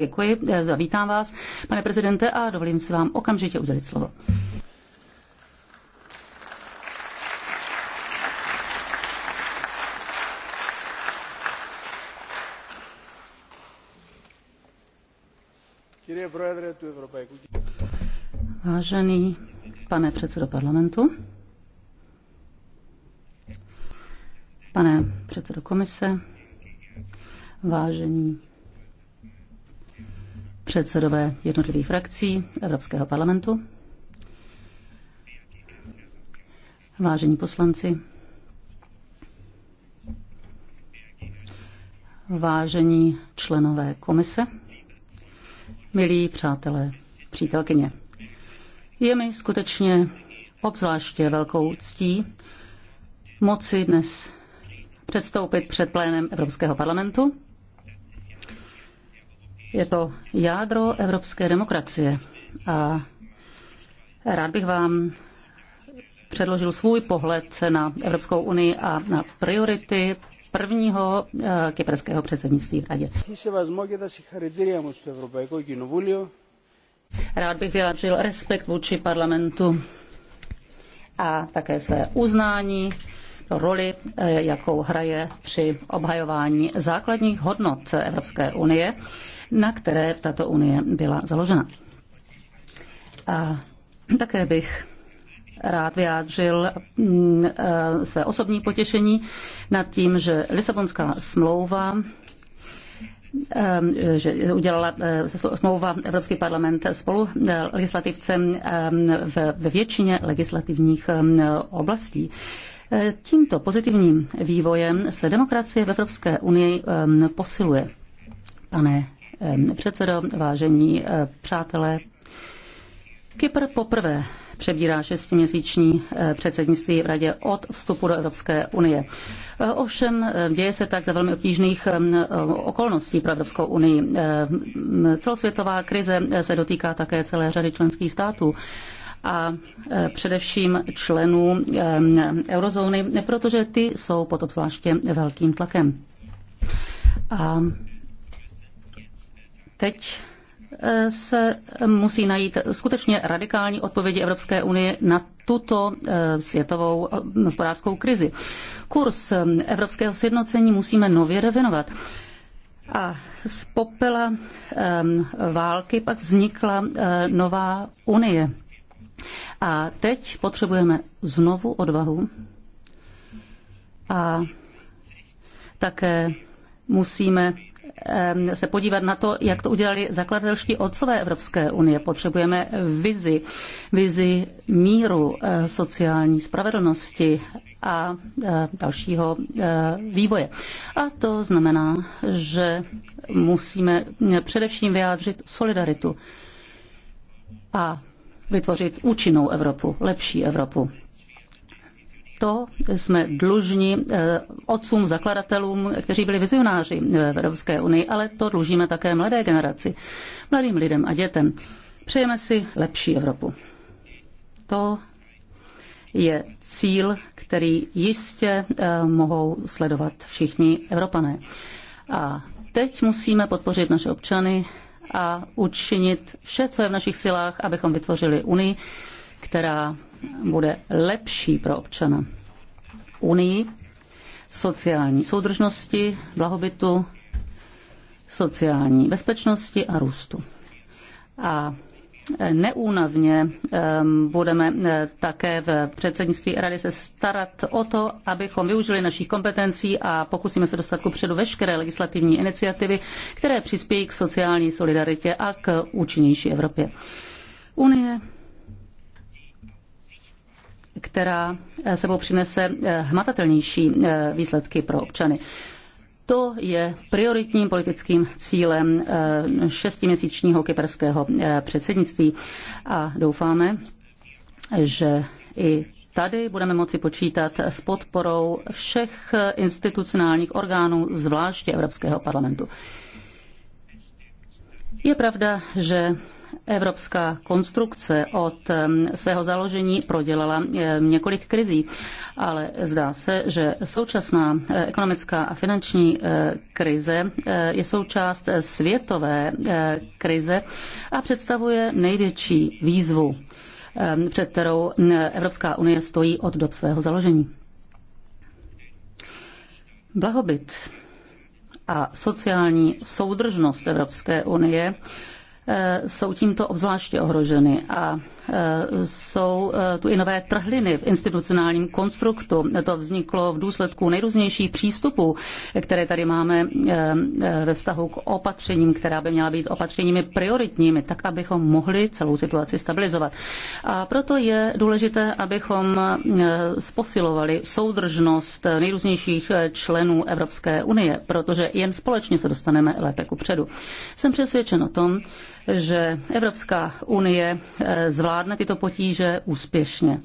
Děkuji, eh, zavítám vás, pane prezidente, a dovolím si vám okamžitě udělit slovo. Vážený pane předsedo parlamentu, pane předsedo komise, vážení předsedové jednotlivých frakcí Evropského parlamentu, vážení poslanci, vážení členové komise, milí přátelé, přítelkyně. Je mi skutečně obzvláště velkou ctí moci dnes předstoupit před plénem Evropského parlamentu je to jádro evropské demokracie a rád bych vám předložil svůj pohled na Evropskou unii a na priority prvního eh, kyperského předsednictví v Radě. Rád bych vyjádřil respekt vůči parlamentu a také své uznání roli, eh, jakou hraje při obhajování základních hodnot Evropské unie na které tato unie byla založena. A také bych rád vyjádřil mm, e, své osobní potěšení nad tím, že Lisabonská smlouva e, e, že udělala smlouva Evropský parlament spolu legislativcem ve většině legislativních oblastí. Tímto pozitivním vývojem se demokracie v Evropské unii posiluje. Pane Ehm, předsedo, vážení eh, přátelé. Kypr poprvé přebírá šestiměsíční eh, předsednictví v radě od vstupu do Evropské unie. Eh, ovšem děje se tak za velmi obtížných ehm, okolností pro Evropskou unii. Ehm, celosvětová krize se dotýká také celé řady členských států a především členů eurozóny, protože ty jsou pod obzvláště velkým tlakem. A Teď e, se musí najít skutečně radikální odpovědi Evropské unie na tuto e, světovou e, hospodářskou krizi. Kurs evropského sjednocení musíme nově definovat. A z popela války pak vznikla nová unie. A teď potřebujeme znovu odvahu a také musíme Ehm, se podívat na to, jak to udělali zakladatelští otcové Evropské unie. Potřebujeme vizi, vizi míru, eh, sociální spravedlnosti a eh, dalšího eh, vývoje. A to znamená, že musíme především vyjádřit solidaritu a vytvořit účinnou Evropu, lepší Evropu to jsme dlužní eh, otcům, zakladatelům, kteří byli vizionáři eh, v Evropské unii, ale to dlužíme také mladé generaci, mladým lidem a dětem. Přejeme si lepší Evropu. To je cíl, který jistě eh, mohou sledovat všichni Evropané. A teď musíme podpořit naše občany a učinit vše, co je v našich silách, abychom vytvořili Unii, která bude lepší pro občana. Unii sociální soudržnosti, blahobytu, sociální bezpečnosti a růstu. A e, neúnavně budeme e, také v předsednictví Rady se starat o to, abychom využili našich kompetencí a pokusíme se dostat ku předu veškeré legislativní iniciativy, které přispějí k sociální solidaritě a k účinnější Evropě. Unie která eh, sebou přinese eh, hmatatelnější eh, výsledky pro občany. To je prioritním politickým cílem šestiměsíčního kyperského předsednictví a doufáme, že i tady budeme moci počítat s podporou všech institucionálních orgánů, zvláště Evropského parlamentu. Je pravda, že evropská konstrukce od svého založení prodělala několik krizí, ale zdá se, že současná eh, ekonomická a finanční eh, krize eh, je součást světové krize a představuje největší výzvu, před kterou Evropská unie stojí od dob svého založení. Blahobyt a sociální soudržnost Evropské unie Eh, jsou tímto obzvláště ohroženy a eh, jsou eh, tu i nové trhliny v institucionálním konstruktu. To vzniklo v důsledku nejrůznějších přístupů, které tady máme ve vztahu k opatřením, která by měla být opatřeními prioritními, tak abychom mohli celou situaci stabilizovat. A proto je důležité, abychom posilovali soudržnost nejrůznějších členů Evropské unie, protože jen společně se dostaneme lépe kupředu. Jsem přesvědčen o tom, že Evropská unie eh, zvládne tyto potíže úspěšně.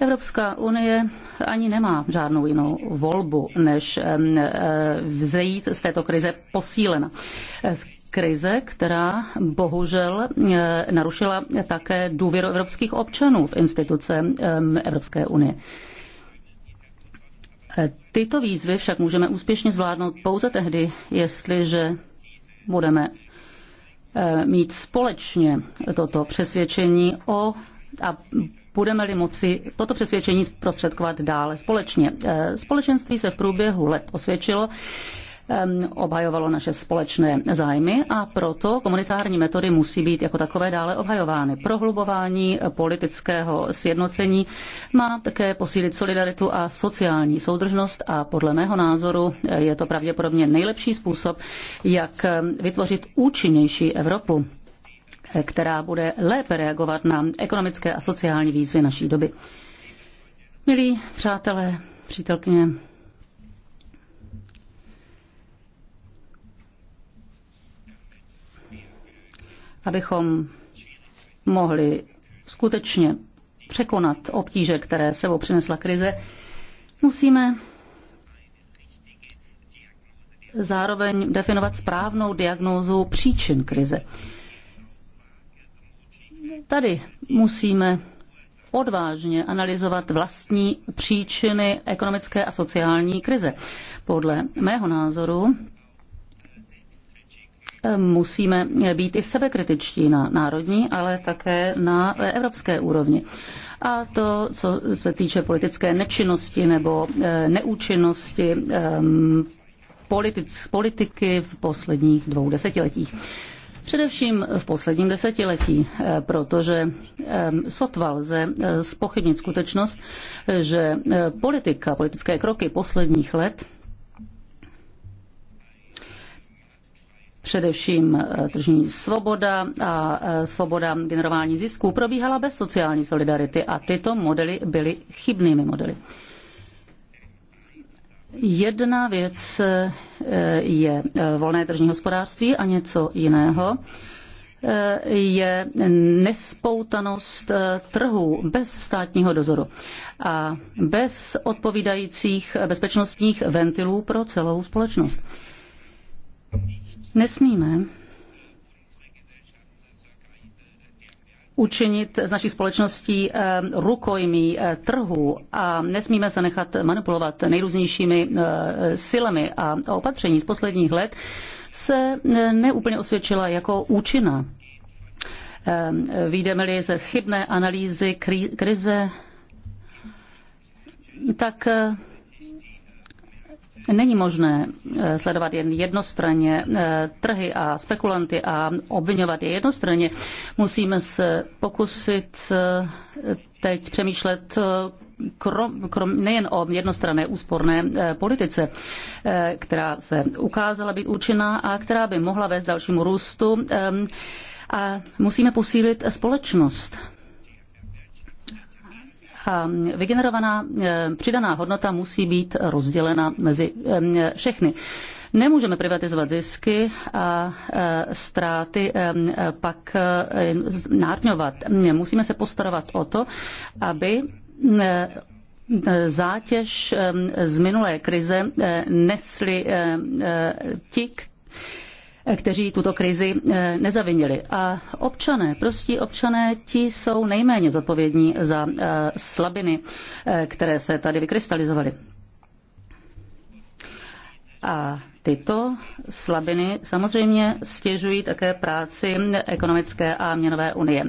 Evropská unie ani nemá žádnou jinou volbu, než eh, eh, vzejít z této krize posílena krize, která bohužel narušila také důvěru evropských občanů v instituce ehm, Evropské unie. Tyto výzvy však můžeme úspěšně zvládnout pouze tehdy, jestliže budeme Eh, mít společně toto přesvědčení o a budeme-li moci toto přesvědčení zprostředkovat dále společně. Eh, společenství se v průběhu let osvědčilo obhajovalo naše společné zájmy a proto komunitární metody musí být jako takové dále obhajovány. Prohlubování politického sjednocení má také posílit solidaritu a sociální soudržnost a podle mého názoru eh, je to pravděpodobně nejlepší způsob, jak vytvořit účinnější Evropu eh, která bude lépe reagovat na ekonomické a sociální výzvy naší doby. Milí přátelé, přítelkyně, abychom mohli skutečně překonat obtíže, které sebou přinesla krize, musíme zároveň definovat správnou diagnózu příčin krize. Tady musíme odvážně analyzovat vlastní příčiny ekonomické a sociální krize. Podle mého názoru musíme být i sebekritičtí na národní, ale také na evropské úrovni a to, co se týče politické nečinnosti nebo eh, neúčinnosti ehm, politic, politiky v posledních dvou desetiletích. Především v posledním desetiletí, eh, protože ehm, sotva lze spochybnit eh, skutečnost, že politika, politické kroky posledních let Především eh, tržní svoboda a eh, svoboda generování zisků probíhala bez sociální solidarity a tyto modely byly chybnými modely. Jedna věc eh, je volné tržní hospodářství a něco jiného je nespoutanost trhu bez státního dozoru a bez odpovídajících bezpečnostních ventilů pro celou společnost. Nesmíme učinit z naší společností eh, rukojmí eh, trhu a nesmíme se nechat manipulovat nejrůznějšími eh, silami a opatření z posledních let se neúplně osvědčila jako účina. Výjdeme-li ze chybné analýzy krize, tak Není možné eh, sledovat jen jednostranně eh, trhy a spekulanty a obvinovat je jednostranně. Musíme se pokusit eh, teď přemýšlet krom, krom, nejen o jednostranné úsporné politice, která se ukázala být účinná a která by mohla vést dalšímu růstu. a musíme posílit společnost a ehm, vygenerovaná ehm, přidaná hodnota musí být rozdělena mezi ehm, všechny. Nemůžeme privatizovat zisky a ztráty pak nárňovat. Musíme se postarat o to, aby zátěž z minulé krize nesli ti, kteří tuto krizi eh, nezavinili. A občané, prostí občané, ti jsou nejméně zodpovědní za eh, slabiny, eh, které se tady vykrystalizovaly. A Tyto slabiny samozřejmě stěžují také práci ekonomické a měnové unie.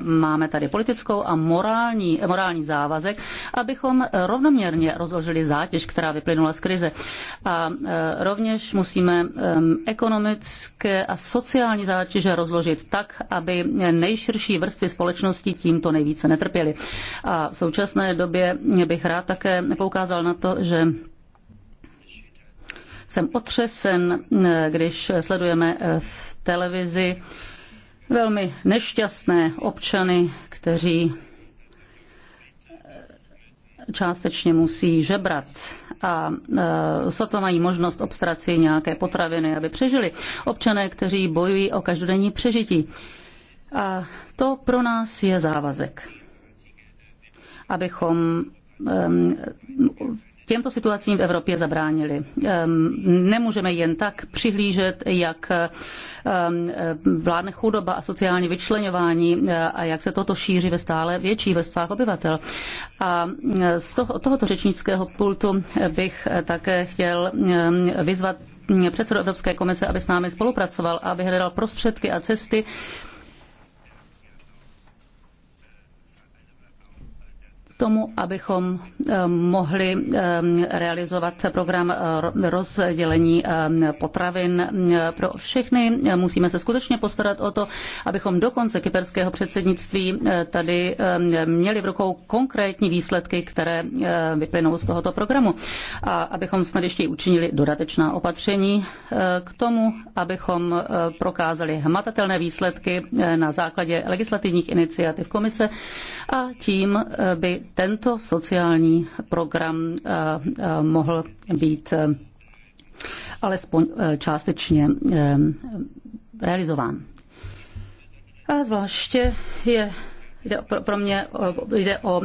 Máme tady politickou a morální, morální závazek, abychom rovnoměrně rozložili zátěž, která vyplynula z krize. A e, rovněž musíme e, ekonomické a sociální zátěže rozložit tak, aby nejširší vrstvy společnosti tímto nejvíce netrpěly. A v současné době bych rád také poukázal na to, že jsem otřesen, eh, když sledujeme eh, v televizi velmi nešťastné občany, kteří eh, částečně musí žebrat a e, sotva mají možnost obstarat si nějaké potraviny, aby přežili. Občané, kteří bojují o každodenní přežití. A to pro nás je závazek, abychom těmto situacím v Evropě zabránili. Ehm, nemůžeme jen tak přihlížet, jak ehm, vládne chudoba a sociální vyčlenování eh, a jak se toto šíří ve stále větších vrstvách obyvatel. A eh, z toho, tohoto řečnického pultu bych eh, také chtěl ehm, vyzvat mm, předsedu Evropské komise, aby s námi spolupracoval, aby hledal prostředky a cesty, tomu, abychom eh, mohli eh, realizovat program eh, rozdělení potravin pro všechny. Musíme se skutečně postarat o to, abychom do konce kyperského předsednictví tady měli v rukou konkrétní výsledky, které vyplynou z tohoto programu. A abychom snad ještě učinili dodatečná opatření k tomu, abychom prokázali hmatatelné výsledky na základě legislativních iniciativ komise a tím by tento sociální program eh, eh, mohl být eh, alespoň částečně realizován. A zvláště je Jde pro, pro mě jde o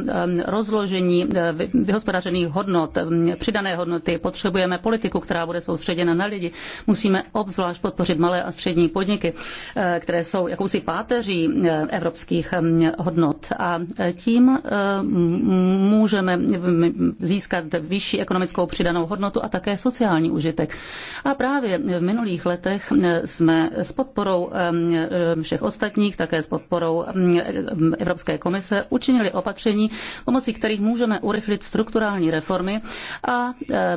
rozložení e, vyhospodařených hodnot, přidané hodnoty. Potřebujeme politiku, která bude soustředěna na lidi. Musíme obzvlášť podpořit malé a střední podniky, e, které jsou jakousi páteří e, evropských hodnot. A tím můžeme získat vyšší ekonomickou přidanou hodnotu a také sociální užitek. A právě v minulých letech jsme s podporou všech ostatních, také s podporou Evropské komise učinili opatření, pomocí kterých můžeme urychlit strukturální reformy a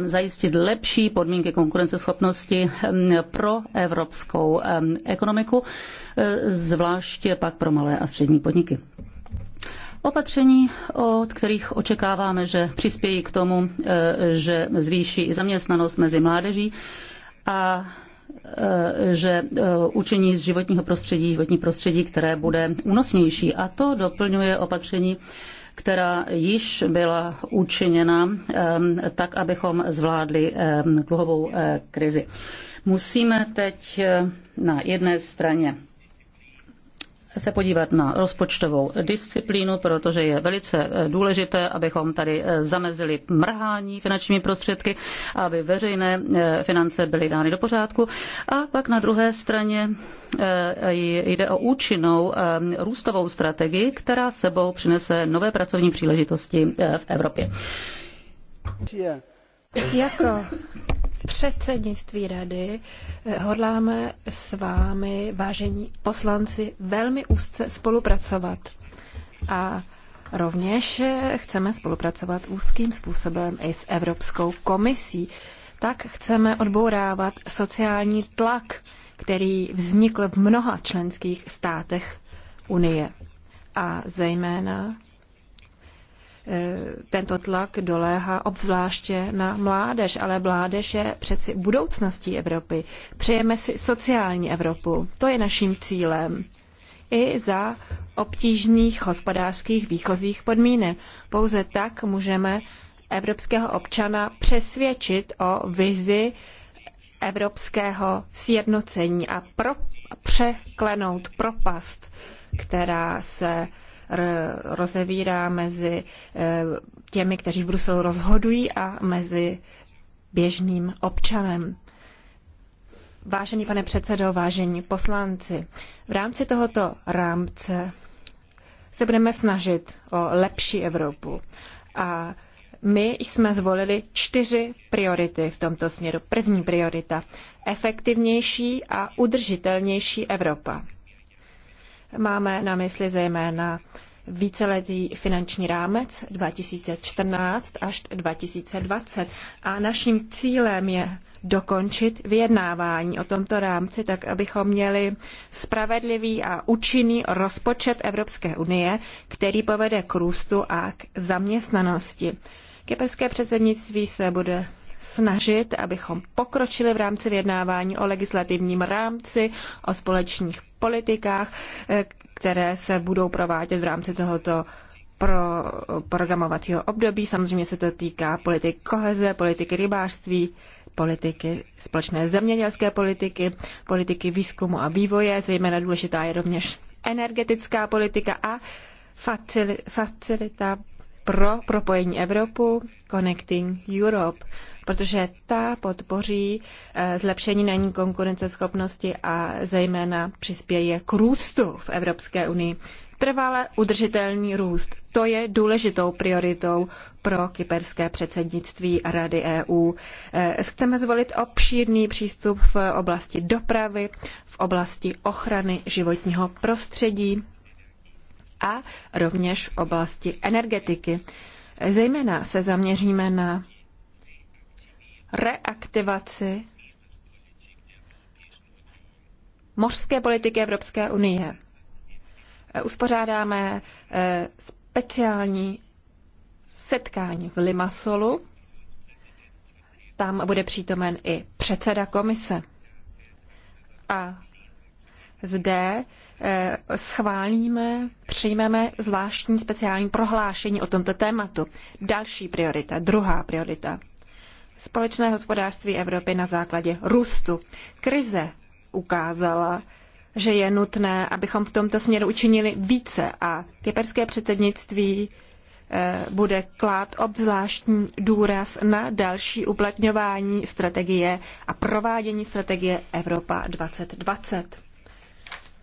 zajistit lepší podmínky konkurenceschopnosti pro evropskou ekonomiku, e, zvláště pak pro malé a střední podniky. Opatření, od kterých očekáváme, že přispějí k tomu, e, že zvýší zaměstnanost mezi mládeží a Eh, že eh, učení z životního prostředí, životní prostředí, které bude únosnější. A to doplňuje opatření, která již byla učiněna eh, tak, abychom zvládli dluhovou krizi. Musíme teď na jedné straně se podívat na rozpočtovou disciplínu, protože je velice eh, důležité, abychom tady eh, zamezili mrhání finančními prostředky, aby veřejné eh, finance byly dány do pořádku. A pak na druhé straně jde o účinnou růstovou strategii, která sebou přinese nové pracovní příležitosti v Evropě. Jako předsednictví rady eh, hodláme s vámi, vážení poslanci, velmi úzce spolupracovat. A rovněž eh, chceme spolupracovat úzkým způsobem i s Evropskou komisí. Tak chceme odbourávat sociální tlak, který vznikl v mnoha členských státech Unie. A zejména Eh, tento tlak doléhá obzvláště na mládež, ale mládež je přeci budoucností Evropy. Přejeme si sociální Evropu. To je naším cílem. I za obtížných hospodářských výchozích podmínek. Pouze tak můžeme evropského občana přesvědčit o vizi evropského sjednocení a pro, překlenout propast, která se rozevírá mezi e, těmi, kteří v Bruselu rozhodují a mezi běžným občanem. Vážený pane předsedo, vážení poslanci, v rámci tohoto rámce se budeme snažit o lepší Evropu. A my jsme zvolili čtyři priority v tomto směru. První priorita efektivnější a udržitelnější Evropa. Máme na mysli zejména víceletý finanční rámec 2014 až 2020 a naším cílem je dokončit vyjednávání o tomto rámci, tak abychom měli spravedlivý a účinný rozpočet Evropské unie, který povede k růstu a k zaměstnanosti. Kyperské předsednictví se bude snažit, abychom pokročili v rámci vyjednávání o legislativním rámci, o společných politikách, eh, které se budou provádět v rámci tohoto pro programovacího období. Samozřejmě se to týká politik koheze, politiky rybářství, politiky společné zemědělské politiky, politiky výzkumu a vývoje, zejména důležitá je rovněž energetická politika a facilita pro propojení Evropu, Connecting Europe protože ta podpoří eh, zlepšení na ní konkurenceschopnosti a zejména přispěje k růstu v Evropské unii. Trvale udržitelný růst. To je důležitou prioritou pro kyperské předsednictví a Rady EU. Eh, chceme zvolit obšírný přístup v oblasti dopravy, v oblasti ochrany životního prostředí a rovněž v oblasti energetiky. Zejména se zaměříme na reaktivaci mořské politiky Evropské unie. E, uspořádáme e, speciální setkání v Limasolu. Tam bude přítomen i předseda komise. A zde e, schválíme, přijmeme zvláštní speciální prohlášení o tomto tématu. Další priorita, druhá priorita – společné hospodářství Evropy na základě růstu. Krize ukázala, že je nutné, abychom v tomto směru učinili více a kyperské předsednictví eh, bude klát obzvláštní důraz na další uplatňování strategie a provádění strategie Evropa 2020.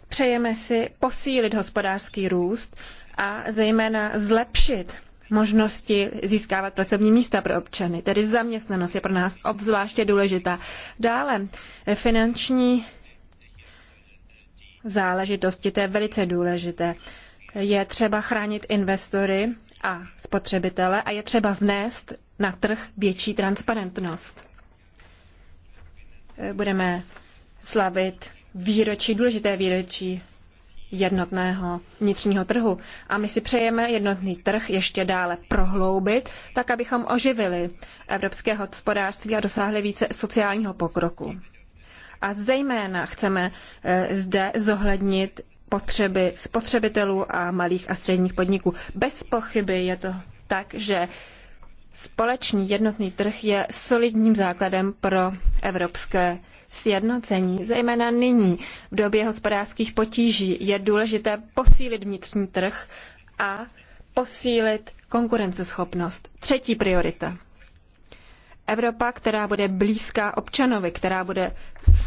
Přejeme si posílit hospodářský růst a zejména zlepšit možnosti získávat pracovní místa pro občany. Tedy zaměstnanost je pro nás obzvláště důležitá. Dále eh, finanční záležitosti, to je velice důležité. Je třeba chránit investory a spotřebitele a je třeba vnést na trh větší transparentnost. Eh, budeme slavit výročí, důležité výročí jednotného vnitřního trhu. A my si přejeme jednotný trh ještě dále prohloubit, tak abychom oživili evropské hospodářství a dosáhli více sociálního pokroku. A zejména chceme eh, zde zohlednit potřeby spotřebitelů a malých a středních podniků. Bez pochyby je to tak, že společný jednotný trh je solidním základem pro evropské sjednocení. Zejména nyní, v době hospodářských potíží, je důležité posílit vnitřní trh a posílit konkurenceschopnost. Třetí priorita. Evropa, která bude blízká občanovi, která bude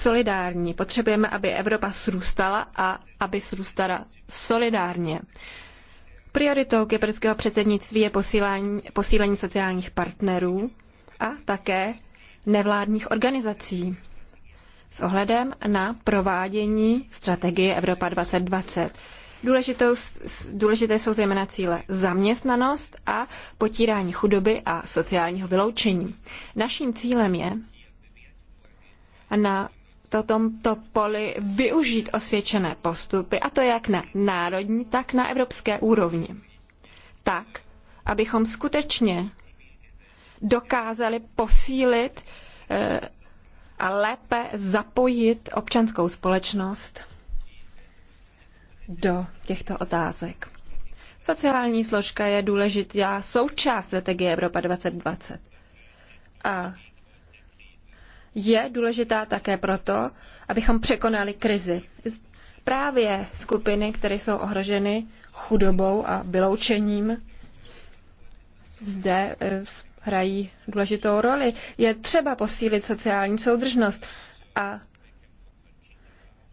solidární. Potřebujeme, aby Evropa srůstala a aby srůstala solidárně. Prioritou kyperského předsednictví je posílání, posílení sociálních partnerů a také nevládních organizací s ohledem na provádění strategie Evropa 2020. Důležitou, důležité jsou zejména cíle zaměstnanost a potírání chudoby a sociálního vyloučení. Naším cílem je na to tomto poli využít osvědčené postupy, a to jak na národní, tak na evropské úrovni. Tak, abychom skutečně dokázali posílit eh, a lépe zapojit občanskou společnost do těchto otázek. Sociální složka je důležitá součást strategie Evropa 2020. A je důležitá také proto, abychom překonali krizi. Právě skupiny, které jsou ohroženy chudobou a vyloučením, zde eh, hrají důležitou roli. Je třeba posílit sociální soudržnost a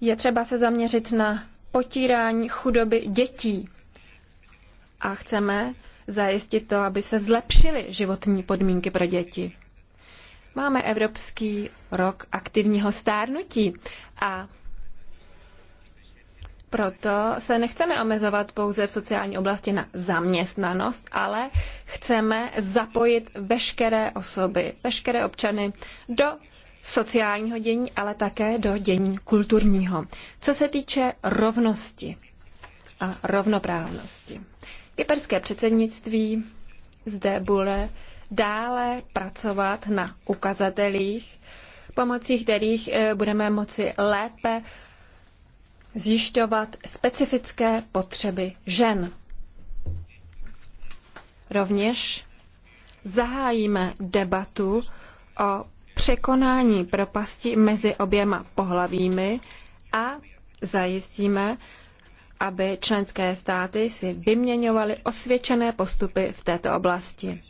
je třeba se zaměřit na potírání chudoby dětí. A chceme zajistit to, aby se zlepšily životní podmínky pro děti. Máme Evropský rok aktivního stárnutí a proto se nechceme omezovat pouze v sociální oblasti na zaměstnanost, ale chceme zapojit veškeré osoby, veškeré občany do sociálního dění, ale také do dění kulturního. Co se týče rovnosti a rovnoprávnosti. Kyperské předsednictví zde bude dále pracovat na ukazatelích, pomocí kterých eh, budeme moci lépe zjišťovat specifické potřeby žen. Rovněž zahájíme debatu o překonání propasti mezi oběma pohlavími a zajistíme, aby členské státy si vyměňovaly osvědčené postupy v této oblasti.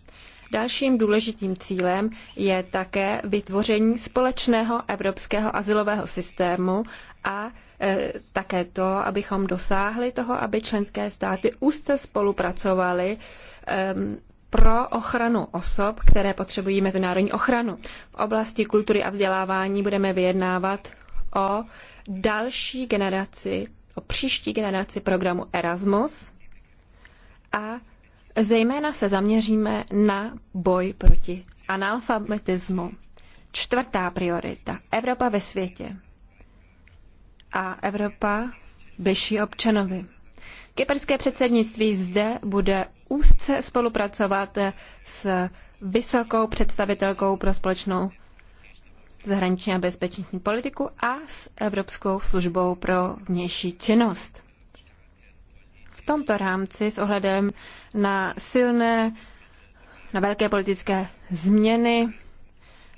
Dalším důležitým cílem je také vytvoření společného evropského azylového systému a e, také to, abychom dosáhli toho, aby členské státy úzce spolupracovaly e, pro ochranu osob, které potřebují mezinárodní ochranu. V oblasti kultury a vzdělávání budeme vyjednávat o další generaci, o příští generaci programu Erasmus a Zejména se zaměříme na boj proti analfabetismu. Čtvrtá priorita. Evropa ve světě. A Evropa bližší občanovi. Kyperské předsednictví zde bude úzce spolupracovat s vysokou představitelkou pro společnou zahraniční a bezpečnostní politiku a s Evropskou službou pro vnější činnost tomto rámci s ohledem na silné, na velké politické změny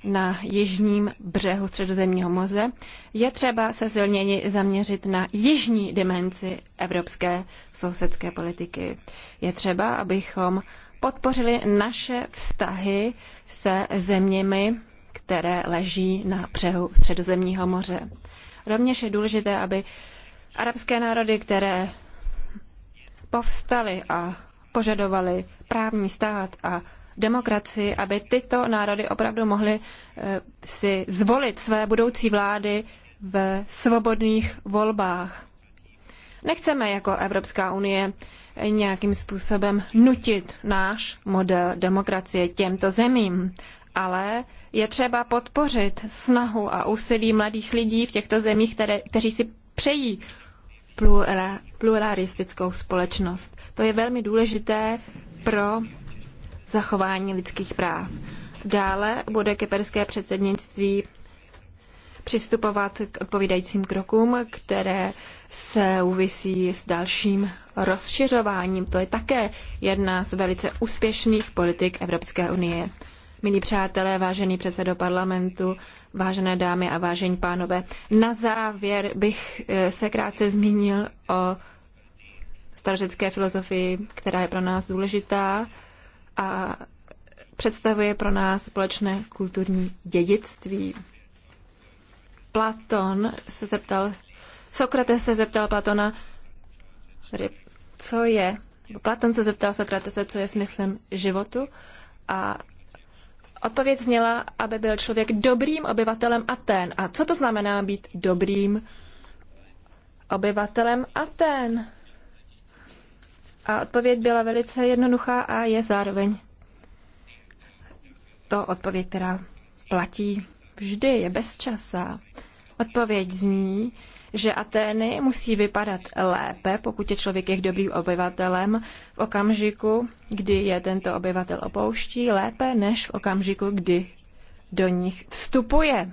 na jižním břehu Středozemního moře, je třeba se silněji zaměřit na jižní dimenzi evropské sousedské politiky. Je třeba, abychom podpořili naše vztahy se zeměmi, které leží na břehu Středozemního moře. Rovněž je důležité, aby arabské národy, které povstali a požadovali právní stát a demokracii, aby tyto národy opravdu mohly eh, si zvolit své budoucí vlády v svobodných volbách. Nechceme jako Evropská unie nějakým způsobem nutit náš model demokracie těmto zemím, ale je třeba podpořit snahu a úsilí mladých lidí v těchto zemích, které, kteří si přejí pluralistickou společnost. To je velmi důležité pro zachování lidských práv. Dále bude keperské předsednictví přistupovat k odpovídajícím krokům, které se uvisí s dalším rozšiřováním. To je také jedna z velice úspěšných politik Evropské unie. Milí přátelé, vážený předsedo parlamentu, vážené dámy a vážení pánové, na závěr bych eh, se krátce zmínil o starořecké filozofii, která je pro nás důležitá a představuje pro nás společné kulturní dědictví. Platon se zeptal, Sokrates se zeptal Platona, co je, Platon se zeptal Sokratese, co je smyslem životu a Odpověď zněla, aby byl člověk dobrým obyvatelem Aten. A co to znamená být dobrým obyvatelem Aten? A odpověď byla velice jednoduchá a je zároveň to odpověď, která platí vždy, je bez časa. Odpověď zní, že Atény musí vypadat lépe, pokud je člověk jejich dobrým obyvatelem, v okamžiku, kdy je tento obyvatel opouští, lépe než v okamžiku, kdy do nich vstupuje.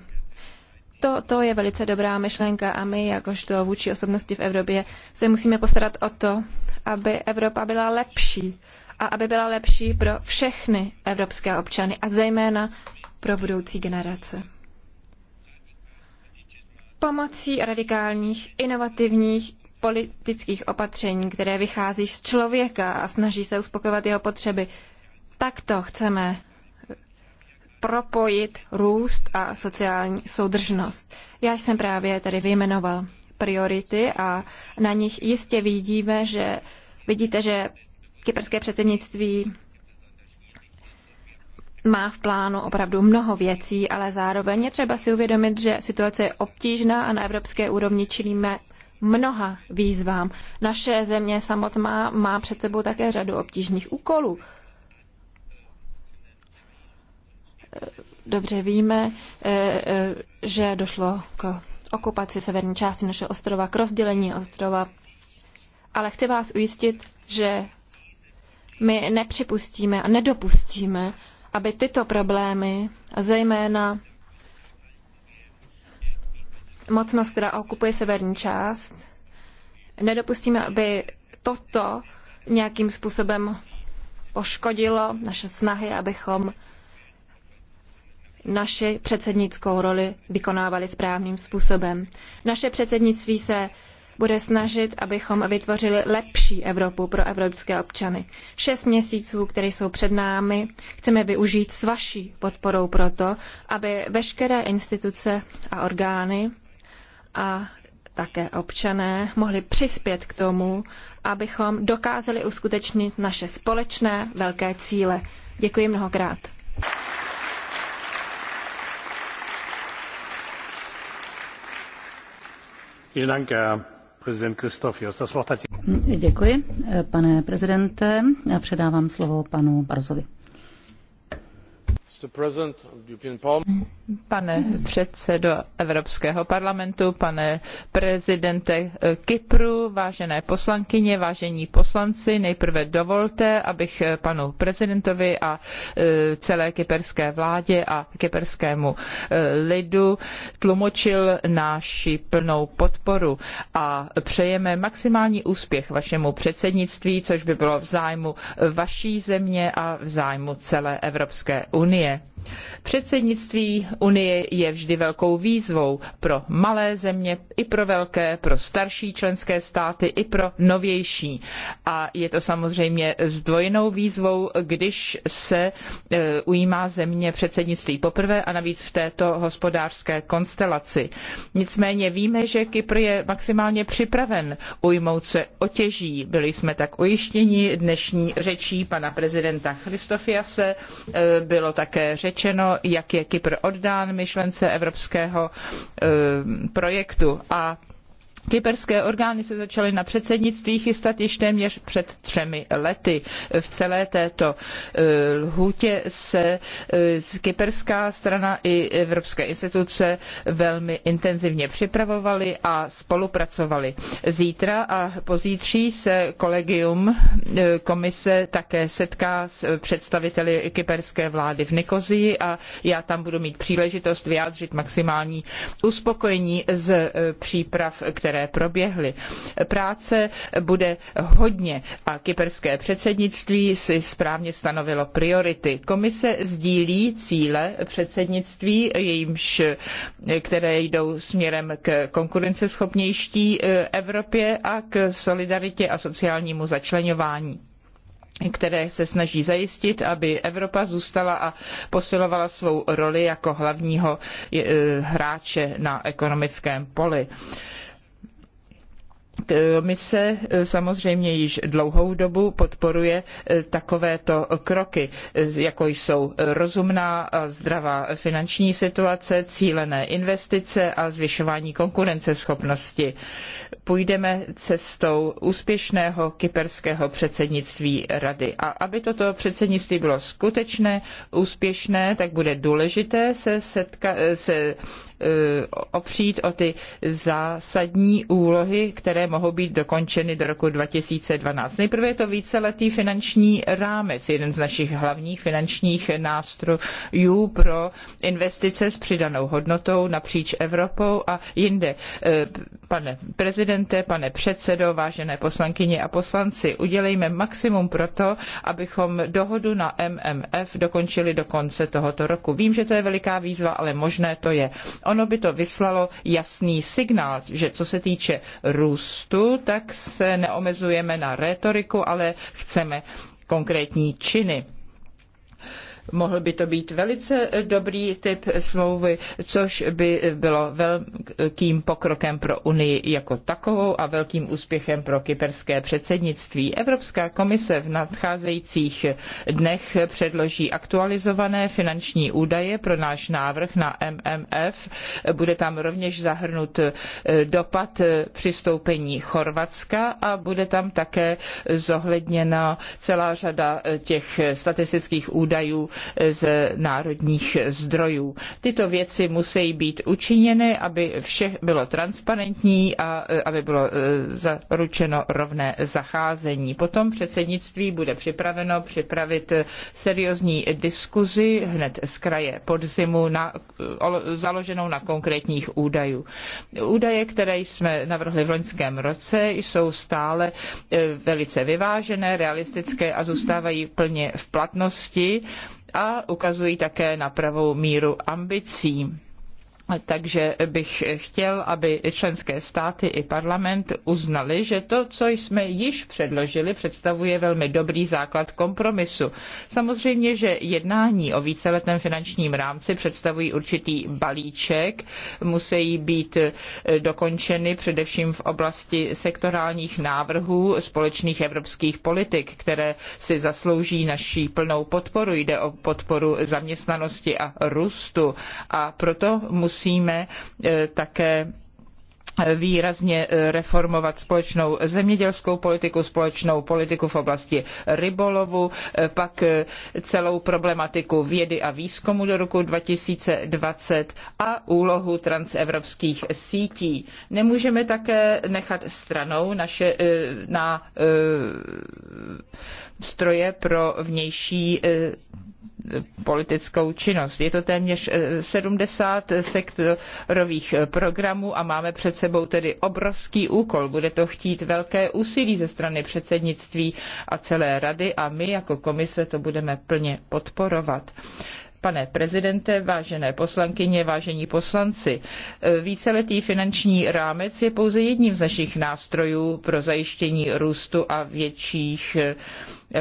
To, to je velice dobrá myšlenka a my, jakožto vůči osobnosti v Evropě, se musíme postarat o to, aby Evropa byla lepší a aby byla lepší pro všechny evropské občany a zejména pro budoucí generace pomocí radikálních, inovativních politických opatření, které vychází z člověka a snaží se uspokojovat jeho potřeby. Takto chceme propojit růst a sociální soudržnost. Já jsem právě tady vyjmenoval priority a na nich jistě vidíme, že vidíte, že kyperské předsednictví má v plánu opravdu mnoho věcí, ale zároveň je třeba si uvědomit, že situace je obtížná a na evropské úrovni čelíme mnoha výzvám. Naše země samotná má před sebou také řadu obtížných úkolů. Dobře víme, eh, eh, že došlo k okupaci severní části našeho ostrova, k rozdělení ostrova, ale chci vás ujistit, že my nepřipustíme a nedopustíme, aby tyto problémy, zejména mocnost, která okupuje severní část, nedopustíme, aby toto nějakým způsobem poškodilo naše snahy, abychom naši předsednickou roli vykonávali správným způsobem. Naše předsednictví se bude snažit, abychom vytvořili lepší Evropu pro evropské občany. Šest měsíců, které jsou před námi, chceme využít s vaší podporou proto, aby veškeré instituce a orgány a také občané mohli přispět k tomu, abychom dokázali uskutečnit naše společné velké cíle. Děkuji mnohokrát. Vielen Dank, Herr Děkuji, eh, pane prezidente. Já předávám slovo panu barrosovi. Pane předsedo Evropského parlamentu, pane prezidente Kypru, vážené poslankyně, vážení poslanci, nejprve dovolte, abych panu prezidentovi a e, celé kyperské vládě a kyperskému e, lidu tlumočil naši plnou podporu a přejeme maximální úspěch vašemu předsednictví, což by bylo v zájmu vaší země a v zájmu celé Evropské unie. Předsednictví Unie je vždy velkou výzvou pro malé země, i pro velké, pro starší členské státy, i pro novější. A je to samozřejmě zdvojenou výzvou, když se e, ujímá země předsednictví poprvé a navíc v této hospodářské konstelaci. Nicméně víme, že Kypr je maximálně připraven ujmout se otěží. Byli jsme tak ujištěni dnešní řečí pana prezidenta Christofiase, e, bylo také řečeno, řečeno, jak je Kypr oddán myšlence evropského eh, projektu. A Kyperské orgány se začaly na předsednictví chystat již téměř před třemi lety. V celé této eh, lhůtě se eh, kyperská strana i evropské instituce velmi intenzivně připravovaly a spolupracovaly. Zítra a pozítří se kolegium eh, komise také setká s představiteli kyperské vlády v Nikozii a já tam budu mít příležitost vyjádřit maximální uspokojení z příprav, které které proběhly. Práce bude hodně a kyperské předsednictví si správně stanovilo priority. Komise sdílí cíle předsednictví, jejímž, které jdou směrem k konkurenceschopnější eh, Evropě a k solidaritě a sociálnímu začleňování které se snaží zajistit, aby Evropa zůstala a posilovala svou roli jako hlavního eh, hráče na ekonomickém poli. Komise eh, samozřejmě již dlouhou dobu podporuje eh, takovéto kroky, eh, jako jsou rozumná a zdravá finanční situace, cílené investice a zvyšování konkurenceschopnosti. Půjdeme cestou úspěšného kyperského předsednictví Rady. A aby toto předsednictví bylo skutečné, úspěšné, tak bude důležité se, setkat se Eh, opřít o ty zásadní úlohy, které mohou být dokončeny do roku 2012. Nejprve je to víceletý finanční rámec, jeden z našich hlavních finančních nástrojů pro investice s přidanou hodnotou napříč Evropou a jinde. Eh, pane prezidente, pane předsedo, vážené poslankyně a poslanci, udělejme maximum pro to, abychom dohodu na MMF dokončili do konce tohoto roku. Vím, že to je veliká výzva, ale možné to je ono by to vyslalo jasný signál, že co se týče růstu, tak se neomezujeme na rétoriku, ale chceme konkrétní činy. Mohl by to být velice eh, dobrý typ smlouvy, což by eh, bylo velkým pokrokem pro Unii jako takovou a velkým úspěchem pro kyperské předsednictví. Evropská komise v nadcházejících dnech předloží aktualizované finanční údaje pro náš návrh na MMF. Bude tam rovněž zahrnut eh, dopad přistoupení Chorvatska a bude tam také zohledněna celá řada těch statistických údajů z národních zdrojů. Tyto věci musí být učiněny, aby vše bylo transparentní a e, aby bylo e, zaručeno rovné zacházení. Potom předsednictví bude připraveno připravit e, seriózní diskuzi hned z kraje podzimu na, založenou na konkrétních údajů. Údaje, které jsme navrhli v loňském roce, jsou stále velice vyvážené, realistické a zůstávají plně v platnosti a ukazují také na pravou míru ambicí. Takže bych chtěl, aby členské státy i parlament uznali, že to, co jsme již předložili, představuje velmi dobrý základ kompromisu. Samozřejmě, že jednání o víceletém finančním rámci představují určitý balíček, musí být eh, dokončeny především v oblasti sektorálních návrhů společných evropských politik, které si zaslouží naší plnou podporu. Jde o podporu zaměstnanosti a růstu a proto musí musíme eh, také eh, výrazně eh, reformovat společnou zemědělskou politiku, společnou politiku v oblasti rybolovu, pak celou problematiku vědy a výzkumu do roku 2020 a úlohu transevropských sítí. Nemůžeme také nechat stranou naše na stroje pro vnější politickou činnost. Je to téměř 70 eh, sektorových eh, programů a máme před sebou tedy obrovský úkol. Bude to chtít velké úsilí ze strany předsednictví a celé rady a my jako komise to budeme plně podporovat. Pane prezidente, vážené poslankyně, vážení poslanci, eh, víceletý finanční rámec je pouze jedním z našich nástrojů pro zajištění růstu a větších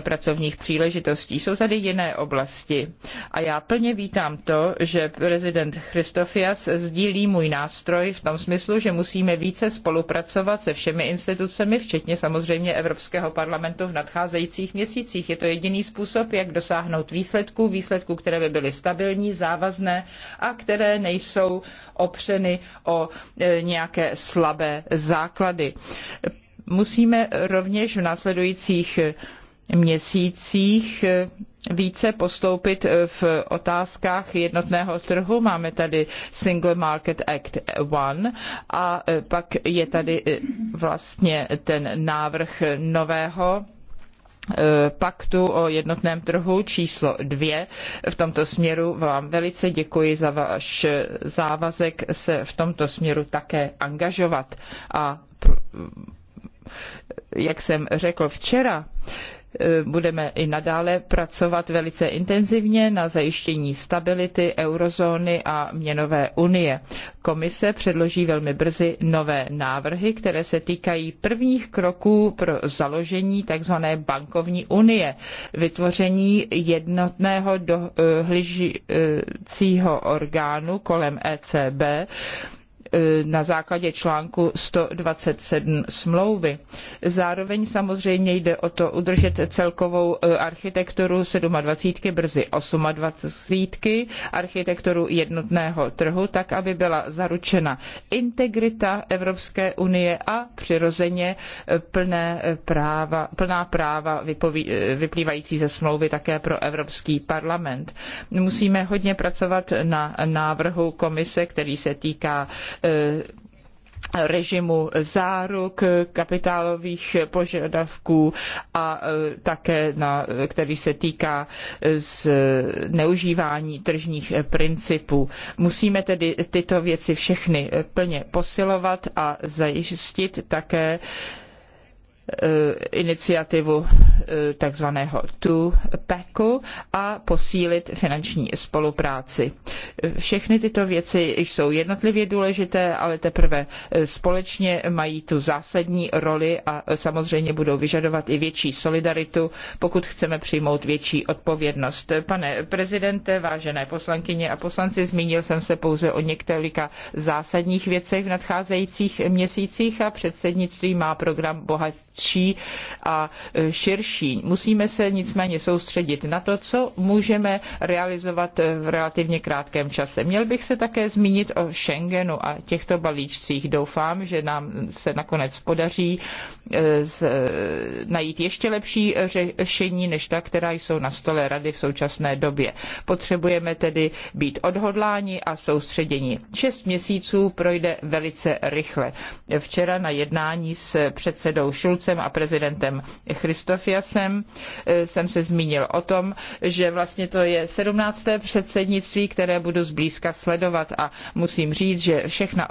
pracovních příležitostí. Jsou tady jiné oblasti. A já plně vítám to, že prezident Christofias sdílí můj nástroj v tom smyslu, že musíme více spolupracovat se všemi institucemi, včetně samozřejmě Evropského parlamentu v nadcházejících měsících. Je to jediný způsob, jak dosáhnout výsledků, výsledků, které by byly stabilní, závazné a které nejsou opřeny o e, nějaké slabé základy. Musíme rovněž v následujících měsících eh, více postoupit eh, v otázkách jednotného trhu. Máme tady Single Market Act 1 a eh, pak je tady vlastně ten návrh nového paktu o jednotném trhu číslo dvě. V tomto směru vám velice děkuji za váš závazek se v tomto směru také angažovat. A jak jsem řekl včera, Eh, budeme i nadále pracovat velice intenzivně na zajištění stability eurozóny a měnové unie. Komise předloží velmi brzy nové návrhy, které se týkají prvních kroků pro založení tzv. bankovní unie, vytvoření jednotného dohlížícího orgánu kolem ECB, E, na základě článku 127 smlouvy. Zároveň samozřejmě jde o to udržet celkovou e, architekturu 27, brzy 28, architekturu jednotného trhu, tak aby byla zaručena integrita Evropské unie a přirozeně e, plné práva, plná práva vypoví, vyplývající ze smlouvy také pro Evropský parlament. Musíme hodně pracovat na návrhu komise, který se týká Eh, režimu záruk, kapitálových požadavků a eh, také, na, který se týká eh, zneužívání tržních principů. Musíme tedy tyto věci všechny plně posilovat a zajistit také Eh, iniciativu eh, takzvaného two-packu a posílit finanční spolupráci. Všechny tyto věci jsou jednotlivě důležité, ale teprve eh, společně mají tu zásadní roli a samozřejmě budou vyžadovat i větší solidaritu, pokud chceme přijmout větší odpovědnost. Pane prezidente, vážené poslankyně a poslanci, zmínil jsem se pouze o několika zásadních věcech v nadcházejících měsících a předsednictví má program bohatě tvrdší a e, širší. Musíme se nicméně soustředit na to, co můžeme realizovat e, v relativně krátkém čase. Měl bych se také zmínit o Schengenu a těchto balíčcích. Doufám, že nám se nakonec podaří e, najít ještě lepší řešení než ta, která jsou na stole rady v současné době. Potřebujeme tedy být odhodláni a soustředěni. Šest měsíců projde velice rychle. Včera na jednání s předsedou Schulz poslancem a prezidentem Christofiasem e, jsem se zmínil o tom, že vlastně to je 17. předsednictví, které budu zblízka sledovat a musím říct, že všechna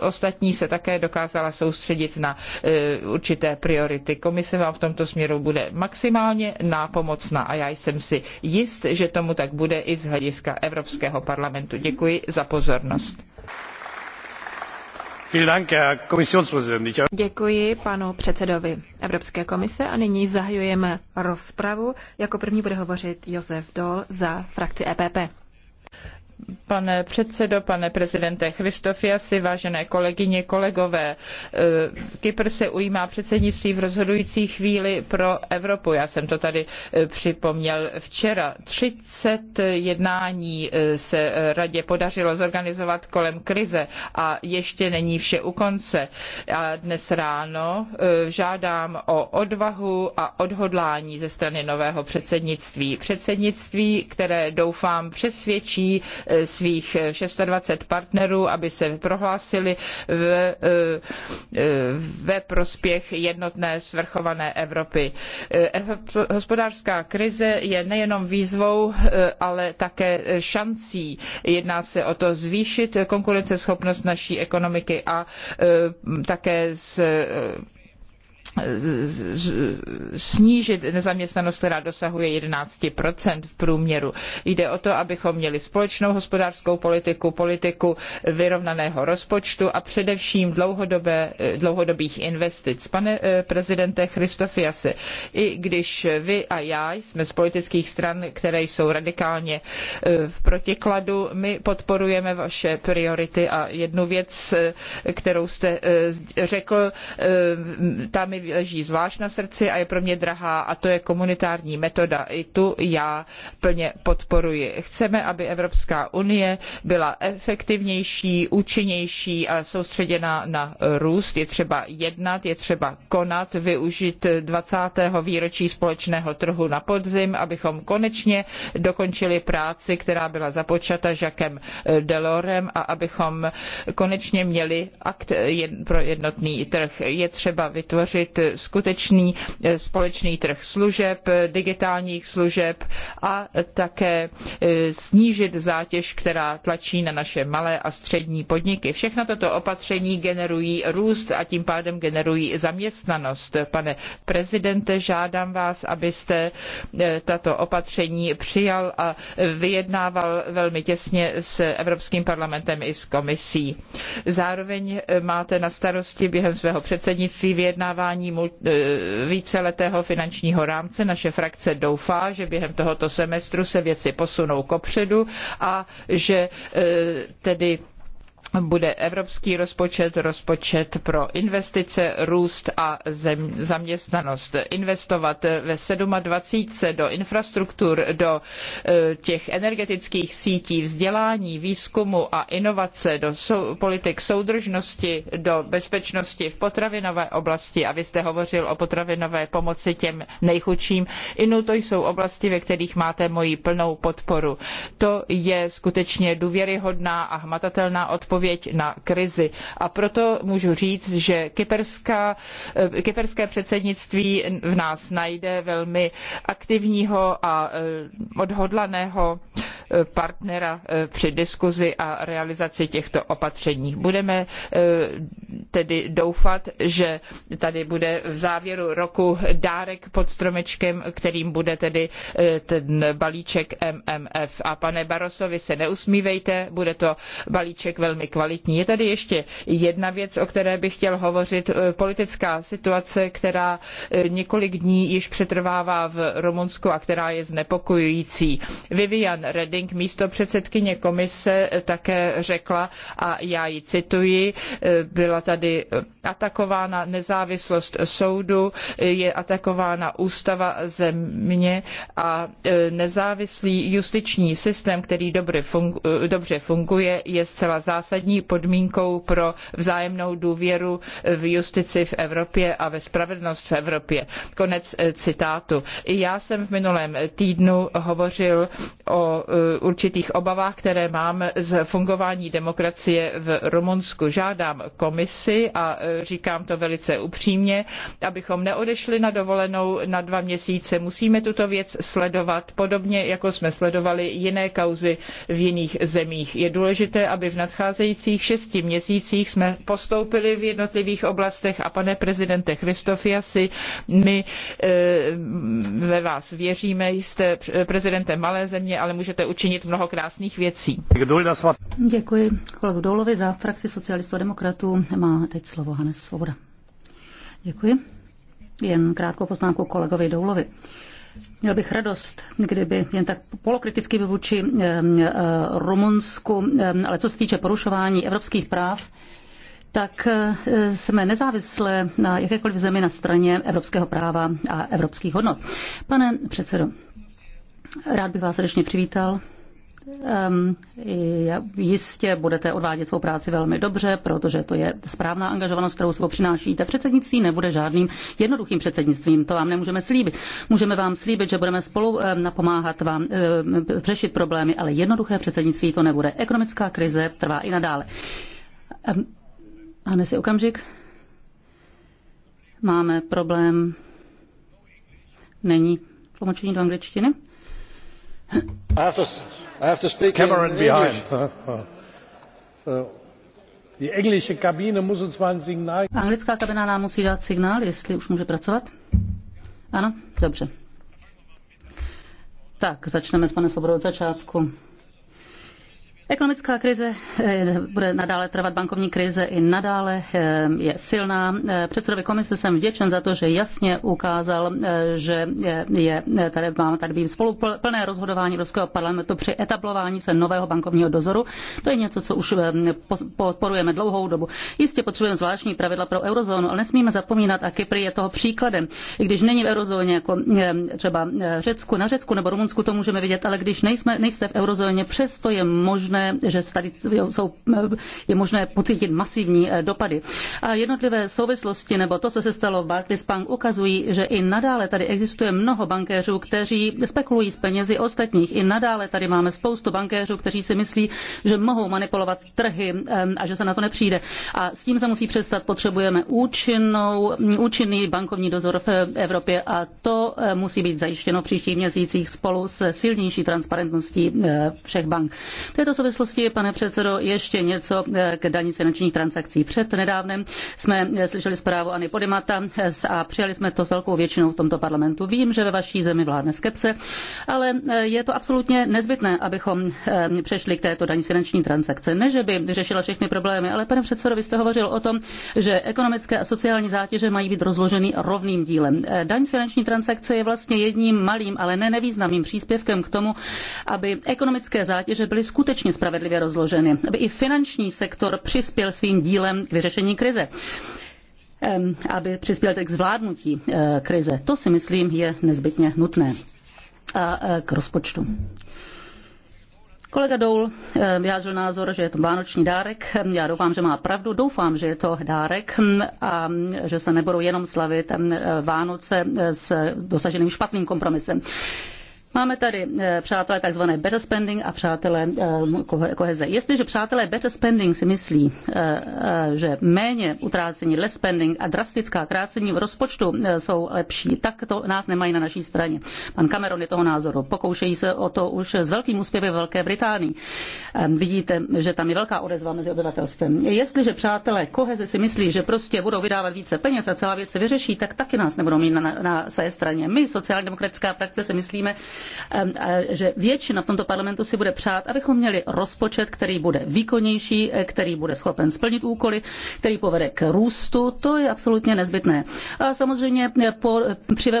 ostatní se také dokázala soustředit na e, určité priority. Komise vám v tomto směru bude maximálně nápomocná a já jsem si jist, že tomu tak bude i z hlediska Evropského parlamentu. Děkuji za pozornost. Děkuji panu předsedovi Evropské komise a nyní zahajujeme rozpravu. Jako první bude hovořit Josef Dol za frakci EPP. Pane předsedo, pane prezidente Christofiasi, vážené kolegyně, kolegové, eh, Kypr se ujímá předsednictví v rozhodující chvíli pro Evropu. Já jsem to tady eh, připomněl včera. 30 jednání eh, se radě podařilo zorganizovat kolem krize a ještě není vše u konce. A dnes ráno žádám o odvahu a odhodlání ze strany nového předsednictví. Předsednictví, které doufám přesvědčí svých 26 partnerů, aby se prohlásili v, eh, ve prospěch jednotné svrchované Evropy. Eh, eh, hospodářská krize je nejenom výzvou, ale také šancí. Jedná se o to zvýšit konkurenceschopnost naší ekonomiky a také z snížit nezaměstnanost, která dosahuje 11% v průměru. Jde o to, abychom měli společnou hospodářskou politiku, politiku vyrovnaného rozpočtu a především dlouhodobé, dlouhodobých investic. Pane eh, prezidente Christofiasi, i když vy a já jsme z politických stran, které jsou radikálně eh, v protikladu, my podporujeme vaše priority a jednu věc, eh, kterou jste řekl, ta mi leží zvlášť na srdci a je pro mě drahá a to je komunitární metoda. I tu já plně podporuji. Chceme, aby Evropská unie byla efektivnější, účinnější a soustředěná na růst. Je třeba jednat, je třeba konat, využít 20. výročí společného trhu na podzim, abychom konečně dokončili práci, která byla započata Jacquem Delorem a abychom konečně měli akt pro jednotný trh. Je třeba vytvořit skutečný eh, společný trh služeb, digitálních služeb a také eh, snížit zátěž, která tlačí na naše malé a střední podniky. Všechna toto opatření generují růst a tím pádem generují zaměstnanost. Pane prezidente, žádám vás, abyste eh, tato opatření přijal a vyjednával velmi těsně s Evropským parlamentem i s komisí. Zároveň máte na starosti během svého předsednictví vyjednávání schválení e, víceletého finančního rámce. Naše frakce doufá, že během tohoto semestru se věci posunou kopředu a že e, tedy bude evropský rozpočet, rozpočet pro investice, růst a zem, zaměstnanost. Investovat ve 27 do infrastruktur, do e, těch energetických sítí, vzdělání, výzkumu a inovace, do sou, politik soudržnosti, do bezpečnosti v potravinové oblasti. A vy jste hovořil o potravinové pomoci těm nejchudším. Inu to jsou oblasti, ve kterých máte moji plnou podporu. To je skutečně důvěryhodná a hmatatelná odpověď odpověď na krizi. A proto můžu říct, že kyperská, eh, kyperské předsednictví v nás najde velmi aktivního a eh, odhodlaného eh, partnera při diskuzi a realizaci těchto opatření. Budeme tedy doufat, že tady bude v závěru roku dárek pod stromečkem, kterým bude tedy ten balíček MMF. A pane Barosovi se neusmívejte, bude to balíček velmi kvalitní kvalitní. Je tady ještě jedna věc, o které bych chtěl hovořit. Eh, politická situace, která eh, několik dní již přetrvává v Rumunsku a která je znepokojující. Vivian Reding, místo předsedkyně komise, eh, také řekla, a já ji cituji, byla tady atakována nezávislost soudu, je atakována ústava země a nezávislý justiční systém, který dobře funguje, je zcela zásadní základní podmínkou pro vzájemnou důvěru v justici v Evropě a ve spravedlnost v Evropě. Konec eh, citátu. I já jsem v minulém týdnu hovořil o eh, určitých obavách, které mám z fungování demokracie v Rumunsku. Žádám komisi a eh, říkám to velice upřímně, abychom neodešli na dovolenou na dva měsíce. Musíme tuto věc sledovat, podobně jako jsme sledovali jiné kauzy v jiných zemích. Je důležité, aby v nadcházejících nadcházejících šesti měsících jsme postoupili v jednotlivých oblastech a pane prezidente Christofiasi, my e, ve vás věříme, jste prezidentem malé země, ale můžete učinit mnoho krásných věcí. Děkuji kolegu Doulovi za frakci socialistů a demokratů. Má teď slovo Hanes Svoboda. Děkuji. Jen krátkou poznámku kolegovi Doulovi. Měl bych radost, kdyby jen tak polokriticky vůči eh, eh, Rumunsku, eh, ale co se týče porušování evropských práv, tak jsme nezávisle na jakékoliv zemi na straně evropského práva a evropských hodnot. Pane předsedo, rád bych vás srdečně přivítal Ehm, jistě budete odvádět svou práci velmi dobře, protože to je správná angažovanost, kterou svou přinášíte. Předsednictví nebude žádným jednoduchým předsednictvím, to vám nemůžeme slíbit. Můžeme vám slíbit, že budeme spolu ehm, napomáhat vám ehm, řešit problémy, ale jednoduché předsednictví to nebude. Ekonomická krize trvá i nadále. A dnes je okamžik. Máme problém. Není tlumočení do angličtiny? I have to speak in behind. So, die englische Kabine muss uns mal Signal. Anglická kabina nám musí dát signál, jestli už může pracovat. Ano, dobře. Tak, začneme s panem Svobodou od začátku. Ekonomická krize eh, bude nadále trvat, bankovní krize i nadále eh, je silná. Eh, předsedovi komise jsem vděčen za to, že jasně ukázal, že je, tady máme tady být spolu plné rozhodování Evropského parlamentu při etablování se nového bankovního dozoru. To je něco, co už podporujeme dlouhou dobu. Jistě potřebujeme zvláštní pravidla pro eurozónu, ale nesmíme zapomínat, a Kypr je toho příkladem. I když není v eurozóně jako třeba Řecku, na Řecku nebo Rumunsku to můžeme vidět, ale když nejsme, nejste v eurozóně, přesto je možné možné, že tady jsou, je možné pocítit masivní eh, dopady. A jednotlivé souvislosti nebo to, co se stalo v Barclays Bank, ukazují, že i nadále tady existuje mnoho bankéřů, kteří spekulují s penězi ostatních. I nadále tady máme spoustu bankéřů, kteří si myslí, že mohou manipulovat trhy eh, a že se na to nepřijde. A s tím se musí přestat. Potřebujeme účinnou, účinný bankovní dozor v Evropě a to eh, musí být zajištěno v příštích měsících spolu s silnější transparentností všech bank. V této souvislosti, pane předsedo, ještě něco eh, k daní z finančních transakcí. Před nedávnem jsme eh, slyšeli zprávu Ani Podimata eh, a přijali jsme to s velkou většinou v tomto parlamentu. Vím, že ve vaší zemi vládne skepse, ale je to absolutně nezbytné, abychom přešli k této daní z finanční transakce. Ne, že by vyřešila všechny problémy, ale pane předsedo, vy jste hovořil o tom, že ekonomické a sociální zátěže mají být rozloženy rovným dílem. Daň z finanční transakce je vlastně jedním malým, ale ne nevýznamným příspěvkem k tomu, aby ekonomické zátěže byly skutečně spravedlivě rozloženy, aby i finanční sektor přispěl svým dílem k vyřešení krize aby přispěl k zvládnutí eh, krize. To si myslím je nezbytně nutné. A eh, k rozpočtu. Kolega Doul eh, vyjádřil názor, že je to vánoční dárek. Já doufám, že má pravdu. Doufám, že je to dárek a že se nebudou jenom slavit Vánoce s dosaženým špatným kompromisem. Máme tady eh, přátelé tzv. better spending a přátelé eh, koheze. Jestliže přátelé better spending si myslí, eh, že méně utrácení, less spending a drastická krácení v rozpočtu jsou lepší, tak to nás nemají na naší straně. Pan Cameron je toho názoru. Pokoušejí se o to už s velkým úspěchem ve Velké Británii. Ehm, vidíte, že tam je velká odezva mezi obyvatelstvem. Jestliže přátelé koheze si myslí, že prostě budou vydávat více peněz a celá věc se vyřeší, tak taky nás nebudou mít na, na své straně. My, sociálně demokratická frakce, si myslíme, že většina v tomto parlamentu si bude přát, abychom měli rozpočet, který bude výkonnější, eh, který bude schopen splnit úkoly, který povede k růstu. To je absolutně nezbytné. A samozřejmě eh, po,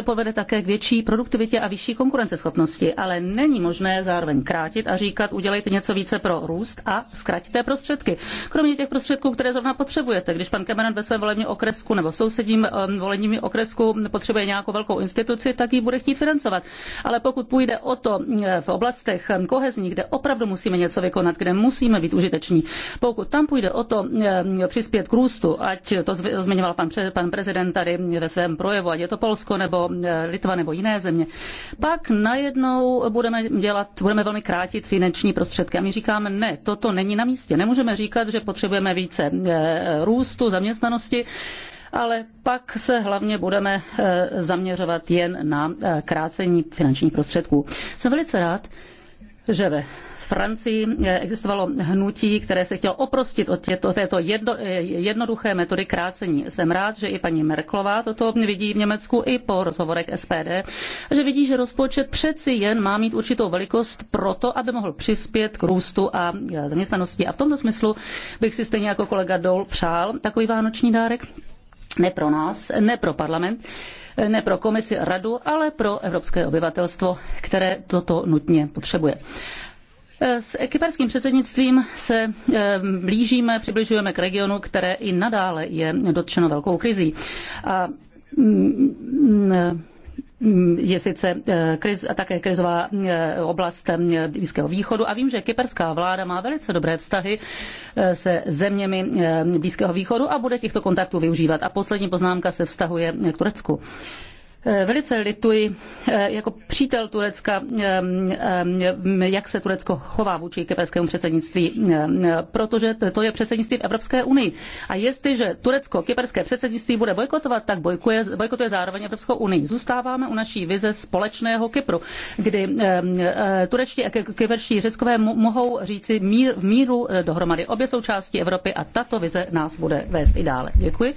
povede také k větší produktivitě a vyšší konkurenceschopnosti, ale není možné zároveň krátit a říkat, udělejte něco více pro růst a zkratíte prostředky. Kromě těch prostředků, které zrovna potřebujete, když pan Cameron ve svém volebním okresku nebo v sousedním volebním okresku potřebuje nějakou velkou instituci, tak ji bude chtít financovat. Ale pokud půjde o to eh, v oblastech eh, kohezních, kde opravdu musíme něco vykonat, kde musíme být užiteční. Pokud tam půjde o to eh, přispět k růstu, ať to zmiňoval pan, pan prezident tady ve svém projevu, ať je to Polsko nebo Litva nebo jiné země, pak najednou budeme dělat, budeme velmi krátit finanční prostředky. A my říkáme, ne, toto není na místě. Nemůžeme říkat, že potřebujeme více růstu, zaměstnanosti ale pak se hlavně budeme eh, zaměřovat jen na eh, krácení finančních prostředků. Jsem velice rád, že ve Francii eh, existovalo hnutí, které se chtělo oprostit od těto, této jedno, jednoduché metody krácení. Jsem rád, že i paní Merklová toto vidí v Německu i po rozhovorech SPD, že vidí, že rozpočet přeci jen má mít určitou velikost proto, aby mohl přispět k růstu a zaměstnanosti. A v tomto smyslu bych si stejně jako kolega Dol přál takový vánoční dárek ne pro nás, ne pro parlament, ne pro komisi a radu, ale pro evropské obyvatelstvo, které toto nutně potřebuje. S kyperským předsednictvím se eh, blížíme, přibližujeme k regionu, které i nadále je dotčeno velkou krizí. A mm, mm, Mm, je sice eh, kriz, také krizová eh, oblast eh, Blízkého východu a vím, že kyperská vláda má velice dobré vztahy se zeměmi Blízkého východu a bude těchto kontaktů využívat. A poslední poznámka se vztahuje k Turecku. Eh, velice lituji eh, jako přítel Turecka, eh, jak se Turecko chová vůči kyperskému předsednictví, protože to je předsednictví v Evropské unii. A jestliže Turecko kyperské předsednictví bude bojkotovat, tak bojkuje, bojkotuje zároveň Evropskou unii. Zůstáváme u naší vize společného Kypru, kdy turečtí a kyperští řeckové mohou říci mír, v míru dohromady obě součásti Evropy a tato vize nás bude vést i dále. Děkuji.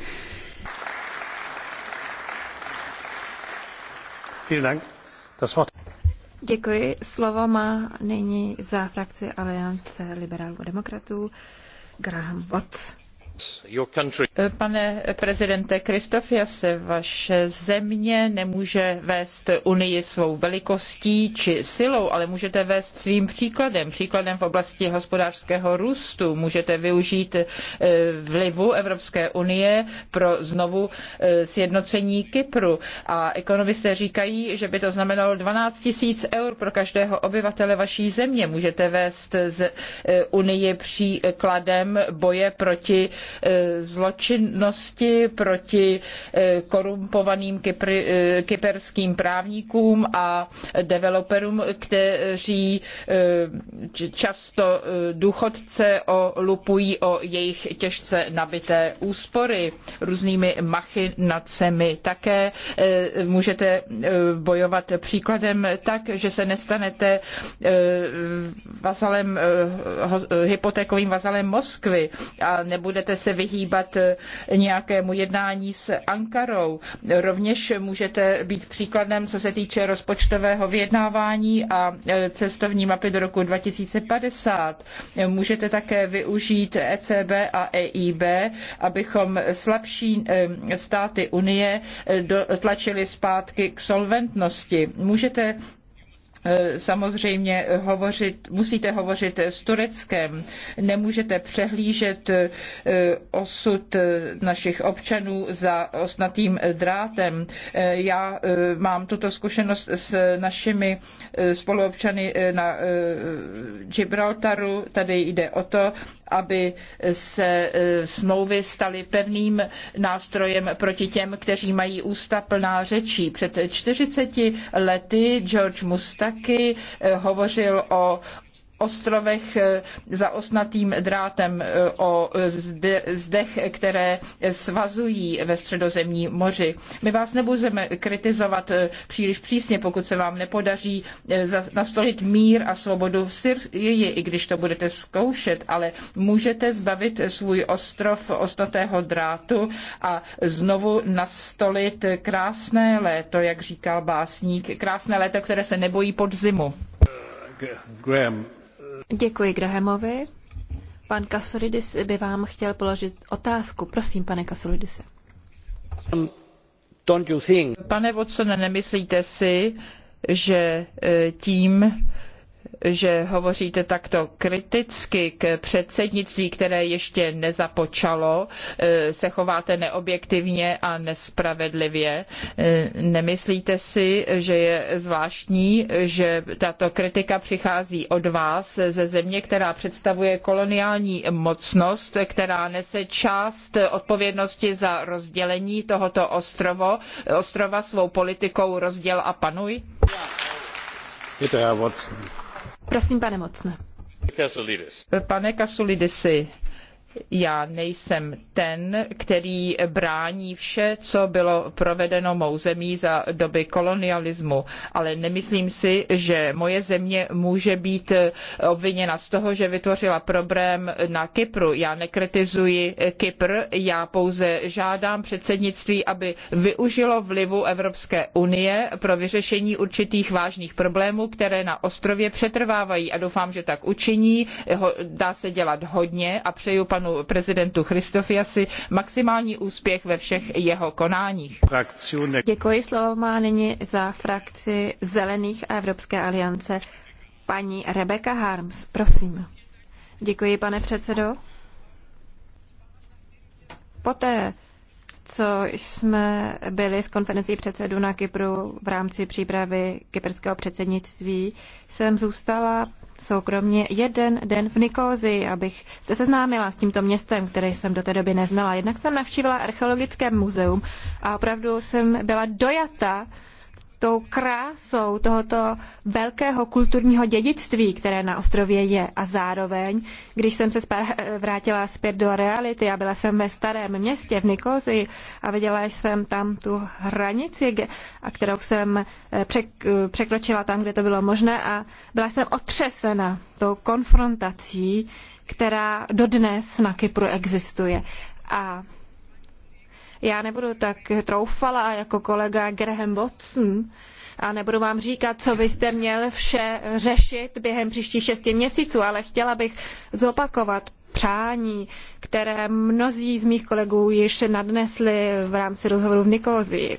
Děkuji. Slovo má nyní za frakci Aliance liberálů demokratů Graham Watts. Eh, pane prezidente Kristofiase, vaše země nemůže vést Unii svou velikostí či silou, ale můžete vést svým příkladem, příkladem v oblasti hospodářského růstu. Můžete využít eh, vlivu Evropské unie pro znovu eh, sjednocení Kypru. A ekonomisté říkají, že by to znamenalo 12 tisíc eur pro každého obyvatele vaší země. Můžete vést z Unii příkladem boje proti Eh, zločinnosti proti eh, korumpovaným kypr- eh, kyperským právníkům a developerům, kteří často důchodce lupují o jejich těžce nabité úspory různými machinacemi. Také můžete bojovat příkladem tak, že se nestanete vazalem, hypotékovým vazalem Moskvy a nebudete se vyhýbat nějakému jednání s Ankarou. Rovněž můžete být příkladem, co se týče rozpočtového vyjednávání a cestovní mapy do roku 2050. Můžete také využít ECB a EIB, abychom slabší eh, státy Unie eh, dotlačili zpátky k solventnosti. Můžete Eh, samozřejmě hovořit, musíte hovořit s Tureckem, nemůžete přehlížet eh, osud eh, našich občanů za osnatým drátem. Já mám tuto zkušenost s našimi spoluobčany na Gibraltaru. Tady jde o to, aby se smlouvy staly pevným nástrojem proti těm, kteří mají ústa plná řečí. Před 40 lety George Mustafa taky eh, hovořil o ostrovech eh, za osnatým drátem, eh, o eh, zdech, které svazují ve středozemní moři. My vás nebudeme kritizovat příliš přísně, pokud se vám nepodaří nastolit mír a svobodu v Syrii, i když to budete zkoušet, ale můžete zbavit svůj ostrov osnatého drátu a znovu nastolit krásné léto, jak říkal básník, krásné léto, které se nebojí podzimu. Graham, Děkuji Grahamovi. Pan Kasoridis by vám chtěl položit otázku. Prosím, pane Kasoridise. Um, pane Watsone, nemyslíte si, že eh, tím že hovoříte takto kriticky k předsednictví, které ještě nezapočalo, eh, se chováte neobjektivně a nespravedlivě. Eh, nemyslíte si, že je zvláštní, že tato kritika přichází od vás ze země, která představuje koloniální mocnost, která nese část odpovědnosti za rozdělení tohoto ostrovo, ostrova svou politikou rozděl a panuj? Bitte, Herr Watson. Prosím, pane Mocne. Pane Kasulidisi, já nejsem ten, který brání vše, co bylo provedeno mou zemí za doby kolonialismu, ale nemyslím si, že moje země může být obviněna z toho, že vytvořila problém na Kypru. Já nekritizuji Kypr, já pouze žádám předsednictví, aby využilo vlivu Evropské unie pro vyřešení určitých vážných problémů, které na ostrově přetrvávají a doufám, že tak učiní. Dá se dělat hodně a přeju panu panu prezidentu Christofiasi maximální úspěch ve všech jeho konáních. Děkuji, slovo má nyní za frakci Zelených a Evropské aliance paní Rebecca Harms. Prosím. Děkuji, pane předsedo. Poté, co jsme byli s konferencí předsedů na Kypru v rámci přípravy kyperského předsednictví, jsem zůstala soukromně jeden den v Nikózi, abych se seznámila s tímto městem, které jsem do té doby neznala. Jednak jsem navštívila archeologické muzeum a opravdu jsem byla dojata tou krásou tohoto velkého kulturního dědictví, které na ostrově je. A zároveň, když jsem se vrátila zpět do reality a byla jsem ve starém městě v Nikozi a viděla jsem tam tu hranici, a kterou jsem eh, eh, překročila tam, kde to bylo možné a byla jsem otřesena tou konfrontací, která dodnes na Kypru existuje. A já nebudu tak troufala jako kolega Graham Watson a nebudu vám říkat, co byste měl vše řešit během příštích šesti měsíců, ale chtěla bych zopakovat přání, které mnozí z mých kolegů již nadnesli v rámci rozhovoru v Nikozii.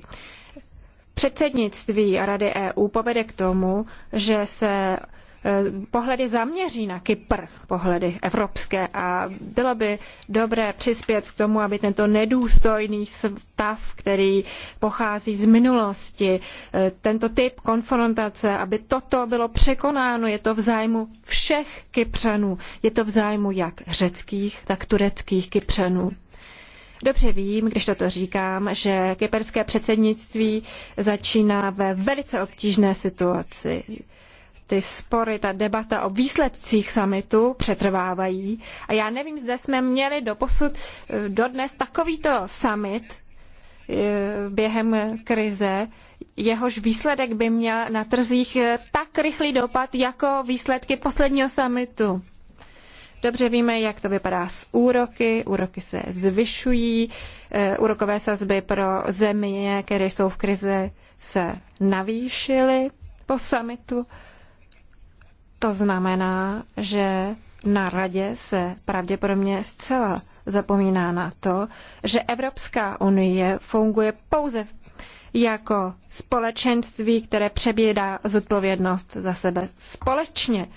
Předsednictví Rady EU povede k tomu, že se Eh, pohledy zaměří na Kypr, pohledy evropské a bylo by dobré přispět k tomu, aby tento nedůstojný stav, který pochází z minulosti, eh, tento typ konfrontace, aby toto bylo překonáno, je to v zájmu všech Kypřanů, je to v zájmu jak řeckých, tak tureckých Kypřanů. Dobře vím, když toto říkám, že kyperské předsednictví začíná ve velice obtížné situaci ty spory, ta debata o výsledcích summitu přetrvávají. A já nevím, zda jsme měli doposud eh, dodnes takovýto summit eh, během krize, jehož výsledek by měl na trzích eh, tak rychlý dopad jako výsledky posledního summitu. Dobře víme, jak to vypadá s úroky. Úroky se zvyšují, úrokové sazby pro země, které jsou v krizi, se navýšily po summitu. To znamená, že na radě se pravděpodobně zcela zapomíná na to, že Evropská unie funguje pouze jako společenství, které přebírá zodpovědnost za sebe společně.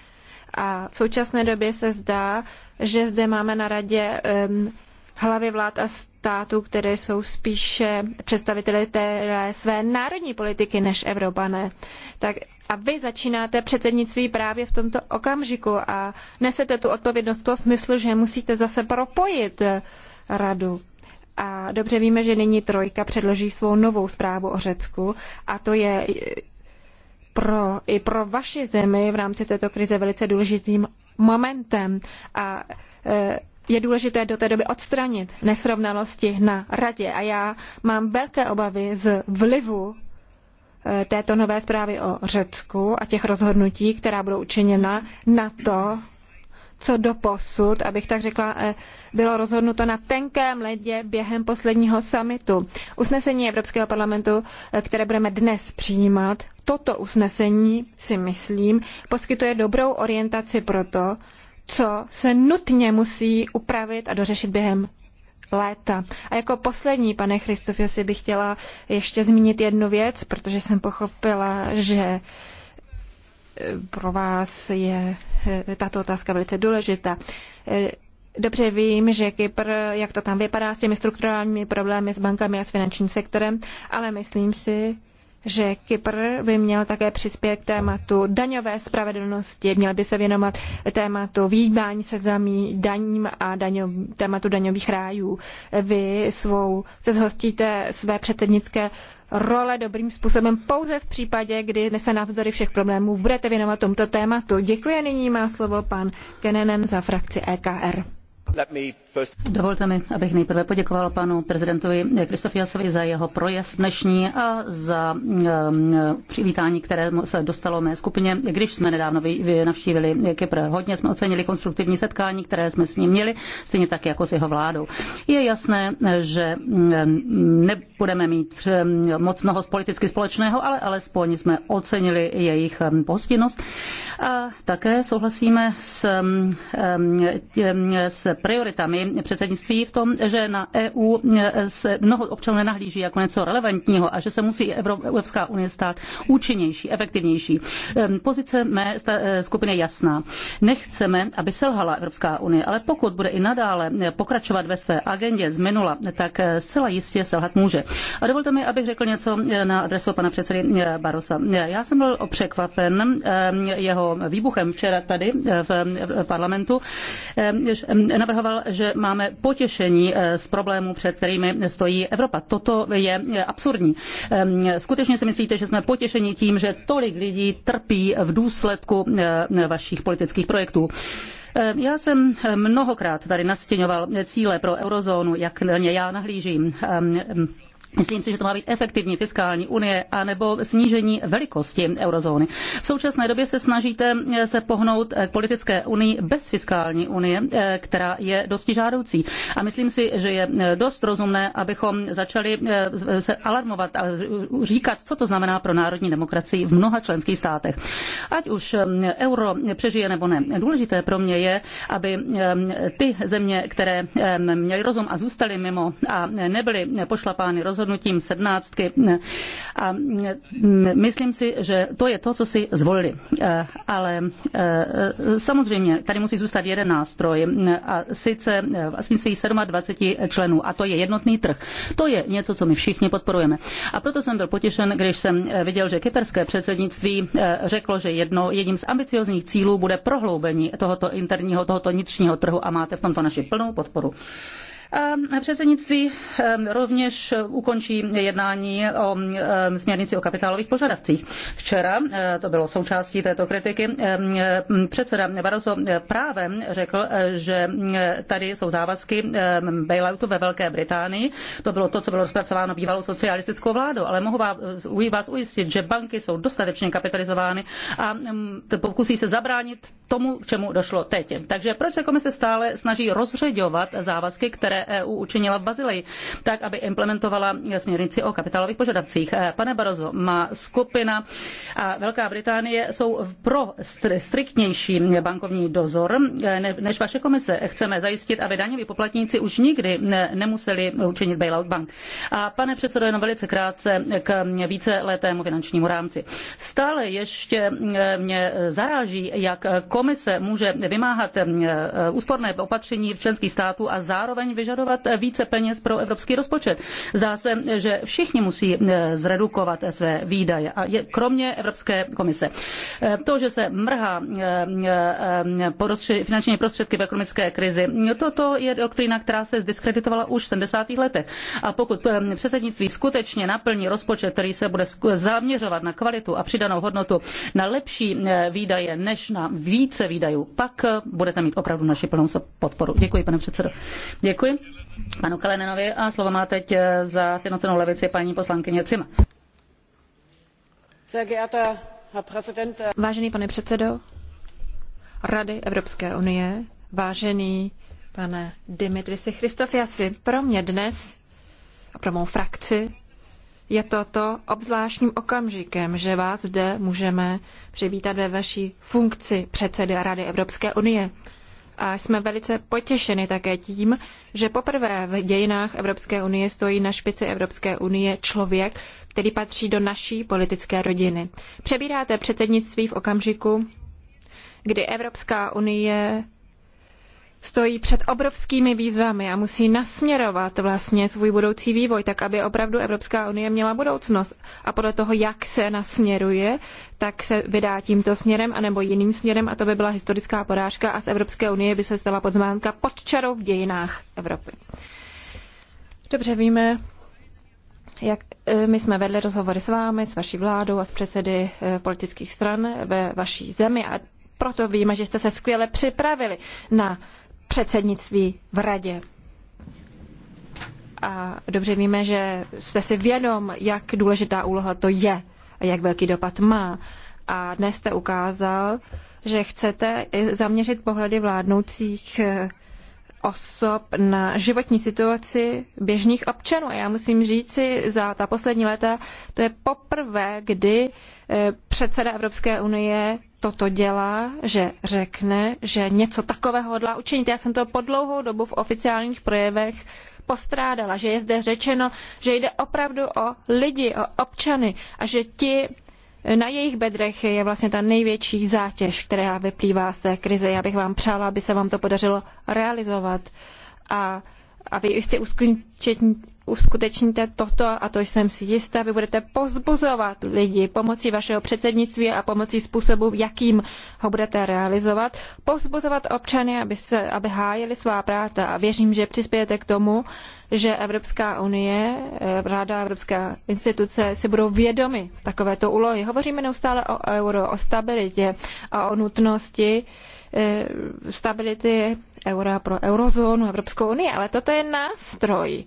A v současné době se zdá, že zde máme na radě um, hlavy vlád a států, které jsou spíše představiteli té své národní politiky než Evropané. Tak a vy začínáte předsednictví právě v tomto okamžiku a nesete tu odpovědnost v tom smyslu, že musíte zase propojit eh, radu. A dobře víme, že nyní Trojka předloží svou novou zprávu o Řecku a to je eh, pro, i pro vaši zemi v rámci této krize velice důležitým momentem. A eh, je důležité do té doby odstranit nesrovnalosti na radě. A já mám velké obavy z vlivu Eh, této nové zprávy o Řecku a těch rozhodnutí, která budou učiněna na to, co do posud, abych tak řekla, eh, bylo rozhodnuto na tenkém ledě během posledního summitu. Usnesení Evropského parlamentu, eh, které budeme dnes přijímat, toto usnesení, si myslím, poskytuje dobrou orientaci pro to, co se nutně musí upravit a dořešit během léta. A jako poslední, pane Christofiasi, bych chtěla ještě zmínit jednu věc, protože jsem pochopila, že eh, pro vás je eh, tato otázka velice důležitá. Eh, dobře vím, že Kypr, jak to tam vypadá s těmi strukturálními problémy s bankami a s finančním sektorem, ale myslím si, že Kypr by měl také přispět k tématu daňové spravedlnosti, měl by se věnovat tématu výbání se zemí daním a daňov, tématu daňových rájů. Vy svou, se zhostíte své předsednické role dobrým způsobem pouze v případě, kdy se navzdory všech problémů budete věnovat tomuto tématu. Děkuji, nyní má slovo pan Kenenen za frakci EKR. Dovolte mi, abych nejprve poděkoval panu prezidentovi Kristofiasovi za jeho projev dnešní a za um, přivítání, které se dostalo mé skupině, když jsme nedávno navštívili Kypr. Hodně jsme ocenili konstruktivní setkání, které jsme s ním měli, stejně tak jako s jeho vládou. Je jasné, že um, nebudeme mít um, moc mnoho z politicky společného, ale alespoň jsme ocenili jejich postinnost. A také souhlasíme s, s prioritami předsednictví v tom, že na EU se mnoho občanů nenahlíží jako něco relevantního a že se musí Evropská unie stát účinnější, efektivnější. Pozice mé e, skupiny je jasná. Nechceme, aby selhala Evropská unie, ale pokud bude i nadále pokračovat ve své agendě z minula, tak e, zcela jistě selhat může. A dovolte mi, abych řekl něco e, na adresu pana předsedy Barosa. Já jsem byl překvapen jeho výbuchem včera tady v parlamentu. Navrhl navrhoval, že máme potěšení eh, z problémů, před kterými stojí Evropa. Toto je eh, absurdní. Ehm, skutečně si myslíte, že jsme potěšeni tím, že tolik lidí trpí v důsledku eh, vašich politických projektů? Ehm, já jsem mnohokrát tady nastěňoval cíle pro eurozónu, jak na ně já nahlížím ehm, Myslím si, že to má být efektivní fiskální unie anebo snížení velikosti eurozóny. V současné době se snažíte eh, se pohnout eh, k politické unii bez fiskální unie, eh, která je dosti žádoucí. A myslím si, že je dost rozumné, abychom začali se alarmovat a říkat, co to znamená pro národní demokracii v mnoha členských státech. Ať už euro přežije nebo ne. Důležité pro mě je, aby ty země, které měly rozum a zůstaly mimo a nebyly pošlapány rozhodnutí, rozhodnutím sednáctky. A mm, myslím si, že to je to, co si zvolili. E, ale e, samozřejmě tady musí zůstat jeden nástroj a sice e, vlastnictví 27 členů a to je jednotný trh. To je něco, co my všichni podporujeme. A proto jsem byl potěšen, když jsem viděl, že kyperské předsednictví řeklo, že jedno, jedním z ambiciozních cílů bude prohloubení tohoto interního, tohoto vnitřního trhu a máte v tomto naši plnou podporu. Ehm, předsednictví ehm, rovněž ukončí jednání o ehm, směrnici o kapitálových požadavcích. Včera, eh, to bylo součástí této kritiky, předseda Barroso eh, právem řekl, eh, že tady jsou závazky bailoutu ve Velké Británii. To bylo to, co bylo rozpracováno bývalou socialistickou vládou, ale mohu vás ujistit, že banky jsou dostatečně kapitalizovány a pokusí se zabránit tomu, k čemu došlo teď. Takže proč se komise stále snaží rozředovat závazky, které EU učinila v Bazileji, tak, aby implementovala směrnici o kapitálových požadavcích. Eh, pane Barozo, má skupina a Velká Británie jsou pro striktnější bankovní dozor eh, než vaše komise. Chceme zajistit, aby daňoví poplatníci už nikdy nemuseli učinit bailout bank. A pane předsedo, jenom velice krátce k víceletému finančnímu rámci. Stále ještě eh, mě zaráží, jak komise může vymáhat úsporné opatření v členských států a zároveň vyžadovat vyžadovat více peněz pro evropský rozpočet. Zdá se, že všichni musí eh, zredukovat své výdaje, a je, kromě Evropské komise. Eh, to, že se mrhá eh, finanční prostředky v ekonomické krizi, toto je doktrína, která se zdiskreditovala už v 70. letech. A pokud předsednictví skutečně naplní rozpočet, který se bude zaměřovat na kvalitu a přidanou hodnotu, na lepší výdaje než na více výdajů, pak budete mít opravdu naši plnou podporu. Děkuji, pane předsedo. Děkuji panu Kalenenovi a slovo má teď eh, za sjednocenou levici paní poslankyně Cima. Äh, vážený pane předsedo Rady Evropské unie, vážený pane Dimitrisi Christofiasi, pro mě dnes a pro mou frakci je toto obzvláštním okamžikem, že vás zde můžeme přivítat ve vaší funkci předsedy Rady Evropské unie. A jsme velice potěšeni také tím, že poprvé v dějinách Evropské unie stojí na špici Evropské unie člověk, který patří do naší politické rodiny. Přebíráte předsednictví v okamžiku, kdy Evropská unie stojí před obrovskými výzvami a musí nasměrovat vlastně svůj budoucí vývoj, tak aby opravdu Evropská unie měla budoucnost. A podle toho, jak se nasměruje, tak se vydá tímto směrem anebo jiným směrem a to by byla historická porážka a z Evropské unie by se stala podzvánka pod čarou v dějinách Evropy. Dobře víme, jak eh, my jsme vedli rozhovory s vámi, s vaší vládou a s předsedy eh, politických stran ve vaší zemi a proto víme, že jste se skvěle připravili na předsednictví v radě. A dobře víme, že jste si vědom, jak důležitá úloha to je a jak velký dopad má. A dnes jste ukázal, že chcete zaměřit pohledy vládnoucích eh, osob na životní situaci běžných občanů. A já musím říci, za ta poslední léta to je poprvé, kdy eh, předseda Evropské unie toto dělá, že řekne, že něco takového hodlá učinit. Já jsem to po dlouhou dobu v oficiálních projevech postrádala, že je zde řečeno, že jde opravdu o lidi, o občany a že ti na jejich bedrech je vlastně ta největší zátěž, která vyplývá z té krize. Já bych vám přála, aby se vám to podařilo realizovat a aby jste uskutečníte toto, a to jsem si jistá, vy budete pozbuzovat lidi pomocí vašeho předsednictví a pomocí způsobu, jakým ho budete realizovat, pozbuzovat občany, aby, se, aby hájili svá práta. A věřím, že přispějete k tomu, že Evropská unie, eh, Rada, Evropská instituce si budou vědomi takovéto úlohy. Hovoříme neustále o euro, o stabilitě a o nutnosti eh, stability eura pro eurozónu, Evropskou unii, ale toto je nástroj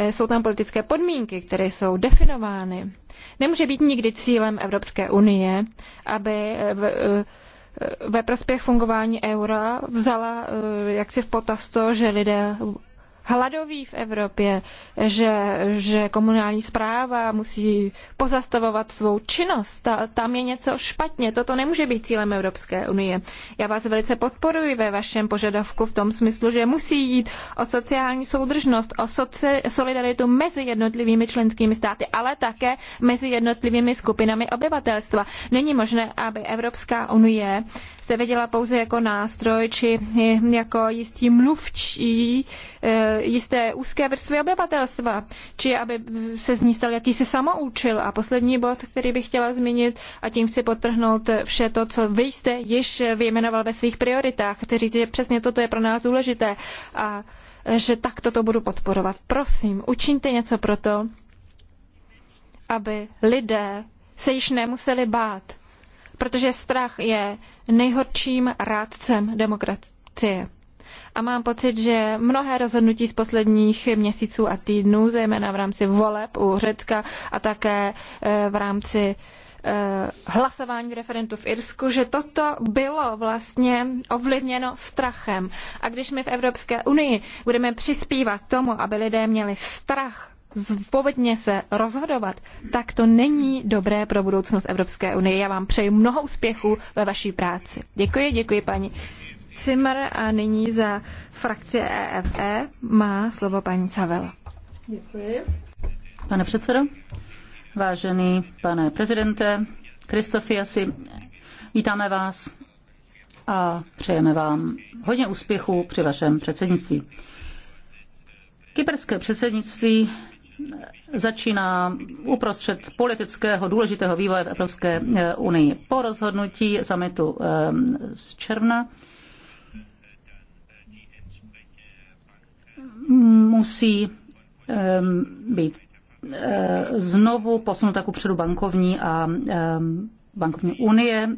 Eh, jsou tam politické podmínky, které jsou definovány. Nemůže být nikdy cílem Evropské unie, aby eh, eh, ve prospěch fungování eura vzala jaksi v potaz to, že lidé hladoví v Evropě, že, že komunální zpráva musí pozastavovat svou činnost. Ta, tam je něco špatně. Toto nemůže být cílem Evropské unie. Já vás velice podporuji ve vašem požadavku v tom smyslu, že musí jít o sociální soudržnost, o soci, solidaritu mezi jednotlivými členskými státy, ale také mezi jednotlivými skupinami obyvatelstva. Není možné, aby Evropská unie jste viděla pouze jako nástroj či jako jistý mluvčí eh, jisté úzké vrstvy obyvatelstva, či aby se z ní stal jakýsi samoučil. A poslední bod, který bych chtěla zmínit, a tím chci potrhnout vše to, co vy jste již vyjmenoval ve svých prioritách. kteří říct, že přesně toto je pro nás důležité a že tak to budu podporovat. Prosím, učiňte něco pro to, aby lidé se již nemuseli bát, protože strach je nejhorším rádcem demokracie. A mám pocit, že mnohé rozhodnutí z posledních měsíců a týdnů, zejména v rámci voleb u Řecka a také eh, v rámci eh, hlasování v referendu v Irsku, že toto bylo vlastně ovlivněno strachem. A když my v Evropské unii budeme přispívat tomu, aby lidé měli strach zpovědně se rozhodovat, tak to není dobré pro budoucnost Evropské unie. Já vám přeji mnoho úspěchů ve vaší práci. Děkuji, děkuji paní Zimmer a nyní za frakci EFE e má slovo paní Cavela. Děkuji. Pane předsedo, vážený pane prezidente, Kristofiasi, vítáme vás a přejeme vám hodně úspěchů při vašem předsednictví. Kyperské předsednictví začíná uprostřed politického důležitého vývoje v Evropské eh, unii. Po rozhodnutí samitu eh, z června musí eh, být znovu posunuta ku předu bankovní a bankovní unie.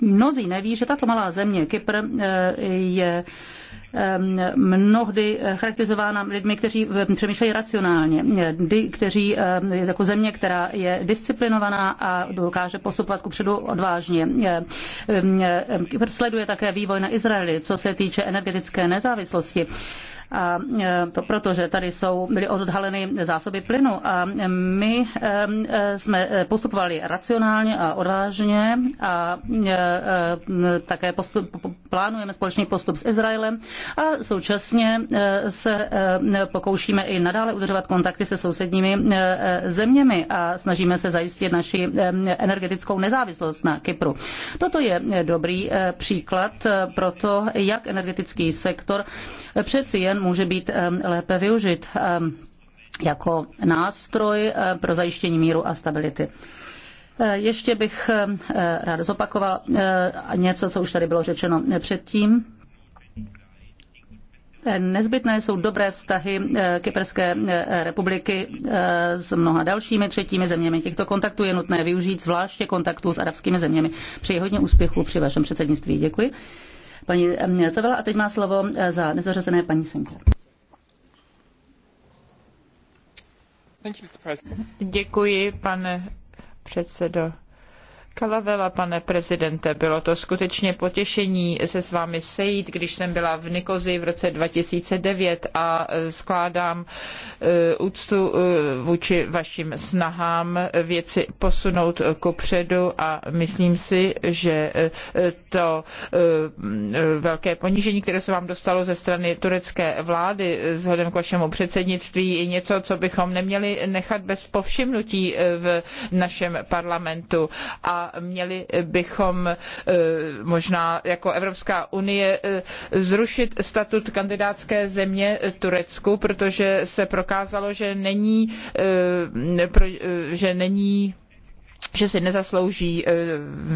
Mnozí neví, že tato malá země, Kypr, je Ehm, mnohdy eh, charakterizována lidmi, kteří přemýšlejí racionálně, kteří ehm, jako země, která je disciplinovaná a dokáže postupovat kupředu odvážně. Ehm, sleduje také vývoj na Izraeli, co se týče energetické nezávislosti. A e, to proto, že tady jsou, byly odhaleny zásoby plynu a e, my e, jsme postupovali racionálně a odvážně a také postup, plánujeme společný postup s Izraelem a současně se pokoušíme i nadále udržovat kontakty se sousedními zeměmi a snažíme se zajistit naši energetickou nezávislost na Kypru. Toto je dobrý příklad pro to, jak energetický sektor přeci jen může být eh, lépe využit eh, jako nástroj eh, pro zajištění míru a stability. Ještě bych ráda zopakoval něco, co už tady bylo řečeno předtím. Nezbytné jsou dobré vztahy Kyperské republiky s mnoha dalšími třetími zeměmi. Těchto kontaktů je nutné využít, zvláště kontaktů s arabskými zeměmi. Přeji hodně úspěchů při vašem předsednictví. Děkuji paní Cavela a teď má slovo eh, za nezařazené paní Sinclair. Děkuji, pane předsedo. Kalavela, pane prezidente, bylo to skutečně potěšení se s vámi sejít, když jsem byla v Nikozi v roce 2009 a e, skládám e, úctu e, vůči vašim snahám věci posunout kupředu a myslím si, že to velké ponížení, které se vám dostalo ze strany turecké vlády vzhledem k vašemu předsednictví, je něco, co bychom neměli nechat bez povšimnutí v našem parlamentu. A měli bychom eh, možná jako Evropská unie eh, zrušit statut kandidátské země eh, Turecku, protože se prokázalo, že není, že není že si nezaslouží eh,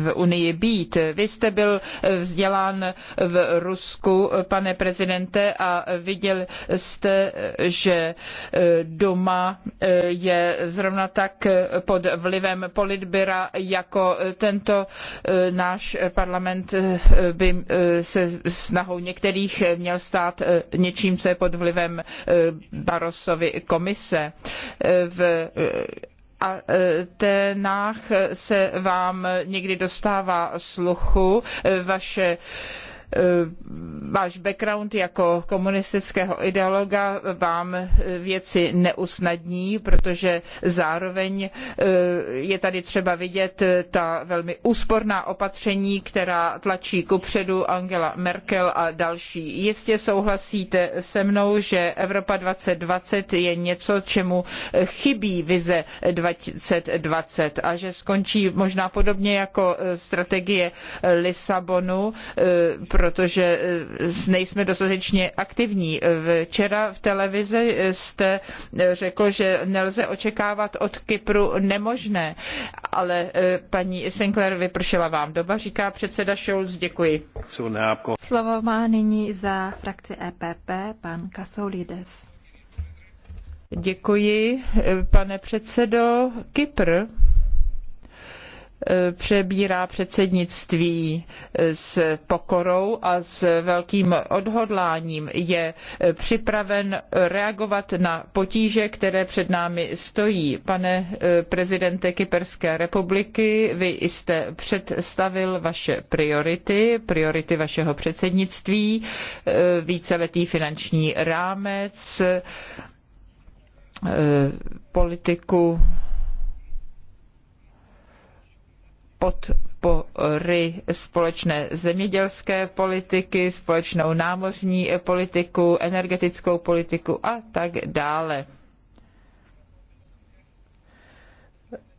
v Unii být. Vy jste byl eh, vzdělán v Rusku, eh, pane prezidente, a viděl jste, že doma je zrovna tak pod vlivem politbyra, jako tento náš parlament by se snahou některých měl stát něčím, co je pod vlivem Barosovy komise. V a Atenách e, se vám někdy dostává sluchu, e, vaše Eh, váš background jako komunistického ideologa vám věci neusnadní, protože zároveň eh, je tady třeba vidět ta velmi úsporná opatření, která tlačí kupředu Angela Merkel a další. Jistě souhlasíte se mnou, že Evropa 2020 je něco, čemu chybí vize 2020 a že skončí možná podobně jako eh, strategie Lisabonu pro protože eh, nejsme dostatečně aktivní. Včera v televizi jste eh, řekl, že nelze očekávat od Kypru nemožné, ale eh, paní Sinclair vypršela vám doba, říká předseda Scholz, děkuji. Slovo má nyní za frakci EPP pan Kasoulides. Děkuji, pane předsedo. Kypr E, přebírá předsednictví e, s pokorou a s velkým odhodláním. Je e, připraven reagovat na potíže, které před námi stojí. Pane prezidente Kyperské republiky, vy jste představil vaše priority, priority vašeho předsednictví, víceletý finanční rámec, politiku podpory společné zemědělské politiky, společnou námořní politiku, energetickou politiku a tak dále.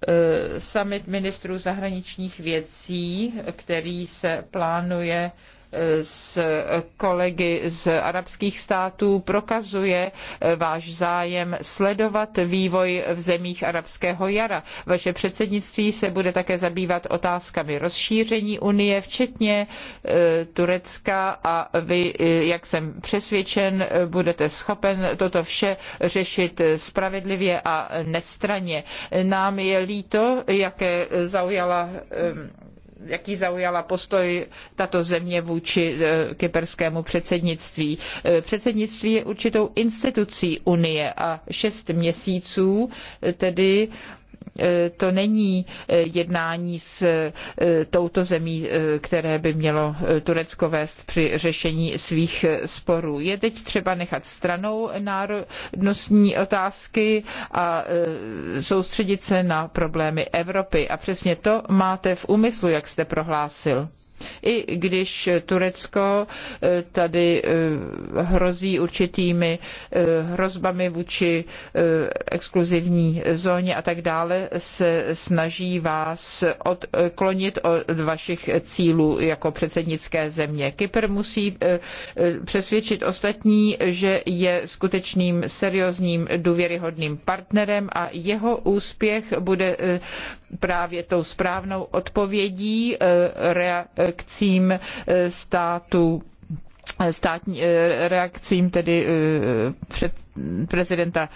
E, summit ministrů zahraničních věcí, který se plánuje s kolegy z arabských států prokazuje eh, váš zájem sledovat vývoj v zemích arabského jara. Vaše předsednictví se bude také zabývat otázkami rozšíření Unie, včetně eh, Turecka a vy, eh, jak jsem přesvědčen, budete schopen toto vše řešit spravedlivě a nestraně. Nám je líto, jaké zaujala jaký zaujala postoj tato země vůči eh, kyperskému předsednictví. Eh, předsednictví je určitou institucí Unie a šest měsíců eh, tedy Eh, to není eh, jednání s eh, touto zemí, které by mělo Turecko vést při řešení svých sporů. Je teď třeba nechat stranou národnostní otázky a soustředit se na problémy Evropy. A přesně to máte v úmyslu, jak jste prohlásil. I když Turecko eh, tady eh, hrozí určitými eh, hrozbami vůči exkluzivní zóně a tak dále, se snaží vás odklonit od vašich cílů jako předsednické země. Kypr musí přesvědčit ostatní, že je skutečným seriózním důvěryhodným partnerem a jeho úspěch bude právě tou správnou odpovědí eh, reakcím eh, státu, eh, státní reakcím tedy před prezidenta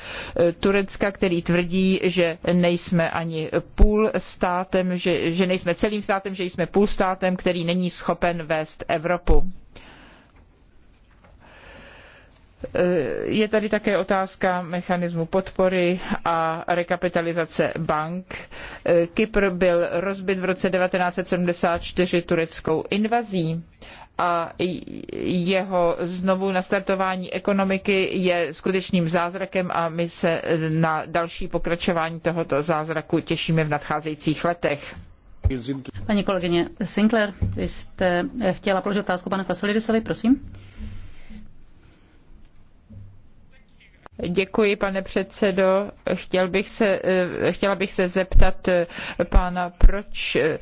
Turecka, který tvrdí, že nejsme ani půl státem, že, že nejsme celým státem, že jsme půl státem, který není schopen vést Evropu. Je tady také otázka mechanismu podpory a rekapitalizace bank. Kypr byl rozbit v roce 1974 tureckou invazí a jeho znovu nastartování ekonomiky je skutečným zázrakem a my se na další pokračování tohoto zázraku těšíme v nadcházejících letech. Paní kolegyně Sinclair, vy jste chtěla položit otázku panu Fasolidisovi, prosím. Děkuji, pane předsedo. Chtěl bych se, eh, chtěla bych se zeptat eh, pána, proč eh,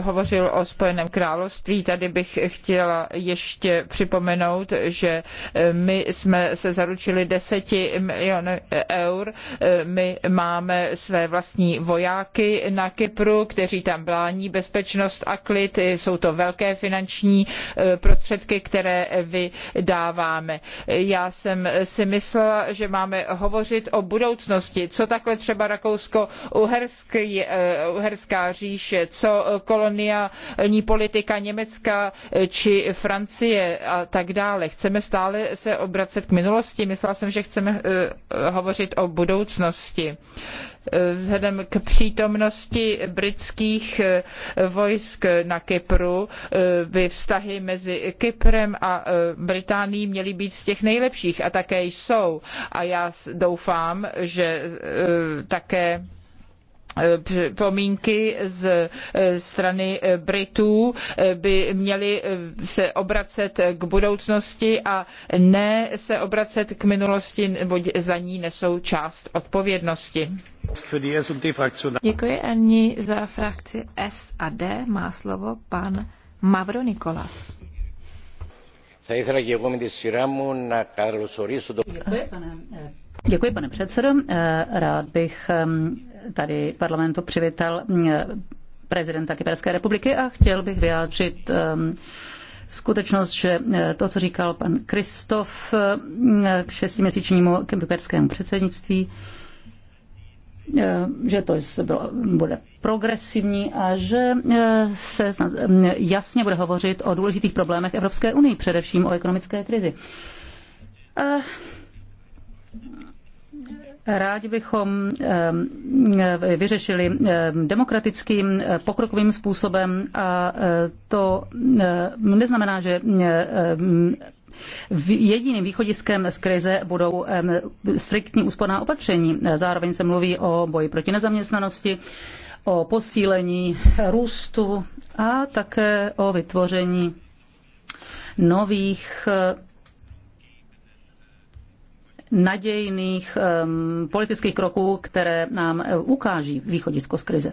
hovořil o Spojeném království. Tady bych chtěla ještě připomenout, že my jsme se zaručili deseti miliony eur. My máme své vlastní vojáky na Kypru, kteří tam brání bezpečnost a klid. Jsou to velké finanční prostředky, které vydáváme. Já jsem si myslela, Myslela, že máme hovořit o budoucnosti, co takhle třeba Rakousko-Uherská eh, říše, co koloniální politika Německa či Francie a tak dále. Chceme stále se obracet k minulosti. Myslela jsem, že chceme eh, hovořit o budoucnosti vzhledem k přítomnosti britských eh, vojsk na Kypru eh, by vztahy mezi Kyprem a eh, Británií měly být z těch nejlepších a také jsou. A já doufám, že také Eh, připomínky z eh, strany eh, Britů by měly se obracet k budoucnosti a ne se obracet k minulosti, neboť za ní nesou část odpovědnosti. Děkuji Ani za frakci S a D. Má slovo pan Mavro Nikolas. Děkuji, pane Děkuji, pane předsedo. Eh, rád bych ehm, tady parlamentu přivítal eh, prezidenta Kyperské republiky a chtěl bych vyjádřit ehm, skutečnost, že eh, to, co říkal pan Kristof k šestiměsíčnímu kyperskému předsednictví, že to bylo, bude progresivní a že se ehm, jasně bude hovořit o důležitých problémech Evropské unie, především o ekonomické krizi. A Rádi bychom eh, vyřešili eh, demokratickým eh, pokrokovým způsobem a to neznamená, že Jediným východiskem z krize budou striktní úsporná opatření. Zároveň se mluví o boji proti nezaměstnanosti, o posílení růstu a také o vytvoření nových nadějných politických kroků, které nám eh, ukáží východisko z krize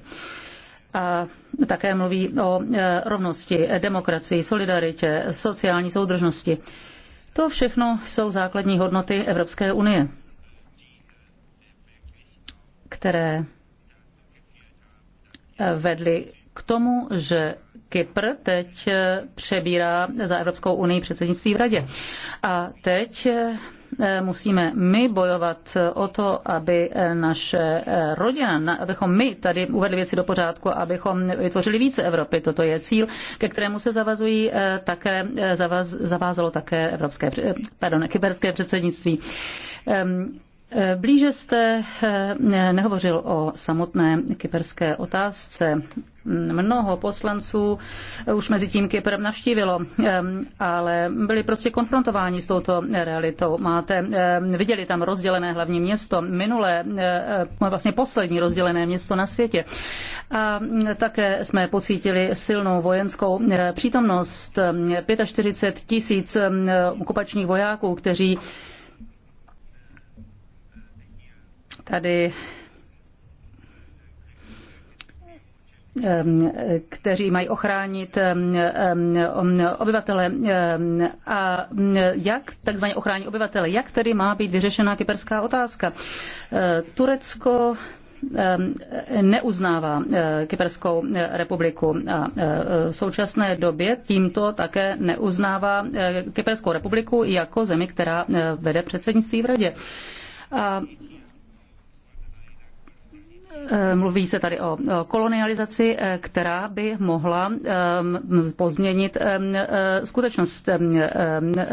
a také mluví o eh, rovnosti, demokracii, solidaritě, sociální soudržnosti. To všechno jsou základní hodnoty Evropské unie, které eh, vedly k tomu, že Kypr teď přebírá za Evropskou unii předsednictví v Radě. A teď Eh, musíme my bojovat eh, o to, aby eh, naše rodina, abychom my tady uvedli věci do pořádku, abychom vytvořili více Evropy. Toto je cíl, ke kterému se zavazují také, zavaz, zavázalo také evropské, pardon, kyberské předsednictví. Ehm, Blíže jste eh, nehovořil o samotné kyperské otázce. Mnoho poslanců už mezi tím Kypr navštívilo, eh, ale byli prostě konfrontováni s touto realitou. Máte, eh, viděli tam rozdělené hlavní město, minulé, vlastně poslední rozdělené město na světě. A také jsme pocítili silnou vojenskou přítomnost 45 tisíc okupačních vojáků, kteří tady kteří mají ochránit obyvatele a jak takzvaně ochránit obyvatele, jak tedy má být vyřešena kyperská otázka. E, Turecko neuznává e, Kyperskou republiku a e, v současné době tímto také neuznává Kyperskou republiku jako zemi, která vede předsednictví v radě. A Eh, mluví se tady o kolonializaci, eh, která by mohla ehm, pozměnit ehm, eh, skutečnost.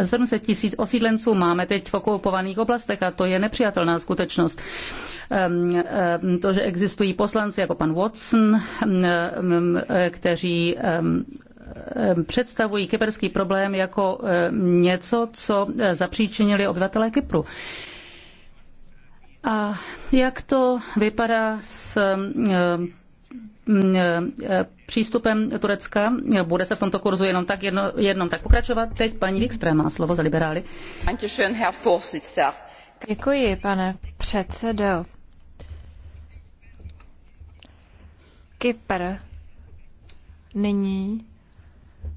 700 ehm, tisíc osídlenců máme teď v okupovaných oblastech a to je nepřijatelná skutečnost. To, že existují poslanci jako pan Watson, kteří představují kyperský problém jako něco, co zapříčinili obyvatelé Kypru. A jak to vypadá s eh, eh, přístupem Turecka. Bude se v tomto kurzu jenom tak jedno, jednom tak pokračovat. Teď paní Wikström má slovo za liberály. Děkuji, pane předsedo. Kypr nyní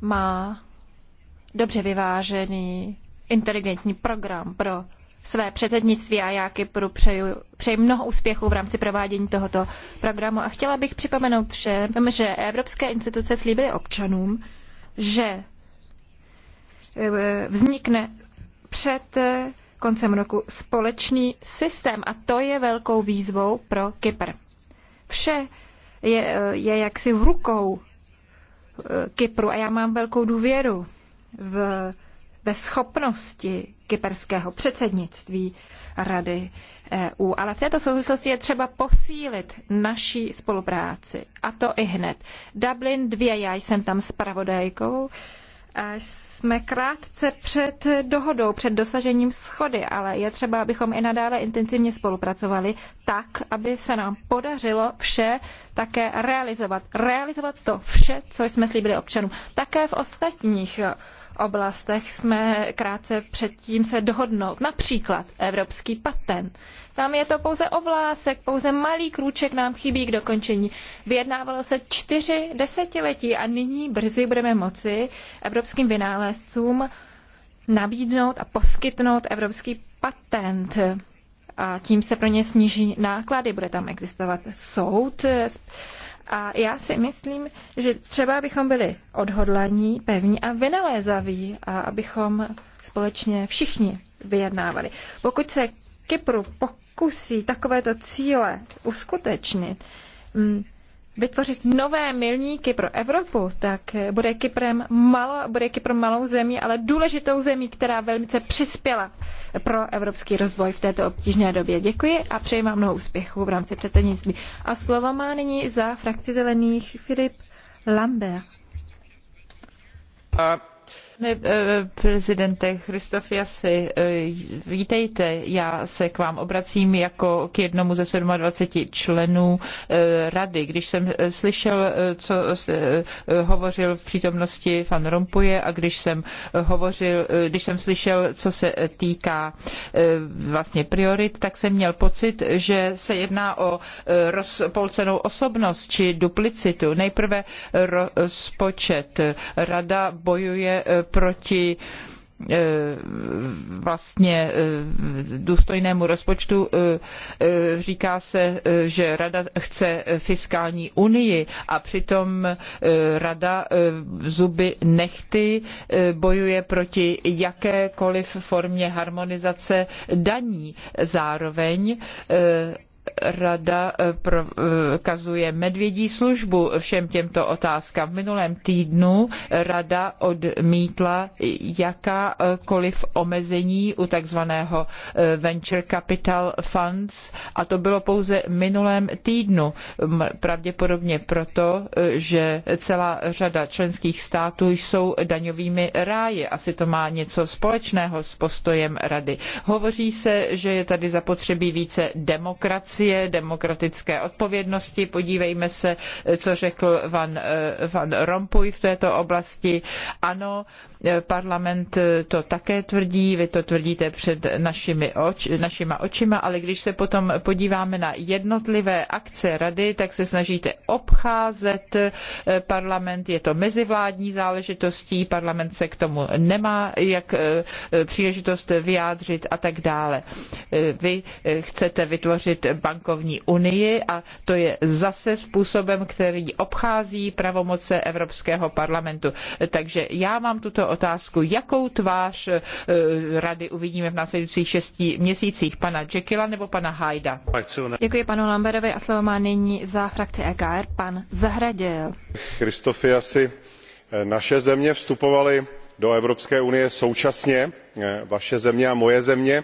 má dobře vyvážený inteligentní program pro své předsednictví a já Kypru přeju, přeji mnoho úspěchů v rámci provádění tohoto programu. A chtěla bych připomenout všem, že evropské instituce slíbily občanům, že eh, vznikne před koncem roku společný systém a to je velkou výzvou pro Kypr. Vše je, eh, je jaksi v rukou eh, Kypru a já mám velkou důvěru v ve schopnosti kyperského předsednictví Rady EU. Ale v této souvislosti je třeba posílit naší spolupráci. A to i hned. Dublin 2, já jsem tam s A jsme krátce před dohodou, před dosažením schody, ale je třeba, abychom i nadále intenzivně spolupracovali tak, aby se nám podařilo vše také realizovat. Realizovat to vše, co jsme slíbili občanům. Také v ostatních oblastech jsme krátce předtím se dohodnout. Například evropský patent. Tam je to pouze ovlásek, pouze malý krůček nám chybí k dokončení. Vyjednávalo se čtyři desetiletí a nyní brzy budeme moci evropským vynálezcům nabídnout a poskytnout evropský patent a tím se pro ně sníží náklady. Bude tam existovat soud a já si myslím, že třeba bychom byli odhodlaní, pevní a vynalézaví, a abychom společně všichni vyjednávali. Pokud se Kypru pokusí takovéto cíle uskutečnit, mm, vytvořit nové milníky pro Evropu, tak bude, Kyprem malo, bude Kypr malou zemí, ale důležitou zemí, která velmi přispěla pro evropský rozvoj v této obtížné době. Děkuji a přeji vám mnoho úspěchů v rámci předsednictví. A slovo má nyní za frakci zelených Filip Lambert. Pane eh, prezidente Christofiasi, eh, vítejte. Já se k vám obracím jako k jednomu ze 27 členů eh, rady. Když jsem slyšel, co hovořil v přítomnosti Van Rompuje a když jsem hovořil, když jsem slyšel, co se týká vlastně priorit, tak jsem měl pocit, že se jedná o rozpolcenou osobnost či duplicitu. Nejprve rozpočet. Rada bojuje E, proti e, vlastně e, důstojnému rozpočtu. Říká se, že rada chce fiskální unii a přitom rada zuby nechty bojuje proti jakékoliv formě harmonizace daní. Zároveň rada eh, prokazuje eh, medvědí službu všem těmto otázkám. V minulém týdnu rada odmítla jakákoliv omezení u takzvaného eh, Venture Capital Funds a to bylo pouze minulém týdnu. Pravděpodobně proto, že celá řada členských států jsou daňovými ráji. Asi to má něco společného s postojem rady. Hovoří se, že je tady zapotřebí více demokracie demokracie, demokratické odpovědnosti. Podívejme se, co řekl Van, eh, Van Rompuy v této oblasti. Ano, Eh, parlament eh, to také tvrdí, vy to tvrdíte před našimi oč, našima očima, ale když se potom podíváme na jednotlivé akce rady, tak se snažíte obcházet eh, parlament. Je to mezivládní záležitostí, parlament se k tomu nemá jak příležitost vyjádřit a tak dále. Vy chcete vytvořit bankovní unii a to je zase způsobem, který obchází pravomoce Evropského parlamentu. Takže já mám tuto otázku, jakou tvář eh, rady uvidíme v následujících šesti měsících, pana Jekyla nebo pana Hajda. Děkuji panu Lamberovi a slovo má nyní za frakci EKR pan Zahradil. Kristofiasi, eh, naše země vstupovaly do Evropské unie současně, eh, vaše země a moje země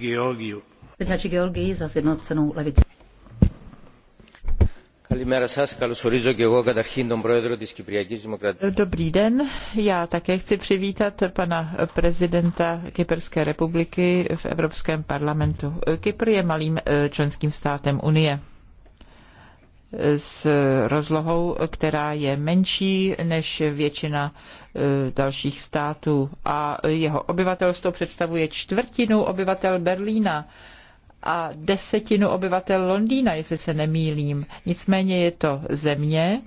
Georgiu. Georgii za levici. Dobrý den, já také chci přivítat pana prezidenta Kyperské republiky v Evropském parlamentu. Kypr je malým eh, členským státem Unie s rozlohou, která je menší než většina Eh, dalších států a jeho obyvatelstvo představuje čtvrtinu obyvatel Berlína a desetinu obyvatel Londýna, jestli se nemýlím. Nicméně je to země,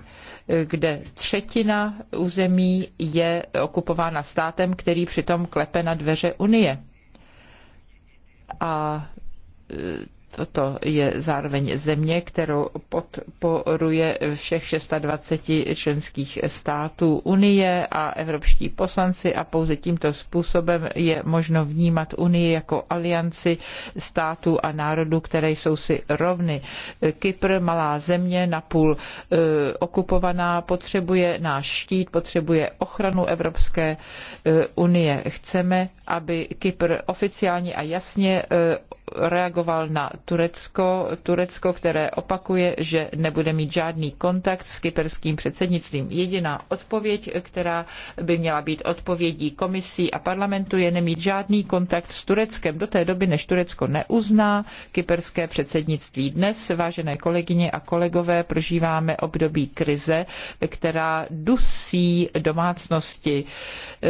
eh, kde třetina území je okupována státem, který přitom klepe na dveře Unie. A eh, Toto je zároveň země, kterou podporuje všech 620 členských států Unie a evropští poslanci a pouze tímto způsobem je možno vnímat Unii jako alianci států a národů, které jsou si rovny. Kypr, malá země, napůl eh, okupovaná, potřebuje náš štít, potřebuje ochranu Evropské eh, unie. Chceme, aby Kypr oficiálně a jasně eh, reagoval na Turecko. Turecko, které opakuje, že nebude mít žádný kontakt s kyperským předsednictvím. Jediná odpověď, která by měla být odpovědí komisí a parlamentu, je nemít žádný kontakt s Tureckem do té doby, než Turecko neuzná kyperské předsednictví. Dnes, vážené kolegyně a kolegové, prožíváme období krize, která dusí domácnosti. E,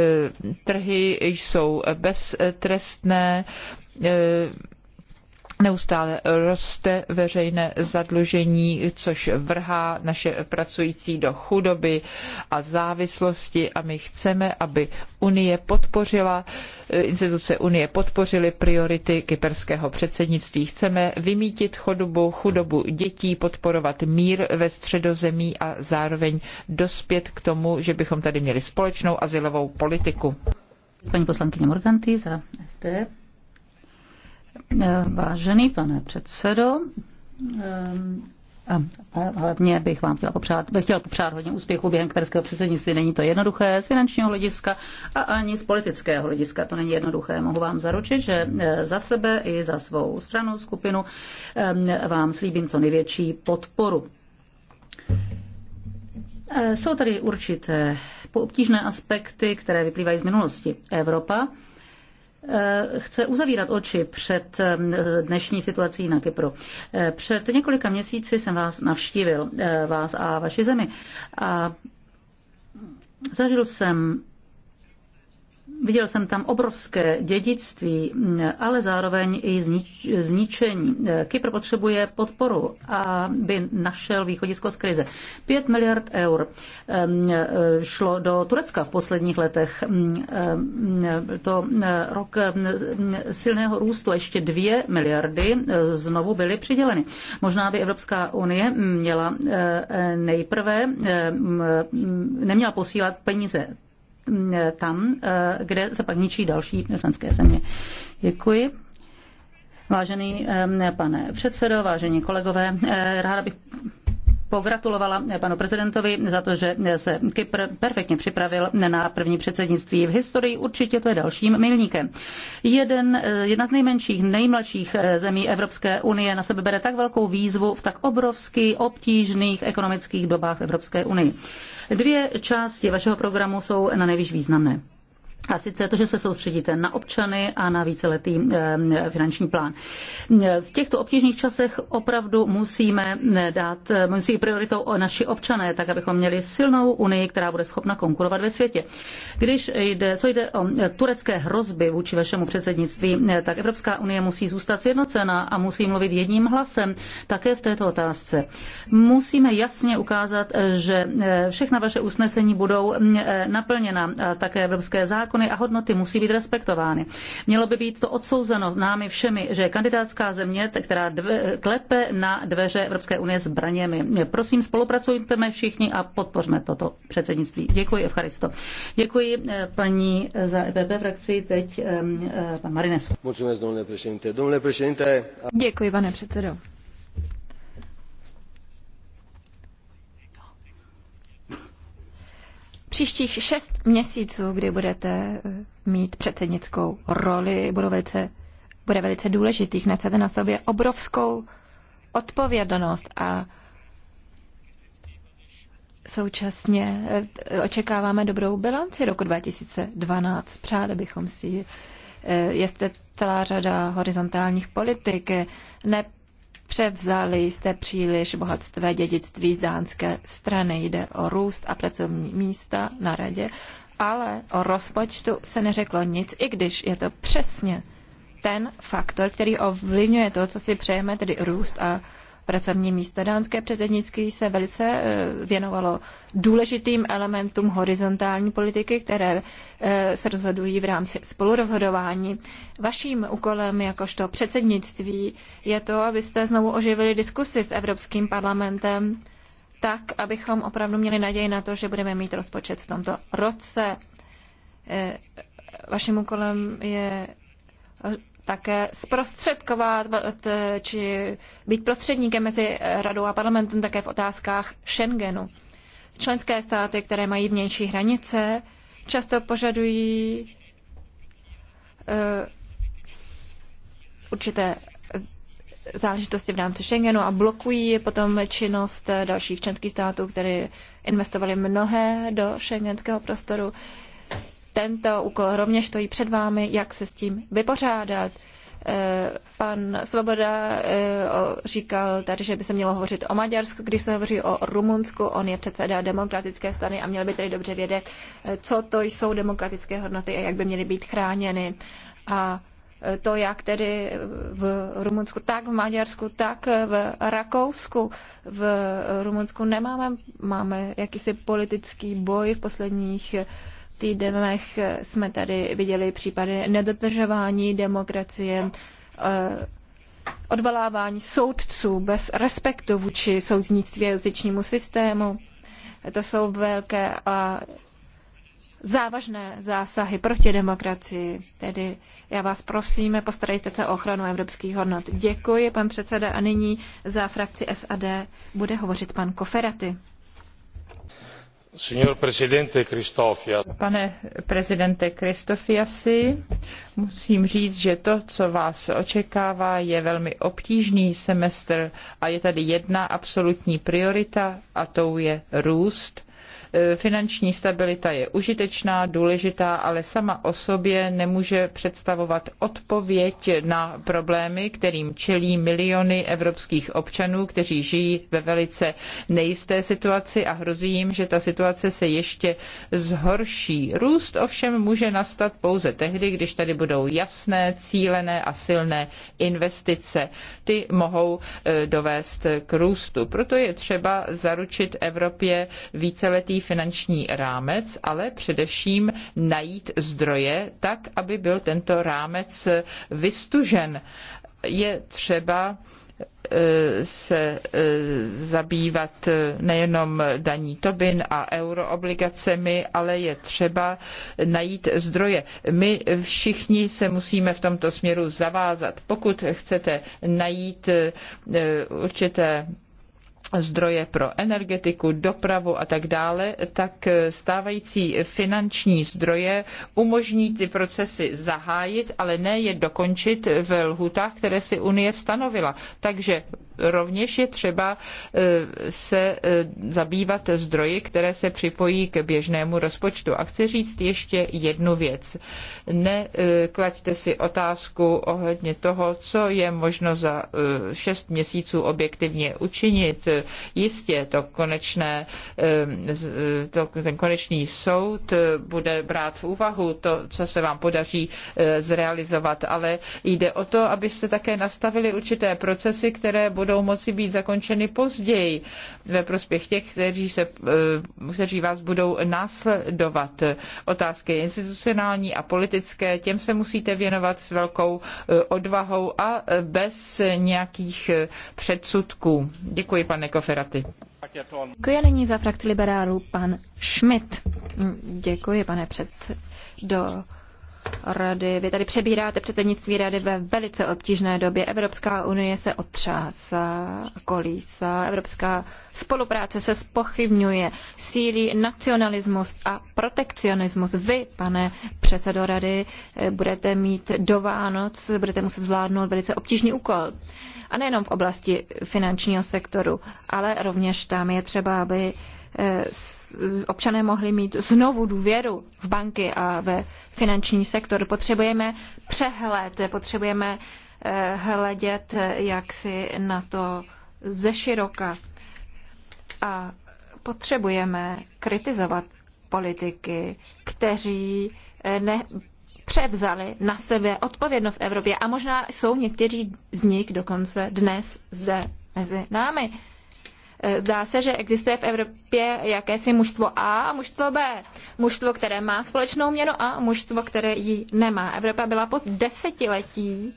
trhy jsou beztrestné, e, Neustále roste veřejné zadlužení, což vrhá naše pracující do chudoby a závislosti a my chceme, aby Unie podpořila, eh, instituce Unie podpořily priority kyperského předsednictví. Chceme vymítit chudobu, chudobu dětí, podporovat mír ve středozemí a zároveň dospět k tomu, že bychom tady měli společnou asilovou politiku. Paní poslankyně Morganti za FD. Vážený pane předsedo, a hlavně bych vám chtěla popřát, bych chtěla popřát hodně úspěchu během kperského předsednictví. Není to jednoduché z finančního hlediska a ani z politického hlediska. To není jednoduché. Mohu vám zaručit, že eh, za sebe i za svou stranu, skupinu vám slíbím co největší podporu. Eh, jsou tady určité obtížné aspekty, které vyplývají z minulosti. Evropa Eh, chce uzavírat oči před eh, dnešní situací na Kypru. Eh, před několika měsíci jsem vás navštívil, vás a vaši zemi. A zažil jsem Viděl jsem tam obrovské dědictví, ale zároveň i zničení. Kypr potřebuje podporu, aby našel východisko z krize. 5 miliard eur šlo do Turecka v posledních letech. To rok silného růstu ještě 2 miliardy znovu byly přiděleny. Možná by Evropská unie měla nejprve neměla posílat peníze tam, eh, kde se pak ničí další členské země. Děkuji. Vážený eh, pane předsedo, vážení kolegové, eh, ráda bych pogratulovala panu prezidentovi za to, že se Kypr perfektně připravil na první předsednictví v historii. Určitě to je dalším milníkem. Jeden, jedna z nejmenších, nejmladších zemí Evropské unie na sebe bere tak velkou výzvu v tak obrovsky obtížných ekonomických dobách v Evropské unii. Dvě části vašeho programu jsou na nejvíc významné. A sice to, že se soustředíte na občany a na víceletý eh, finanční plán. V těchto obtížných časech opravdu musíme eh, dát, eh, musí prioritou o naši občané, tak abychom měli silnou unii, která bude schopna konkurovat ve světě. Když jde, co jde o turecké hrozby vůči vašemu předsednictví, tak Evropská unie musí zůstat sjednocena a musí mluvit jedním hlasem také v této otázce. Musíme jasně ukázat, že všechna vaše usnesení budou naplněna také evropské zákony zákony a hodnoty musí být respektovány. Mělo by být to odsouzeno námi všemi, že kandidátská země, která dve, klepe na dveře Evropské unie zbraněmi. Prosím, spolupracujme všichni a podpořme toto předsednictví. Děkuji, Evcharisto. Děkuji eh, paní eh, za EPP frakci, teď eh, pan Marines. Děkuji, pane předsedo. příštích šest měsíců, kdy budete eh, mít předsednickou roli, bude velice, bude velice důležitý. Nesete na sobě obrovskou odpovědnost a současně eh, očekáváme dobrou bilanci roku 2012. Přáli bychom si, eh, jestli celá řada horizontálních politik, ne Převzali jste příliš bohatstvé dědictví z dánské strany. Jde o růst a pracovní místa na radě, ale o rozpočtu se neřeklo nic, i když je to přesně ten faktor, který ovlivňuje to, co si přejeme, tedy růst a pracovní místa. Dánské předsednictví se velice eh, věnovalo důležitým elementům horizontální politiky, které eh, se rozhodují v rámci spolurozhodování. Vaším úkolem jakožto předsednictví je to, abyste znovu oživili diskusy s Evropským parlamentem tak, abychom opravdu měli naději na to, že budeme mít rozpočet v tomto roce. Eh, vaším úkolem je také zprostředkovat či být prostředníkem mezi radou a parlamentem také v otázkách Schengenu. Členské státy, které mají vnější hranice, často požadují eh, určité záležitosti v rámci Schengenu a blokují potom činnost dalších členských států, které investovaly mnohé do šengenského prostoru tento úkol rovněž stojí před vámi, jak se s tím vypořádat. Eh, pan Svoboda eh, říkal tady, že by se mělo hovořit o Maďarsku, když se hovoří o Rumunsku, on je předseda demokratické strany a měl by tedy dobře vědět, eh, co to jsou demokratické hodnoty a jak by měly být chráněny. A to, jak tedy v Rumunsku, tak v Maďarsku, tak v Rakousku. V Rumunsku nemáme, máme jakýsi politický boj v posledních týdnech jsme tady viděli případy nedodržování demokracie, eh, odvolávání soudců bez respektu vůči soudnictví a jazyčnímu systému. To jsou velké a závažné zásahy proti demokracii. Tedy já vás prosím, postarejte se o ochranu evropských hodnot. Děkuji, pan předseda, a nyní za frakci SAD bude hovořit pan Koferaty. Pane prezidente Kristofiasi, musím říct, že to, co vás očekává, je velmi obtížný semestr a je tady jedna absolutní priorita a tou je růst Eh, finanční stabilita je užitečná, důležitá, ale sama o sobě nemůže představovat odpověď na problémy, kterým čelí miliony evropských občanů, kteří žijí ve velice nejisté situaci a hrozí jim, že ta situace se ještě zhorší. Růst ovšem může nastat pouze tehdy, když tady budou jasné, cílené a silné investice. Ty mohou eh, dovést k růstu. Proto je třeba zaručit Evropě víceletý finanční rámec, ale především najít zdroje tak, aby byl tento rámec vystužen. Je třeba eh, se eh, zabývat eh, nejenom daní Tobin a euroobligacemi, ale je třeba najít zdroje. My všichni se musíme v tomto směru zavázat. Pokud chcete najít určité zdroje pro energetiku, dopravu a tak dále, tak stávající finanční zdroje umožní ty procesy zahájit, ale ne je dokončit ve lhutách, které si Unie stanovila. Takže rovněž je třeba e, se e, zabývat zdroji, které se připojí k běžnému rozpočtu. A chci říct ještě jednu věc neklaďte si otázku ohledně toho, co je možno za eh, šest měsíců objektivně učinit. Jistě to konečné, eh, eh, to, ten konečný soud bude brát v úvahu to, co se vám podaří zrealizovat, ale jde o to, abyste také nastavili určité procesy, které budou moci být zakončeny později ve prospěch těch, kteří, se, kteří vás budou následovat. Otázky institucionální a politické politické, těm se musíte věnovat s velkou e, odvahou a e, bez nějakých e, předsudků. Děkuji, pane Koferaty. Děkuji nyní za frakci liberálů pan Schmidt. Děkuji, pane předsedo rady. Vy tady přebíráte předsednictví rady ve velice obtížné době. Evropská unie se otřásá, kolísá, evropská spolupráce se spochybňuje, sílí nacionalismus a protekcionismus. Vy, pane předsedo rady, budete mít do Vánoc, budete muset zvládnout velice obtížný úkol. A nejenom v oblasti finančního sektoru, ale rovněž tam je třeba, aby Eh, občané mohli mít znovu důvěru v banky a ve finanční sektor. Potřebujeme přehled, potřebujeme eh, hledět eh, jaksi na to ze široka. A potřebujeme kritizovat politiky, kteří ne, převzali na sebe odpovědnost v Evropě a možná jsou někteří z nich dokonce dnes zde mezi námi. Eh, zdá se, že existuje v Evropě jakési mužstvo A a mužstvo B. Mužstvo, které má společnou měnu a mužstvo, které ji nemá. Evropa byla po desetiletí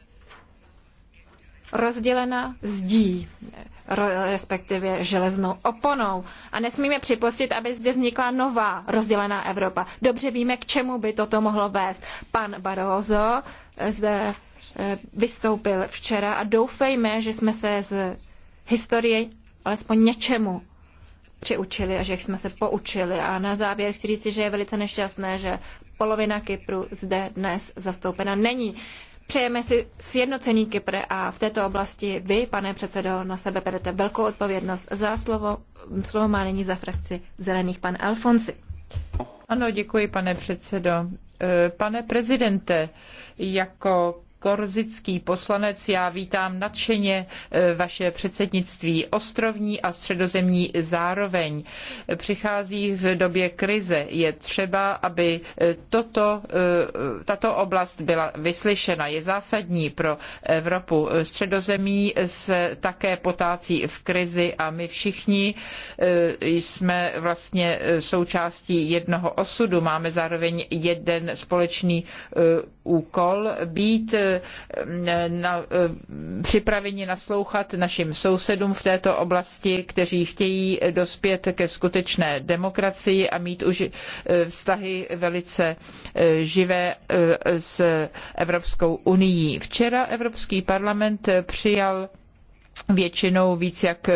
rozdělena zdí, respektive železnou oponou. A nesmíme připustit, aby zde vznikla nová rozdělená Evropa. Dobře víme, k čemu by toto mohlo vést. Pan Barroso eh, zde eh, vystoupil včera a doufejme, že jsme se z historie alespoň něčemu přiučili a že jsme se poučili. A na závěr chci říct, že je velice nešťastné, že polovina Kypru zde dnes zastoupena není. Přejeme si sjednocení Kypr a v této oblasti vy, pane předsedo, na sebe berete velkou odpovědnost za slovo. Slovo má nyní za frakci zelených pan Alfonsi. Ano, děkuji, pane předsedo. E, pane prezidente, jako korzický poslanec, já vítám nadšeně e, vaše předsednictví ostrovní a středozemní zároveň. Přichází v době krize. Je třeba, aby e, toto, e, tato oblast byla vyslyšena. Je zásadní pro Evropu. Středozemí se také potácí v krizi a my všichni jsme vlastně součástí jednoho osudu. Máme zároveň jeden společný úkol být Eh, na, eh, připraveni naslouchat našim sousedům v této oblasti, kteří chtějí dospět ke skutečné demokracii a mít už eh, vztahy velice živé s Evropskou unii. Včera Evropský parlament přijal většinou víc jak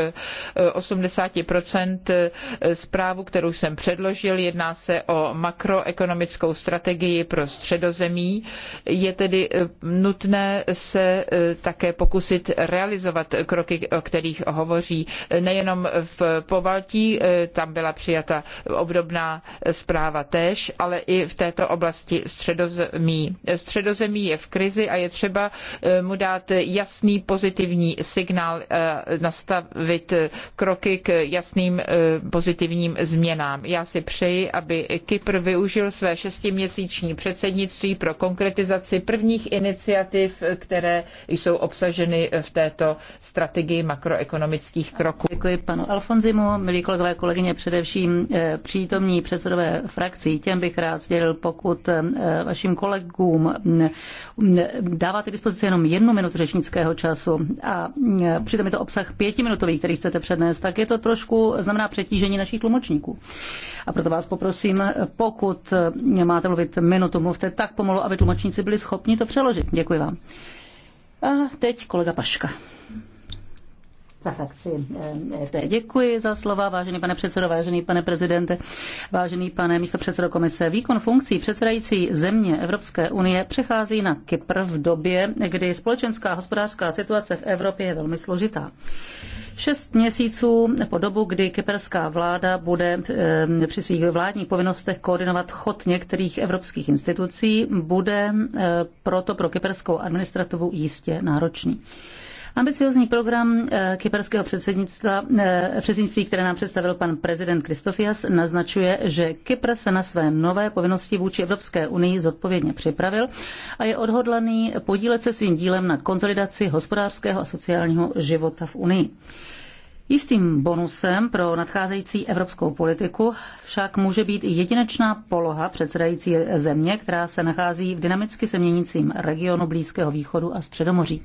80% eh, eh, zprávu, kterou jsem předložil. Jedná se o makroekonomickou strategii pro středozemí. Je tedy eh, nutné se také pokusit realizovat kroky, o kterých hovoří nejenom v Pobaltí, tam byla přijata obdobná zpráva též, ale i v této oblasti středozemí. Středozemí je v krizi a je třeba mu dát jasný pozitivní signál Eh, nastavit eh, kroky k jasným eh, pozitivním změnám. Já si přeji, aby Kypr využil své šestiměsíční předsednictví pro konkretizaci prvních iniciativ, které jsou obsaženy v této strategii makroekonomických kroků. Děkuji panu Alfonzimu, milí kolegové, kolegyně, především přítomní předsedové frakcí. Těm bych rád sdělil, pokud vašim kolegům mm, mm, dáváte dispozici jenom jednu minutu řečnického času a mm, přitom je to obsah pětiminutový, který chcete přednést, tak je to trošku, znamená přetížení našich tlumočníků. A proto vás poprosím, pokud máte mluvit minutu, mluvte tak pomalu, aby tlumočníci byli schopni to přeložit. Děkuji vám. A teď kolega Paška za frakci eh, Děkuji za slova, vážený pane předsedo, vážený pane prezidente, vážený pane místopředsedo komise. Výkon funkcí předsedající země Evropské unie přechází na Kypr v době, kdy společenská a hospodářská situace v Evropě je velmi složitá. Šest měsíců po dobu, kdy kyperská vláda bude eh, při svých vládních povinnostech koordinovat chod některých evropských institucí, bude eh, proto pro kyperskou administrativu jistě náročný. Ambiciozní program eh, kyperského předsednictva, eh, předsednictví, které nám představil pan prezident Kristofias, naznačuje, že Kypr se na své nové povinnosti vůči Evropské unii zodpovědně připravil a je odhodlaný podílet se svým dílem na konsolidaci hospodářského a sociálního života v unii. Jistým bonusem pro nadcházející evropskou politiku však může být i jedinečná poloha předsedající země, která se nachází v dynamicky se měnícím regionu Blízkého východu a Středomoří.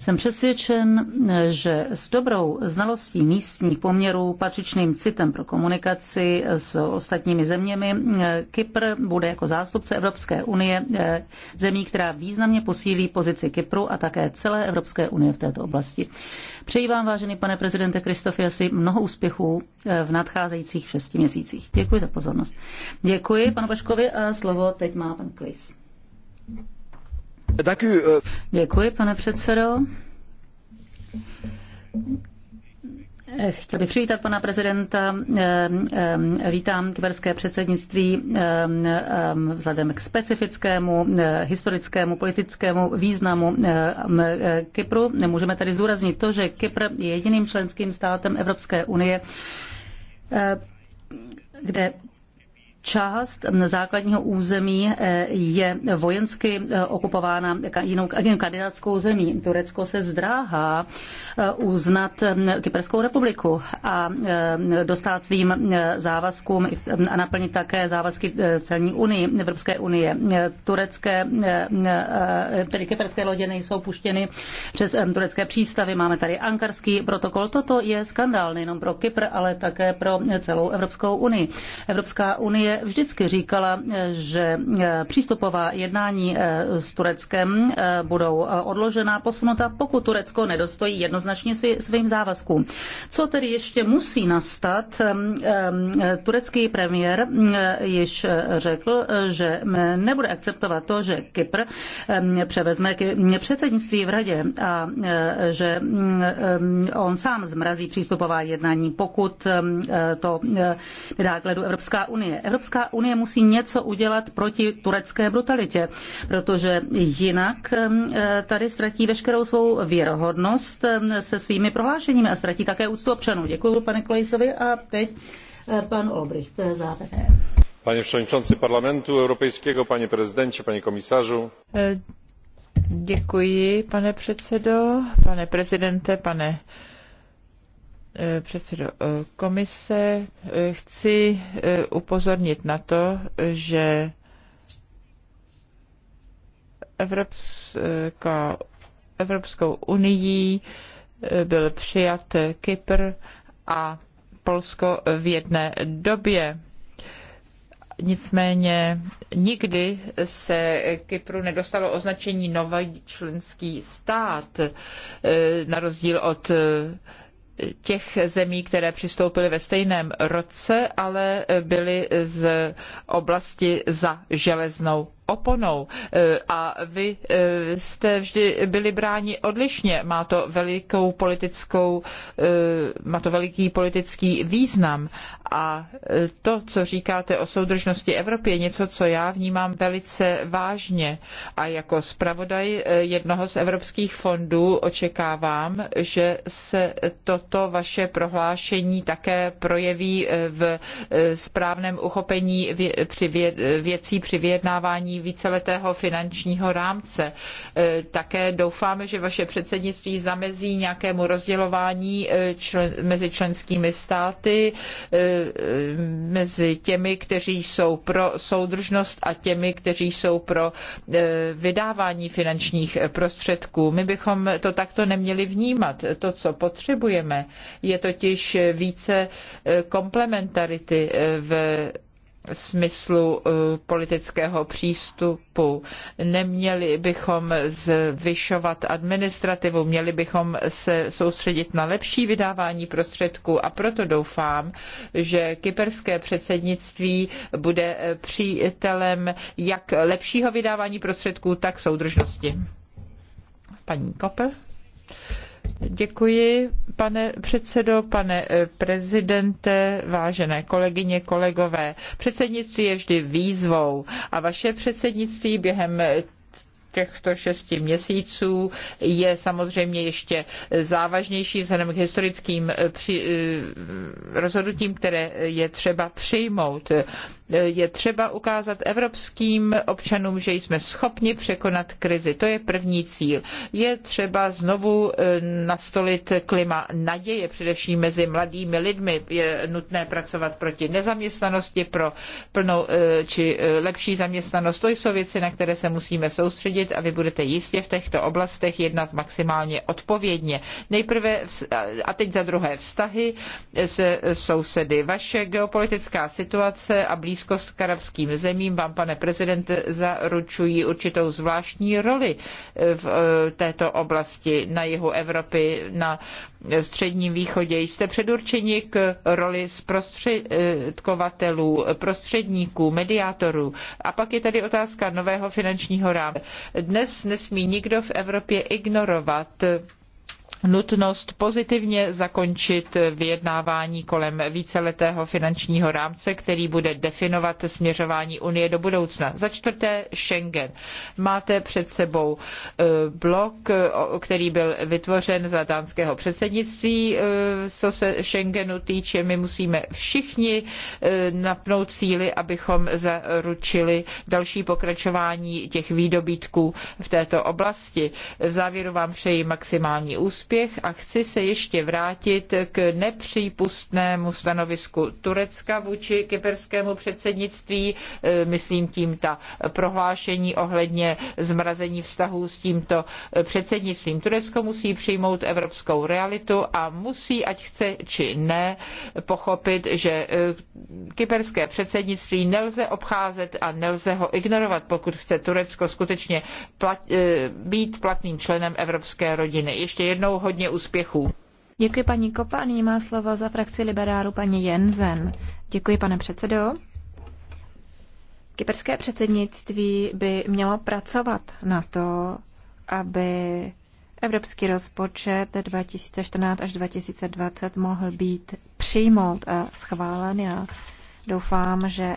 Jsem přesvědčen, že s dobrou znalostí místních poměrů, patřičným citem pro komunikaci s ostatními zeměmi, Kypr bude jako zástupce Evropské unie eh, zemí, která významně posílí pozici Kypru a také celé Evropské unie v této oblasti. Přeji vám, vážený pane prezidente asi mnoho úspěchů eh, v nadcházejících šesti měsících. Děkuji za pozornost. Děkuji panu Paškovi a slovo teď má pan Klejs. Eh, Děkuji, pane předsedo. Eh, Chtěl bych přivítat pana prezidenta. Eh, vítám kyberské předsednictví vzhledem k specifickému historickému politickému významu Kypru. Můžeme tady zdůraznit to, že Kypr je jediným členským státem Evropské unie, kde Část základního území eh, je vojensky eh, okupována jinou kandidátskou zemí. Turecko se zdráhá eh, uznat Kyperskou republiku a dostat svým závazkům a naplnit také závazky celní unii, Evropské unie. Turecké, tedy kyperské lodě nejsou puštěny přes turecké přístavy. Máme tady ankarský protokol. Toto je skandál nejenom pro Kypr, ale také pro celou Evropskou unii. Evropská unie vždycky říkala, že eh, přístupová jednání eh, s Tureckem eh, budou odložena, posunuta, pokud Turecko nedostojí jednoznačně svým závazkům. Co tedy ještě musí nastat? Turecký premiér již řekl, že nebude akceptovat to, že Kypr převezme předsednictví v radě a že mm, on sám zmrazí přístupová jednání, pokud to nedá k ledu Evropská unie. Evropská Evropská unie musí něco udělat proti turecké brutalitě, protože jinak e, tady ztratí veškerou svou věrohodnost se svými prohlášeními a ztratí také úctu občanů. Děkuji pane Klejsovi a teď e, pan Olbricht za e. Panie przewodniczący Parlamentu Europejskiego, panie prezydencie, panie komisarzu. Děkuji, pane Przewodniczący, pane prezidente, pane Eh, předsedo eh, komise, eh, chci upozornit na to, že Evropská, Evropskou unii byl přijat Kypr a Polsko v jedné době. Nicméně nikdy se Kypru nedostalo označení nový členský stát, na rozdíl od těch zemí, které přistoupily ve stejném roce, ale byly z oblasti za železnou oponou e, a vy e, jste vždy byli bráni odlišně. Má to velikou politickou, e, má to veliký politický význam a to, co říkáte o soudržnosti Evropy, je něco, co já vnímám velice vážně a jako zpravodaj jednoho z evropských fondů očekávám, že se toto vaše prohlášení také projeví v správném uchopení věcí při vyjednávání víceletého finančního rámce. E, také doufáme, že vaše předsednictví zamezí nějakému rozdělování e, člen, mezi členskými státy, e, mezi těmi, kteří jsou pro soudržnost a těmi, kteří jsou pro vydávání finančních prostředků. My bychom to takto neměli vnímat. To, co potřebujeme, je totiž více komplementarity v smyslu eh, politického přístupu. Neměli bychom zvyšovat administrativu, měli bychom se soustředit na lepší vydávání prostředků a proto doufám, že kyperské předsednictví bude eh, přítelem jak lepšího vydávání prostředků, tak soudržnosti. Paní Koppel. Děkuji, pane předsedo, pane eh, prezidente, vážené kolegyně, kolegové. Předsednictví je vždy výzvou a vaše předsednictví během těchto šesti měsíců je samozřejmě ještě závažnější vzhledem k historickým eh, při, eh, rozhodnutím, které je třeba přijmout. Eh, je třeba ukázat evropským občanům, že jsme schopni překonat krizi. To je první cíl. Je třeba znovu nastolit klima naděje, především mezi mladými lidmi. Je nutné pracovat proti nezaměstnanosti pro plnou či lepší zaměstnanost. To jsou věci, na které se musíme soustředit soudit a vy budete jistě v těchto oblastech jednat maximálně odpovědně. Nejprve a teď za druhé vztahy se sousedy. Vaše geopolitická situace a blízkost k arabským zemím vám, pane prezidente, zaručují určitou zvláštní roli v e, této oblasti na jihu Evropy, na v Středním východě. Jste předurčeni k roli zprostředkovatelů, prostředníků, mediátorů. A pak je tady otázka nového finančního rámce. Dnes nesmí nikdo v Evropě ignorovat nutnost pozitivně zakončit vyjednávání kolem víceletého finančního rámce, který bude definovat směřování Unie do budoucna. Za čtvrté Schengen. Máte před sebou eh, blok, který byl vytvořen za dánského předsednictví, eh, co se Schengenu týče. My musíme všichni eh, napnout síly, abychom zaručili další pokračování těch výdobítků v této oblasti. V závěru vám přeji maximální úspěch úspěch a chci se ještě vrátit k nepřípustnému stanovisku Turecka vůči kyperskému předsednictví, e, myslím tím ta prohlášení ohledně zmrazení vztahů s tímto předsednictvím. Turecko musí přijmout evropskou realitu a musí, ať chce či ne, pochopit, že e, kyperské předsednictví nelze obcházet a nelze ho ignorovat, pokud chce Turecko skutečně plat, e, být platným členem evropské rodiny. Ještě jednou hodně úspěchů. Děkuji paní Kopa a nyní má slovo za frakci liberáru paní Jenzen. Děkuji pane předsedo. Kyperské předsednictví by mělo pracovat na to, aby evropský rozpočet 2014 až 2020 mohl být přijmout a schválen. Já doufám, že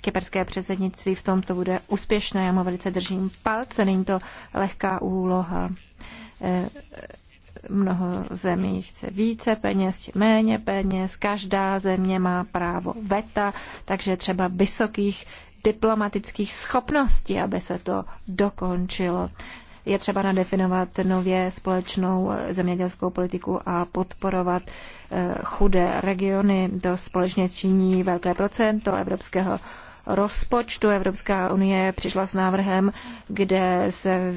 kyperské předsednictví v tomto bude úspěšné. Já mu velice držím palce, není to lehká úloha mnoho zemí chce více peněz či méně peněz, každá země má právo veta, takže třeba vysokých diplomatických schopností, aby se to dokončilo. Je třeba nadefinovat nově společnou eh, zemědělskou politiku a podporovat eh, chudé regiony. To společně činí velké procento evropského rozpočtu. Evropská unie přišla s návrhem, kde se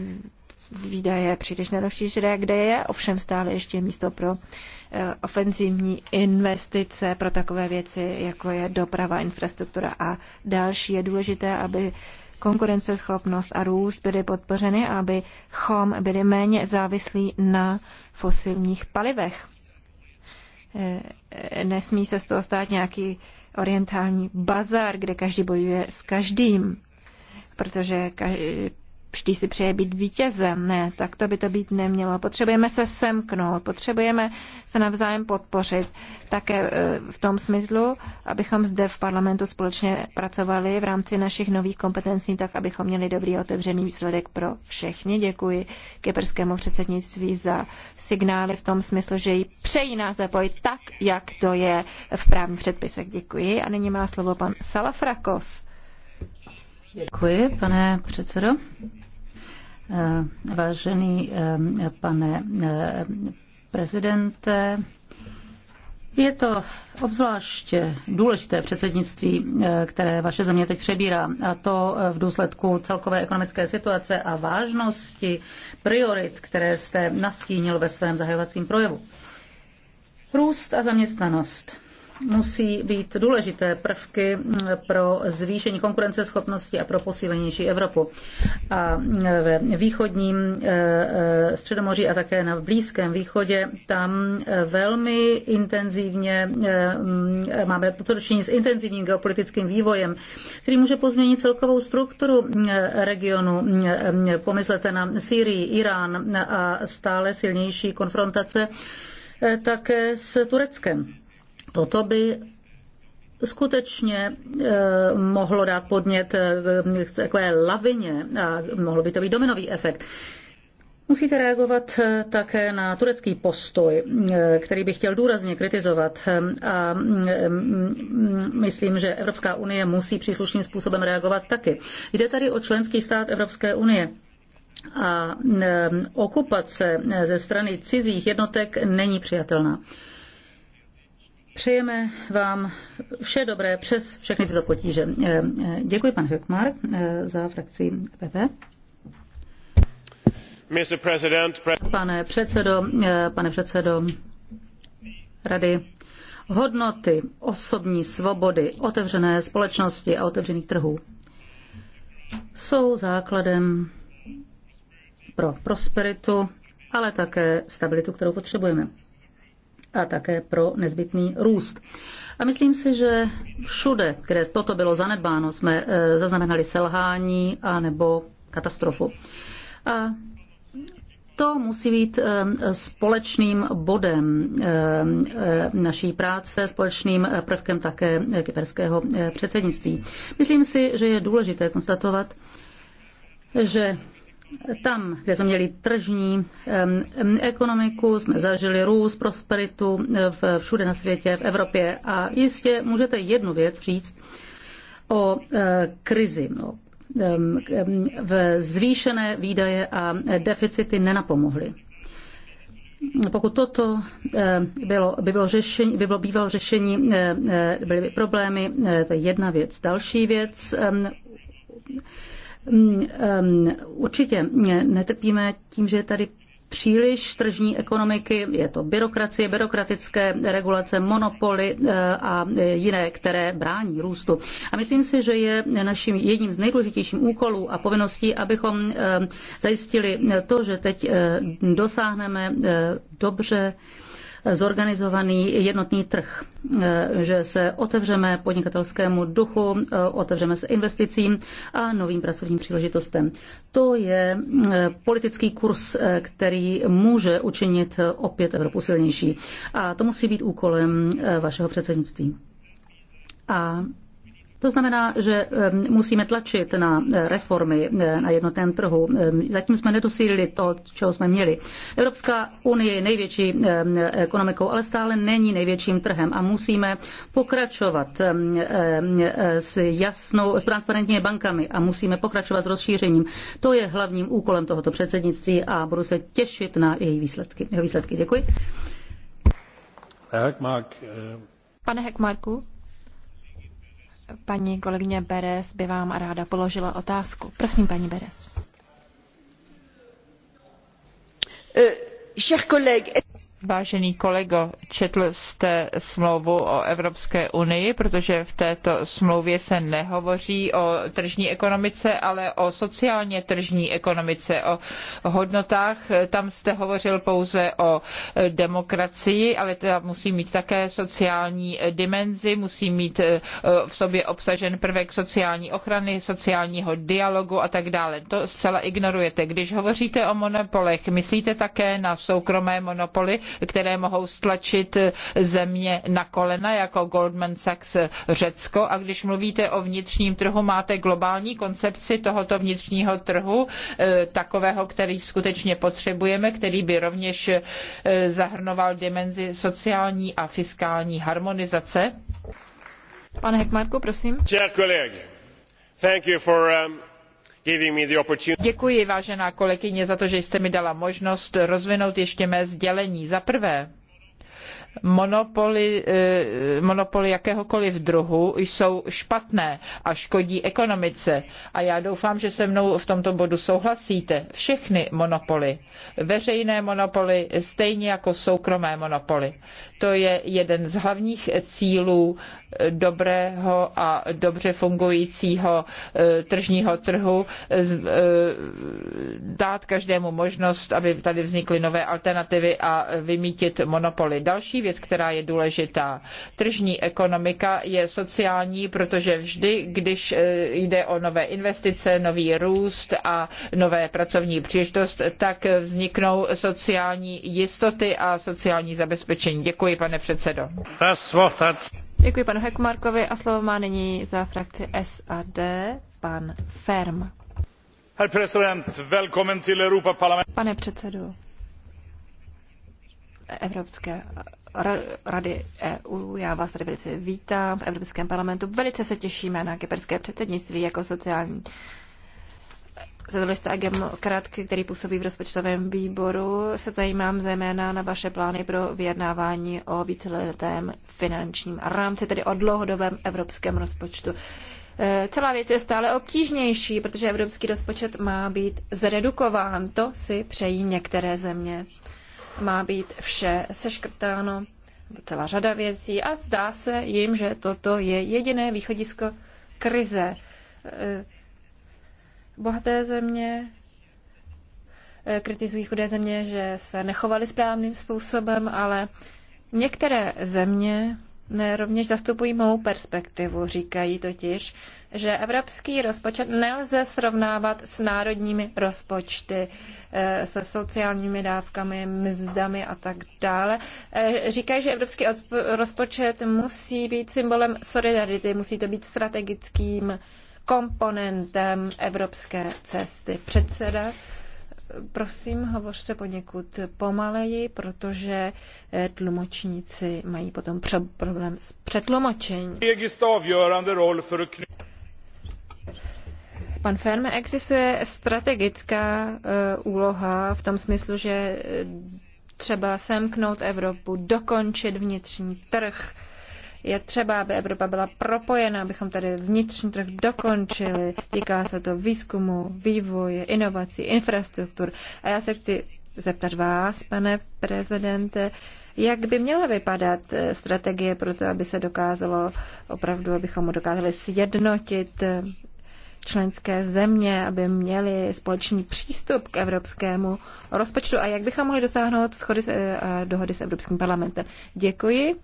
výdaje příliš nerozšířené, kde je ovšem stále ještě místo pro eh, ofenzivní investice pro takové věci, jako je doprava, infrastruktura a další. Je důležité, aby konkurenceschopnost a růst byly podpořeny, abychom byli méně závislí na fosilních palivech. Eh, nesmí se z toho stát nějaký orientální bazar, kde každý bojuje s každým, protože vždy si přeje být vítězem. Ne, tak to by to být nemělo. Potřebujeme se semknout, potřebujeme se navzájem podpořit. Také e, v tom smyslu, abychom zde v parlamentu společně pracovali v rámci našich nových kompetencí, tak abychom měli dobrý otevřený výsledek pro všechny. Děkuji kyperskému předsednictví za signály v tom smyslu, že ji přejí nás zapojit tak, jak to je v právních předpisech. Děkuji. A nyní má slovo pan Salafrakos. Děkuji, pane předsedo. Eh, vážený eh, pane eh, prezidente, je to obzvlášť důležité předsednictví, které vaše země teď přebírá, a to v důsledku celkové ekonomické situace a vážnosti priorit, které jste nastínil ve svém zahajovacím projevu. Růst a zaměstnanost musí být důležité prvky mm, pro zvýšení konkurenceschopnosti a pro posílenější Evropu. A e, ve východním e, e, středomoří a také na Blízkém východě tam velmi intenzivně mm, máme co s intenzivním geopolitickým vývojem, který může pozměnit celkovou strukturu mm, regionu. Pomyslete na Sýrii, Irán a stále silnější konfrontace také s Tureckem. Toto by skutečně eh, mohlo dát podnět k eh, takové lavině a mohlo by to být dominový efekt. Musíte reagovat eh, také na turecký postoj, který bych chtěl důrazně kritizovat. A mm, myslím, že Evropská unie musí příslušným způsobem reagovat taky. Jde tady o členský stát Evropské unie. A okupace ze strany cizích jednotek není přijatelná. Přejeme vám vše dobré přes všechny tyto potíže. Eh, eh, děkuji pan Hökmark eh, za frakci PP. Pane předsedo, pane předsedo rady, hodnoty osobní svobody, otevřené společnosti a otevřených trhů jsou základem pro prosperitu, ale také stabilitu, kterou potřebujeme a také pro nezbytný růst. A myslím si, že všude, kde toto bylo zanedbáno, jsme eh, zaznamenali selhání a nebo katastrofu. A to musí být eh, společným bodem eh, naší práce, společným prvkem také kyperského předsednictví. Myslím si, že je důležité konstatovat, že tam, kde jsme měli tržní ekonomiku, jsme zažili růst, prosperitu všude na světě, v Evropě. A jistě můžete jednu věc říct o e, krizi. No, v zvýšené výdaje a deficity nenapomohly pokud toto e, bylo, by, bylo řešení, by bylo bývalo řešení, e, byly by problémy, to je jedna věc. Další věc, Mm, určitě netrpíme tím, že je tady příliš tržní ekonomiky, je to byrokracie, byrokratické regulace, monopoly eh, a jiné, které brání růstu. A myslím si, že je naším jedním z nejdůležitějších úkolů a povinností, abychom eh, zajistili to, že teď eh, dosáhneme dobře zorganizovaný jednotný trh, eh, že se otevřeme podnikatelskému duchu, eh, otevřeme se investicím a novým pracovním příležitostem. To je eh, politický kurz, který může učinit opět Evropu silnější. A to musí být úkolem vašeho předsednictví. A to znamená, že musíme tlačit na eh, reformy eh, na jednotném trhu. Zatím jsme nedosílili to, čeho jsme měli. Evropská unie je největší ekonomikou, ale stále není největším trhem a musíme pokračovat s jasnou, s transparentními bankami a musíme pokračovat s rozšířením. To je hlavním úkolem tohoto předsednictví a budu se těšit na její výsledky. Jeho výsledky. Děkuji. Pane Hekmarku, Paní kolegyně Beres by vám ráda položila otázku. Prosím, paní Beres. Eh, Vážený kolego, četl jste smlouvu o Evropské unii, protože v této smlouvě se nehovoří o tržní ekonomice, ale o sociálně tržní ekonomice, o hodnotách. Tam jste hovořil pouze o demokracii, ale ta musí mít také sociální dimenzi, musí mít eh, v sobě obsažen prvek sociální ochrany, sociálního dialogu a tak dále. To zcela ignorujete. Když hovoříte o monopolech, myslíte také na soukromé monopoly, které mohou stlačit země na kolena, jako Goldman Sachs Řecko. A když mluvíte o vnitřním trhu, máte globální koncepci tohoto vnitřního trhu, eh, takového, který skutečně potřebujeme, který by rovněž eh, zahrnoval dimenzi sociální a fiskální harmonizace? Pane Hekmarku, prosím. Děkuji. Thank you for um, Děkuji, vážená kolegyně, za to, že jste mi dala možnost rozvinout ještě mé sdělení. Za prvé, monopoly, eh, monopoly jakéhokoliv druhu jsou špatné a škodí ekonomice. A já doufám, že se mnou v tomto bodu souhlasíte. Všechny monopoly, veřejné monopoly, stejně jako soukromé monopoly. To je jeden z hlavních cílů eh, dobrého a dobře fungujícího eh, tržního trhu, dát každému možnost, aby tady vznikly nové alternativy a vymítit monopoly. Další věc, která je důležitá. Tržní ekonomika je sociální, protože vždy, když e, jde o nové investice, nový růst a nové pracovní příležitost, tak vzniknou sociální jistoty a sociální zabezpečení. Děkuji, pane předsedo. Děkuji panu Hekmarkovi a slovo má nyní za frakci SAD pan Ferm. Pane předsedu Evropské Rady EU. Já vás tady velice vítám v Evropském parlamentu. Velice se těšíme na kyperské předsednictví jako sociální Zadalista Agem Krátky, který působí v rozpočtovém výboru, se zajímám zejména na vaše plány pro vyjednávání o víceletém finančním rámci, tedy o dlouhodobém evropském rozpočtu. E, celá věc je stále obtížnější, protože evropský rozpočet má být zredukován. To si přejí některé země má být vše seškrtáno, celá řada věcí a zdá se jim, že toto je jediné východisko krize. Eh, bohaté země eh, kritizují chudé země, že se nechovaly správným způsobem, ale některé země rovněž zastupují mou perspektivu. Říkají totiž, že evropský rozpočet nelze srovnávat s národními rozpočty, eh, se sociálními dávkami, mzdami a tak dále. Eh, říkají, že evropský rozpočet musí být symbolem solidarity, musí to být strategickým komponentem evropské cesty. Předseda prosím, hovořte poněkud pomaleji, protože eh, tlumočníci mají potom problém s přetlumočením pan Ferme, existuje strategická uh, úloha v tom smyslu, že třeba semknout Evropu, dokončit vnitřní trh. Je třeba, aby Evropa byla propojena, abychom tady vnitřní trh dokončili. Týká se to výzkumu, vývoje, inovací, infrastruktur. A já se chci zeptat vás, pane prezidente, jak by měla vypadat eh, strategie pro to, aby se dokázalo opravdu, abychom dokázali sjednotit členské země, aby měly společný přístup k evropskému rozpočtu a jak bychom mohli dosáhnout schody s, eh, dohody s Evropským parlamentem. Děkuji.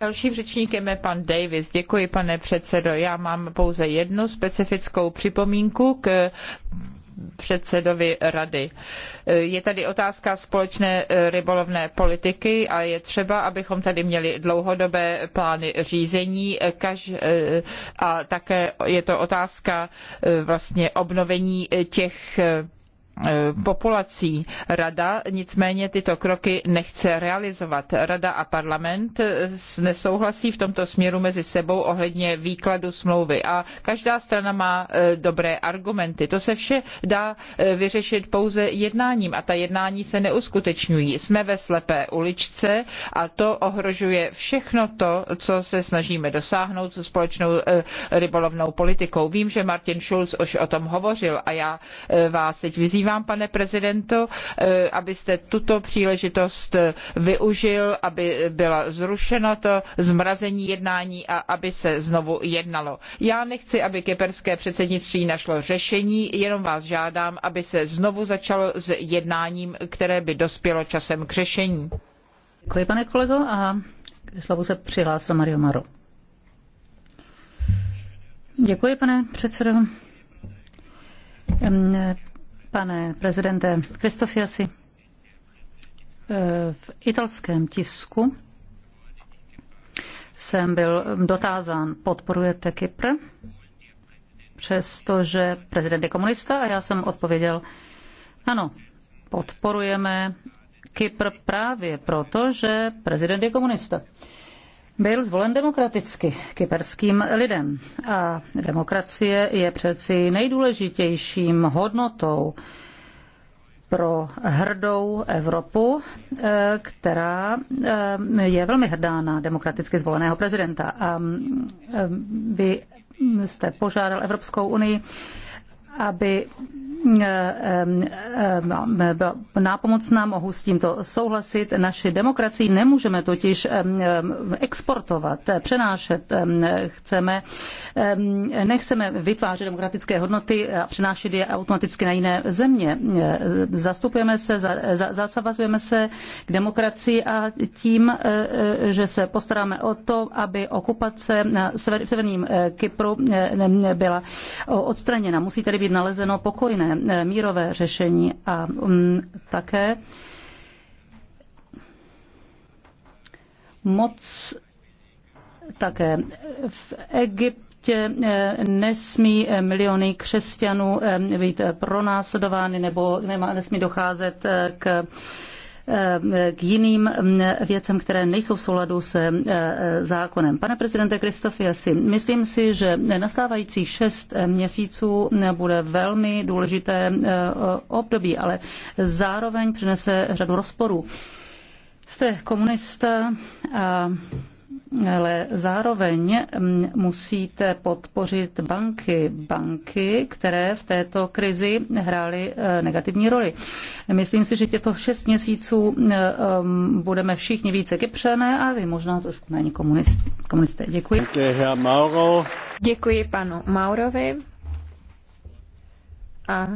Dalším řečníkem je pan Davis. Děkuji, pane předsedo. Já mám pouze jednu specifickou připomínku k předsedovi rady. Je tady otázka společné eh, rybolovné politiky a je třeba, abychom tady měli dlouhodobé plány řízení eh, eh, a také je to otázka vlastně obnovení těch Eh, populací. Rada nicméně tyto kroky nechce realizovat. Rada a parlament eh, nesouhlasí v tomto směru mezi sebou ohledně výkladu smlouvy a každá strana má eh, dobré argumenty. To se vše dá vyřešit pouze jednáním a ta jednání se neuskutečňují. Jsme ve slepé uličce a to ohrožuje všechno to, co se snažíme dosáhnout společnou rybolovnou politikou. Vím, že Martin Schulz už o tom hovořil a já vás teď vyzývám, vám, pane prezidento, eh, abyste tuto příležitost eh, využil, aby byla zrušeno to zmrazení jednání a aby se znovu jednalo. Já nechci, aby kyperské předsednictví našlo řešení, jenom vás žádám, aby se znovu začalo s jednáním, které by dospělo časem k řešení. Děkuji, pane kolego, a k slovu se přihlásil Mario Maro. Děkuji, pane předsedo. Pane prezidente Kristofiasi, eh, v italském tisku jsem byl dotázán, podporujete Kypr, přestože prezident je komunista a já jsem odpověděl, ano, podporujeme Kypr právě proto, že prezident je komunista byl zvolen demokraticky kyperským lidem. A demokracie je přeci nejdůležitějším hodnotou pro hrdou Evropu, eh, která eh, je velmi hrdá na demokraticky zvoleného prezidenta. A mm, eh, vy jste požádal Evropskou unii, aby nápomocná, mohu s tímto souhlasit. Naši demokracii nemůžeme totiž exportovat, přenášet. Chceme, nechceme vytvářet demokratické hodnoty a přenášet je automaticky na jiné země. Zastupujeme se, zasavazujeme se k demokracii a tím, e, e, že se postaráme o to, aby okupace na severním e, Kypru byla odstraněna. Musí tedy být nalezeno pokojné E, mírové řešení a mm, také moc také v Egyptě e, nesmí miliony křesťanů e, být pronásledovány nebo nesmí docházet k k jiným věcem, které nejsou v souladu se e, e, zákonem. Pane prezidente Kristofiasi, myslím si, že nastávající šest e, měsíců bude velmi důležité období, ale zároveň přinese řadu rozporů. Jste komunista a ale zároveň mm, musíte podpořit banky. Banky, které v této krizi hrály eh, negativní roli. Myslím si, že těto šest měsíců eh, mm, budeme všichni více kypřené a vy možná trošku méně komunisté. komunisté. Děkuji. Děkuji panu Maurovi. A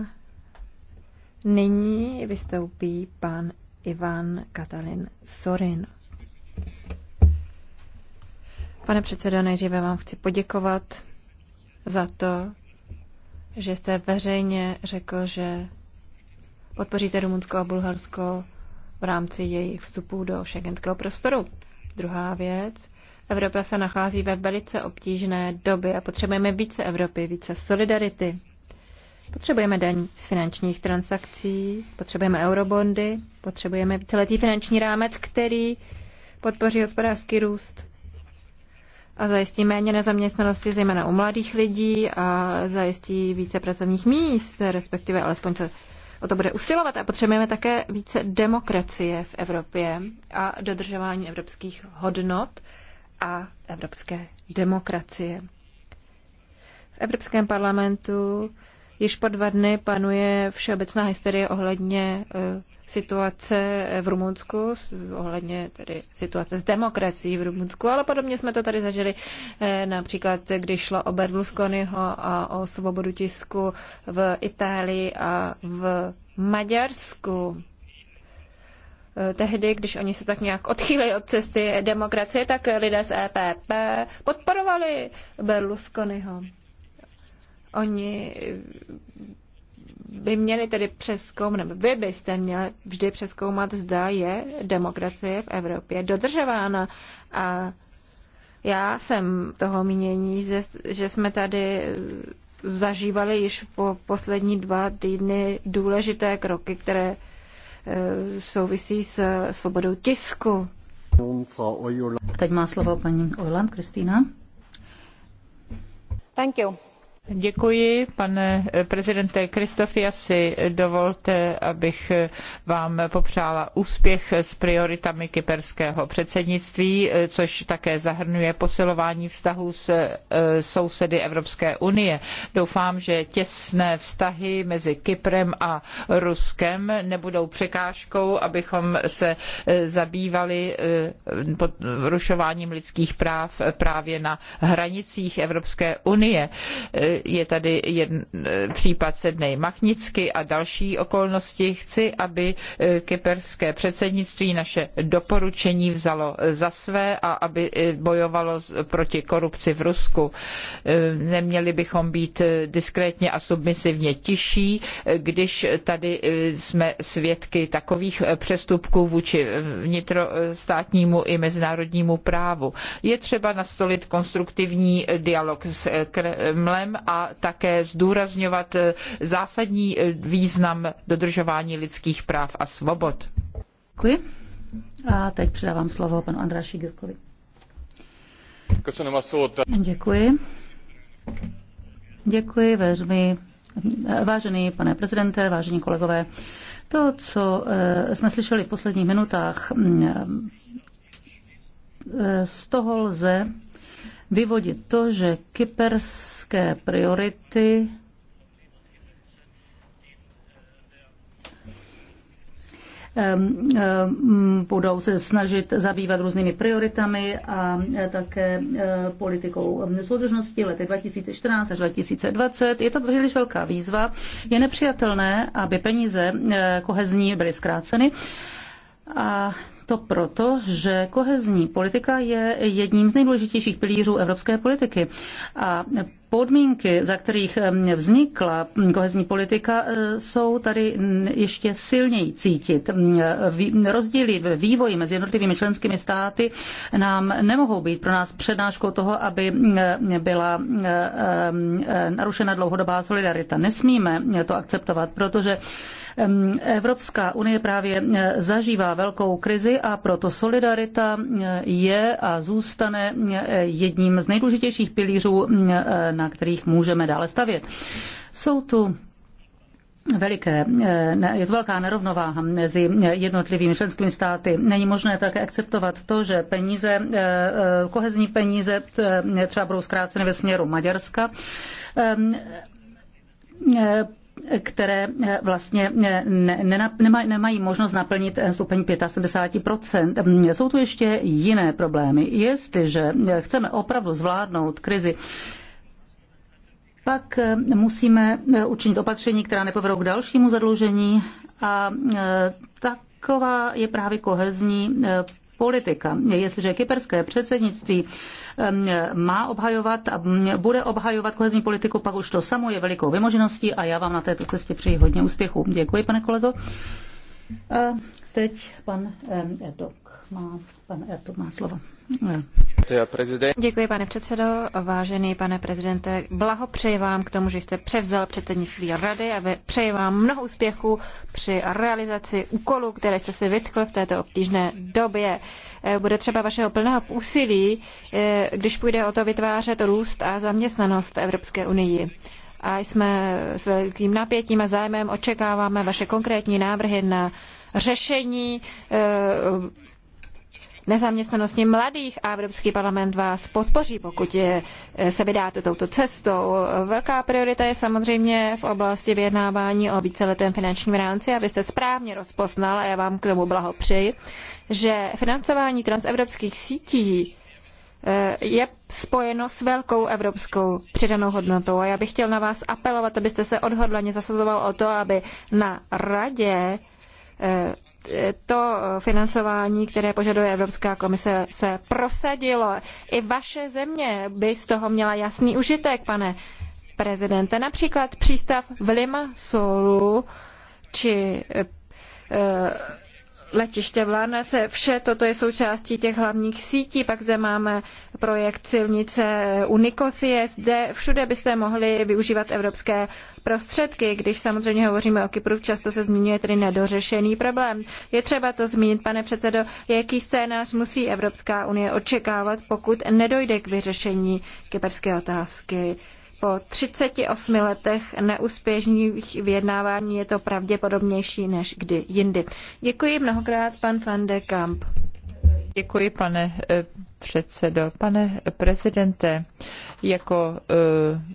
nyní vystoupí pan Ivan Katalin Sorin. Pane předsedo, nejdříve vám chci poděkovat za to, že jste veřejně řekl, že podpoříte Rumunsko a Bulharsko v rámci jejich vstupu do šengenského prostoru. Druhá věc, Evropa se nachází ve velice obtížné době a potřebujeme více Evropy, více solidarity. Potřebujeme daň z finančních transakcí, potřebujeme eurobondy, potřebujeme celý finanční rámec, který podpoří hospodářský růst a zajistí méně nezaměstnanosti, zejména u mladých lidí a zajistí více pracovních míst, respektive alespoň se o to bude usilovat. A potřebujeme také více demokracie v Evropě a dodržování evropských hodnot a evropské demokracie. V Evropském parlamentu již po dva dny panuje všeobecná hysterie ohledně uh, situace v Rumunsku, ohledně tedy situace s demokracií v Rumunsku, ale podobně jsme to tady zažili eh, například, když šlo o Berlusconiho a o svobodu tisku v Itálii a v Maďarsku eh, tehdy, když oni se tak nějak odchýlili od cesty demokracie, tak lidé z EPP podporovali Berlusconiho. Oni by měli tedy přeskoumat, nebo vy byste měli vždy přeskoumat, zda je demokracie v Evropě dodržována. A já jsem toho mínění, že jsme tady zažívali již po poslední dva týdny důležité kroky, které eh, souvisí s svobodou tisku. Teď má slovo paní Ojland Kristýna. Thank you. Děkuji, pane eh, prezidente Asi Dovolte, abych eh, vám popřála úspěch s prioritami kyperského předsednictví, eh, což také zahrnuje posilování vztahů s sousedy Evropské unie. Doufám, že těsné vztahy mezi Kyprem a Ruskem nebudou překážkou, abychom se zabývali porušováním lidských práv právě na hranicích Evropské unie je tady jedn, eh, případ Sednej Machnicky a další okolnosti. Chci, aby eh, kyperské předsednictví naše doporučení vzalo eh, za své a aby bojovalo proti korupci v Rusku. Neměli bychom být diskrétně a submisivně tiší, když tady jsme svědky takových přestupků vůči vnitrostátnímu i mezinárodnímu právu. Je třeba nastolit konstruktivní dialog s Kremlem a také zdůrazňovat eh, zásadní eh, význam dodržování lidských práv a svobod. Děkuji. A teď předávám slovo panu Andráši Gürkovi. Děkuji. Děkuji velmi. Vážený pane prezidente, vážení kolegové, to, co eh, jsme slyšeli v posledních minutách, mm, z toho lze vyvodit to, že kyperské priority budou se snažit zabývat různými prioritami a také e, politikou soudržnosti lety 2014 až 2020. Je to příliš velká výzva. Je nepřijatelné, aby peníze e, kohezní byly zkráceny. A to proto, že kohezní politika je jedním z nejdůležitějších pilířů evropské politiky a podmínky, za kterých vznikla kohezní politika, e, jsou tady ještě silněji cítit. Rozdíly ve vývoji mezi jednotlivými členskými státy nám nemohou být pro nás přednáškou toho, aby byla narušena dlouhodobá solidarita. Nesmíme to akceptovat, protože Evropská unie právě zažívá velkou krizi a proto solidarita je a zůstane jedním z nejdůležitějších pilířů na kterých můžeme dále stavět. Jsou tu veliké, eh, je to velká nerovnováha mezi jednotlivými členskými státy. Není možné také akceptovat to, že peníze, eh, eh, kohezní peníze třeba budou zkráceny ve směru Maďarska které vlastně nemají možnost naplnit stupeň 75%. Mm, jsou tu ještě jiné problémy. Jestliže chceme opravdu zvládnout krizi, pak eh, musíme eh, učinit opatření, která nepovedou k dalšímu zadlužení a eh, taková je právě kohezní politika. Jestliže kyperské předsednictví má obhajovat a mm, bude obhajovat kohezní politiku, pak už to samo je velikou vymožeností a já vám na této cestě přeji hodně úspěchů. Děkuji, pane kolego. A teď pan Erdo má, pan má slovo. Děkuji, pane předsedo. Vážený pane prezidente, blahopřeji vám k tomu, že jste převzal předsednictví rady a přeji vám mnoho úspěchů při realizaci úkolů, které jste si vytkl v této obtížné době. Eh, bude třeba vašeho plného úsilí, eh, když půjde o to vytvářet růst a zaměstnanost Evropské unii a jsme s velkým napětím a zájmem očekáváme vaše konkrétní návrhy na řešení eh, nezaměstnanosti mladých a Evropský parlament vás podpoří, pokud je, eh, se vydáte touto cestou. Velká priorita je samozřejmě v oblasti vyjednávání o víceletém finančním rámci, abyste správně rozpoznal, a já vám k tomu blahopřeji, že financování transevropských sítí eh, je spojeno s velkou evropskou přidanou hodnotou. A já bych chtěl na vás apelovat, abyste se odhodlaně zasazoval o to, aby na radě to financování, které požaduje Evropská komise, se prosadilo. I vaše země by z toho měla jasný užitek, pane prezidente. Například přístav v Limassolu či eh, letiště v Larnace, vše toto je součástí těch hlavních sítí, pak zde máme projekt silnice u Nikosie, zde všude byste mohli využívat evropské prostředky, když samozřejmě hovoříme o Kypru, často se zmiňuje tedy nedořešený problém. Je třeba to zmínit, pane předsedo, jaký scénář musí Evropská unie očekávat, pokud nedojde k vyřešení kyperské otázky. Po 38 letech neúspěšných vyjednávání je to pravděpodobnější než kdy jindy. Děkuji mnohokrát, pan van de Kamp. Děkuji, pane eh, předsedo. Pane prezidente, jako eh,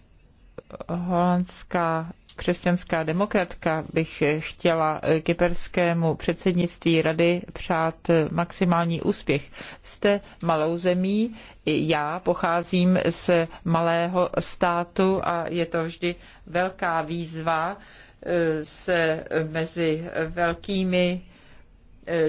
holandská křesťanská demokratka bych chtěla kyperskému předsednictví rady přát maximální úspěch. Jste malou zemí, já pocházím z malého státu a je to vždy velká výzva eh, se mezi velkými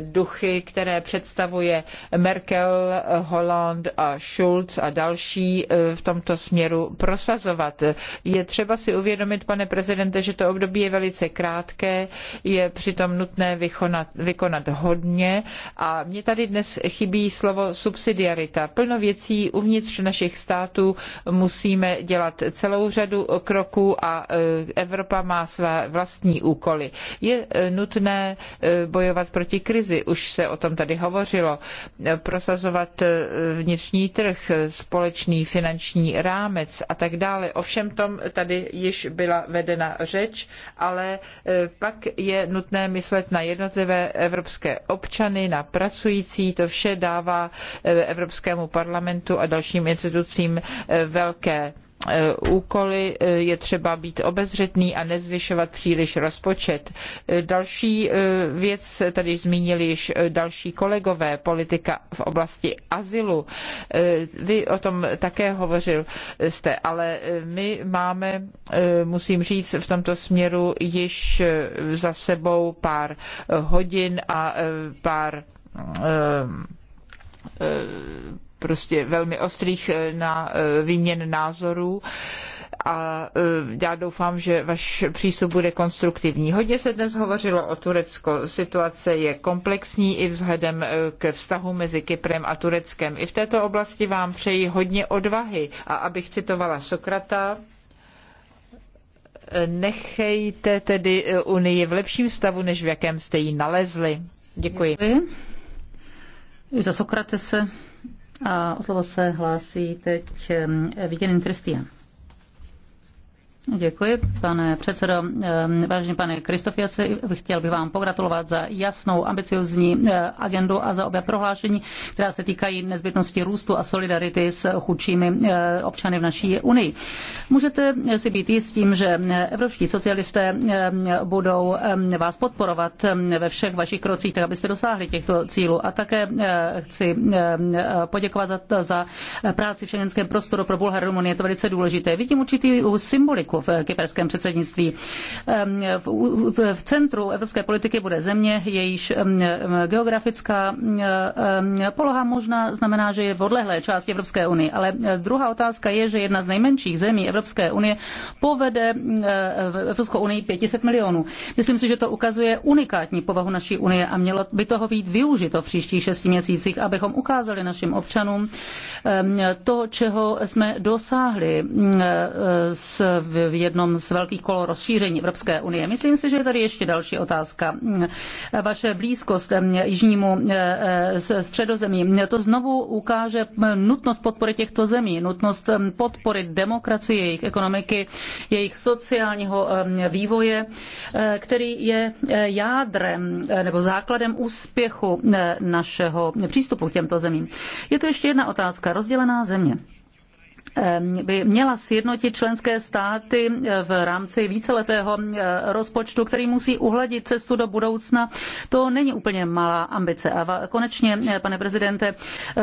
duchy, které představuje Merkel, Holland a Schulz a další eh, v tomto směru prosazovat. Je třeba si uvědomit, pane prezidente, že to období je velice krátké, je přitom nutné vykonat, vykonat hodně a mě tady dnes chybí slovo subsidiarita. Plno věcí uvnitř našich států musíme dělat celou řadu kroků a eh, Evropa má své vlastní úkoly. Je eh, nutné bojovat proti krizi, krizi, už se o tom tady hovořilo, prosazovat eh, vnitřní trh, společný finanční rámec a tak dále. Ovšem tom tady již byla vedena řeč, ale eh, pak je nutné myslet na jednotlivé evropské občany, na pracující. To vše dává eh, Evropskému parlamentu a dalším institucím velké Eh, úkoly, eh, je třeba být obezřetný a nezvyšovat příliš rozpočet. Eh, další věc, tady zmínili již další kolegové, politika v oblasti azylu. Vy o tom také hovořil jste, ale my máme, musím říct, v tomto směru již za sebou pár hodin a pár prostě velmi ostrých eh, na eh, výměn názorů a eh, já doufám, že váš přístup bude konstruktivní. Hodně se dnes hovořilo o Turecko. Situace je komplexní i vzhledem k vztahu mezi Kyprem a Tureckem. I v této oblasti vám přeji hodně odvahy a abych citovala Sokrata, nechejte tedy Unii v lepším stavu, než v jakém jste ji nalezli. Děkuji. Děkuji. Za Sokratese a o slovo se hlásí teď eh, Vigenin Kristýn. Děkuji, pane předsedo. Ehm, vážený pane Kristofiasi, chtěl bych vám pogratulovat za jasnou, ambiciozní eh, agendu a za obě prohlášení, která se týkají nezbytnosti růstu a solidarity s chudšími eh, občany v naší unii. Můžete si být jistím, že evropští socialisté ehm, budou ehm, vás podporovat ve všech vašich krocích, tak abyste dosáhli těchto cílů. A také eh, chci poděkovat za, za práci v šengenském prostoru pro Bulharu. Je to velice důležité. Vidím určitý symboliku pokroku v kyperském předsednictví. V centru evropské politiky bude země, jejíž geografická poloha možná znamená, že je v odlehlé části Evropské unie. Ale eh, druhá otázka je, že jedna z nejmenších zemí Evropské unie povede eh, Evropskou unii 500 milionů. Myslím si, že to ukazuje unikátní povahu naší unie a mělo by toho být využito v příštích šesti měsících, abychom ukázali našim občanům to, čeho jsme dosáhli mm, eh, s v jednom z velkých kol rozšíření Evropské unie. Myslím si, že je tady ještě další otázka. Vaše blízkost eh, jižnímu eh, eh, středozemí, to znovu ukáže nutnost podpory těchto zemí, nutnost podpory demokracie, jejich ekonomiky, jejich sociálního vývoje, který je jádrem nebo základem úspěchu našeho přístupu k těmto zemím. Je to ještě jedna otázka. Rozdělená země. Ehm, by měla sjednotit členské státy eh, v rámci víceletého eh, rozpočtu, který musí uhladit cestu do budoucna. To není úplně malá ambice. A konečně, eh, pane prezidente,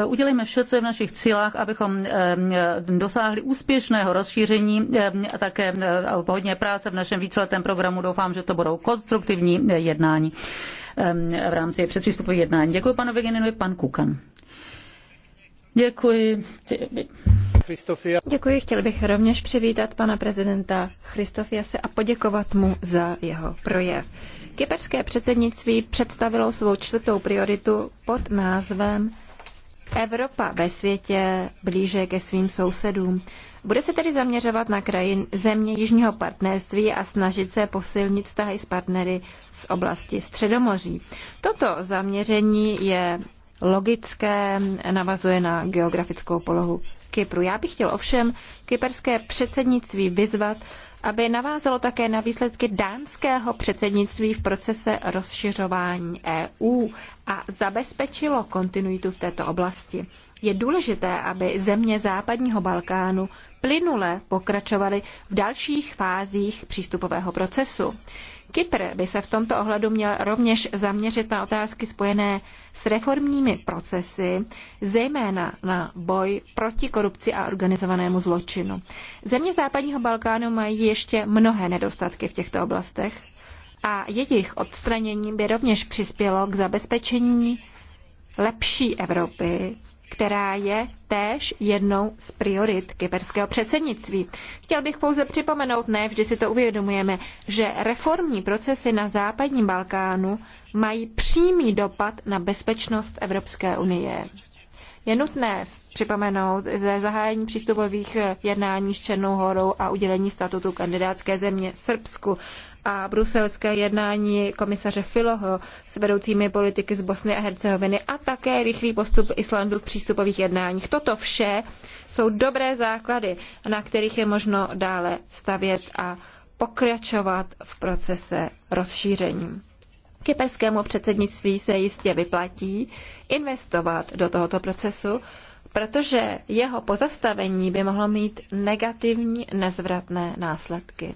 udělejme vše, co je v našich cílách, abychom ehm, dosáhli úspěšného rozšíření ehm, a také hodně práce v našem víceletém programu. Doufám, že to budou konstruktivní jednání v rámci předpřístupových jednání. Děkuji panu Vigeninovi, pan Kukan. Děkuji. Děkuji, chtěl bych rovněž přivítat pana prezidenta Christofiase a poděkovat mu za jeho projev. Kyperské předsednictví představilo svou čtvrtou prioritu pod názvem Evropa ve světě blíže ke svým sousedům. Bude se tedy zaměřovat na krajin země Jižního partnerství a snažit se posilnit vztahy s partnery z oblasti Středomoří. Toto zaměření je logické, navazuje na geografickou polohu Kypru. Já bych chtěl ovšem kyperské předsednictví vyzvat, aby navázalo také na výsledky dánského předsednictví v procese rozšiřování EU a zabezpečilo kontinuitu v této oblasti. Je důležité, aby země západního Balkánu plynule pokračovaly v dalších fázích přístupového procesu. Kypr by se v tomto ohledu měl rovněž zaměřit na otázky spojené s reformními procesy, zejména na boj proti korupci a organizovanému zločinu. Země západního Balkánu mají ještě mnohé nedostatky v těchto oblastech a jejich odstranění by rovněž přispělo k zabezpečení lepší Evropy která je též jednou z priorit kyperského předsednictví. Chtěl bych pouze připomenout, ne vždy si to uvědomujeme, že reformní procesy na západním Balkánu mají přímý dopad na bezpečnost Evropské unie. Je nutné připomenout ze zahájení přístupových jednání s Černou horou a udělení statutu kandidátské země Srbsku a bruselské jednání komisaře Filoho s vedoucími politiky z Bosny a Hercegoviny a také rychlý postup Islandu v přístupových jednáních. Toto vše jsou dobré základy, na kterých je možno dále stavět a pokračovat v procese rozšíření. Kyperskému předsednictví se jistě vyplatí investovat do tohoto procesu, protože jeho pozastavení by mohlo mít negativní nezvratné následky.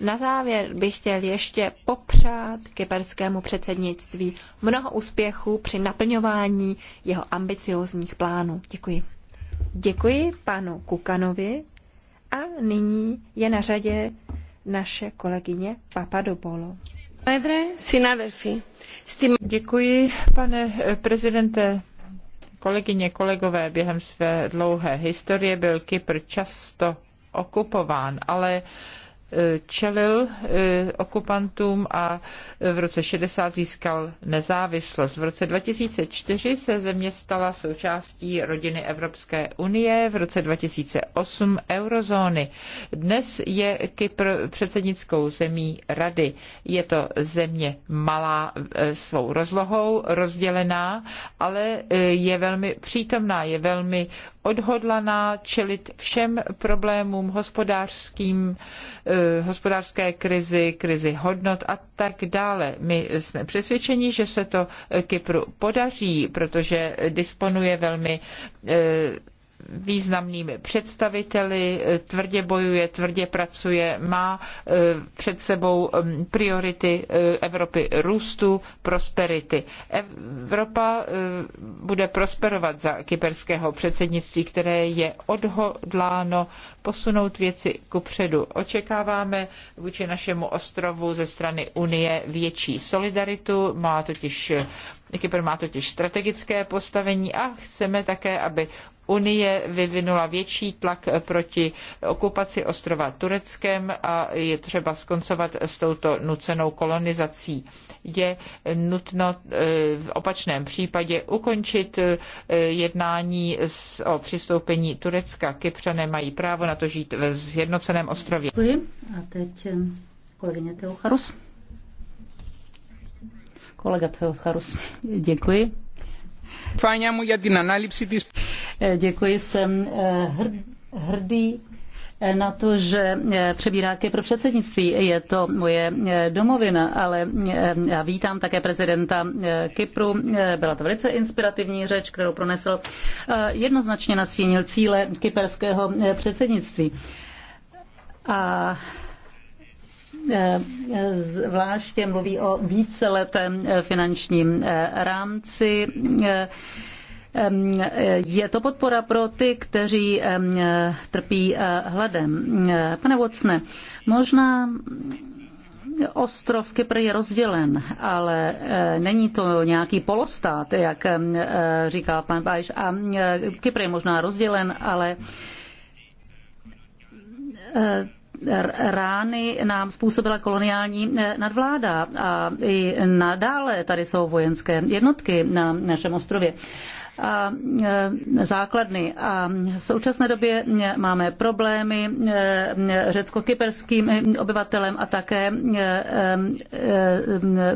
Na závěr bych chtěl ještě popřát kyperskému předsednictví mnoho úspěchů při naplňování jeho ambiciózních plánů. Děkuji. Děkuji panu Kukanovi a nyní je na řadě naše kolegyně Papadopolo. Děkuji, pane prezidente Kolegyně, kolegové, během své dlouhé historie byl Kypr často okupován, ale čelil eh, okupantům a v roce 60 získal nezávislost. V roce 2004 se země stala součástí rodiny Evropské unie, v roce 2008 eurozóny. Dnes je Kypr předsednickou zemí rady. Je to země malá eh, svou rozlohou, rozdělená, ale eh, je velmi přítomná, je velmi odhodlaná čelit všem problémům hospodářským, eh, hospodářské krizi, krizi hodnot a tak dále. My jsme přesvědčeni, že se to Kypru podaří, protože disponuje velmi eh, významnými představiteli, eh, tvrdě bojuje, tvrdě pracuje, má eh, před sebou mm, priority eh, Evropy růstu, prosperity. Evropa bude prosperovat za kyperského předsednictví, které je odhodláno posunout věci kupředu. Očekáváme vůči našemu ostrovu ze strany Unie větší solidaritu, má totiž Kypr má totiž strategické postavení a chceme také, aby Unie vyvinula větší tlak proti okupaci ostrova Tureckem a je třeba skoncovat s touto nucenou kolonizací. Je nutno eh, v opačném případě ukončit eh, jednání o přistoupení Turecka. Kypřané mají právo na to žít v zjednoceném ostrově. Děkuji. A teď eh, kolegyně Teucharus. Kolega Teocharus, děkuji. Fáňa mu jadina analýzy tis... Eh, děkuji, jsem eh, hrdý eh, na to, že přebíráky pro předsednictví. Je to moje domovina, ale já vítám také prezidenta Kypru. Byla to velice inspirativní řeč, kterou pronesl. Jednoznačně nastínil cíle kyperského předsednictví. A zvláště mluví o víceletém finančním rámci. Je to podpora pro ty, kteří trpí eh, hladem. Pane Vocne, možná ostrov Kypr je rozdělen, ale eh, není to nějaký polostát, jak eh, říká pan Bajš. A Kypr je možná rozdělen, ale rány nám způsobila koloniální eh, nadvláda a i nadále tady jsou vojenské jednotky na našem ostrově a e, základny. A v současné době máme problémy e, e, řecko-kyperským obyvatelem a také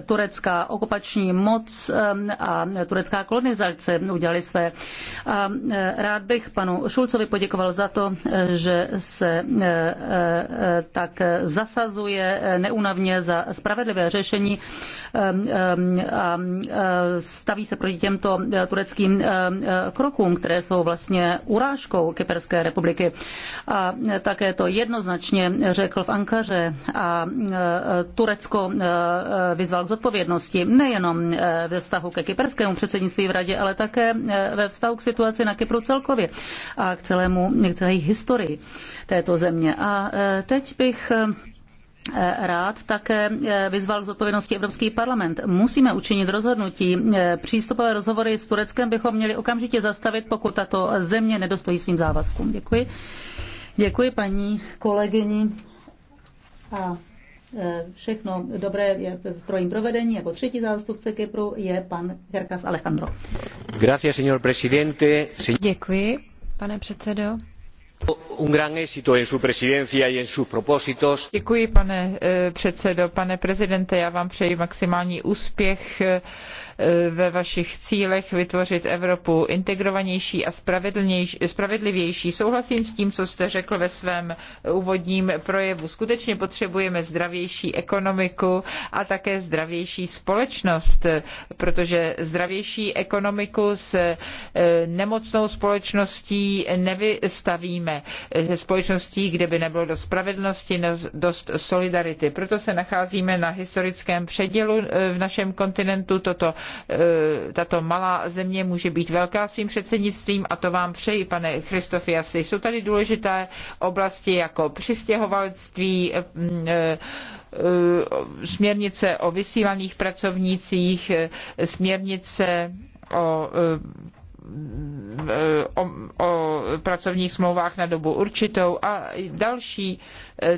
turecká okupační moc a turecká kolonizace udělali své. A rád bych panu Šulcovi poděkoval za to, že se tak zasazuje neúnavně za spravedlivé řešení a staví se proti těmto tureckým Eh, eh, krokům, které jsou vlastně urážkou Kyperské republiky. A také to jednoznačně řekl v Ankaře a eh, Turecko vyzval k zodpovědnosti nejenom ve vztahu ke kyperskému předsednictví v radě, ale také ve vztahu k situaci na Kypru celkově a k celému, k celé historii této země. A teď bych Eh, rád také eh, vyzval k zodpovědnosti Evropský parlament. Musíme učinit rozhodnutí. Eh, přístupové rozhovory s Tureckem bychom měli okamžitě zastavit, pokud tato země nedostojí svým závazkům. Děkuji. Děkuji paní kolegyni. A všechno dobré je v trojím provedení. Jako třetí zástupce Kypru je pan Herkas Alejandro. Gracias, señor presidente. Děkuji, pane předsedo. Děkuji, pane eh, předsedo, pane prezidente, já vám přeji maximální úspěch eh, ve vašich cílech vytvořit Evropu integrovanější a spravedlivější. Souhlasím s tím, co jste řekl ve svém úvodním projevu. Skutečně potřebujeme zdravější ekonomiku a také zdravější společnost, protože zdravější ekonomiku s e, nemocnou společností nevystavíme. Se společností, kde by nebylo dost spravedlnosti, no, dost solidarity. Proto se nacházíme na historickém předělu e, v našem kontinentu. Toto Eh, tato malá země může být velká svým předsednictvím a to vám přeji, pane Christofiasi. Jsou tady důležité oblasti jako přistěhovalství, eh, mm, eh, směrnice o vysílaných pracovnících, směrnice o mm, O, o pracovních smlouvách na dobu určitou a další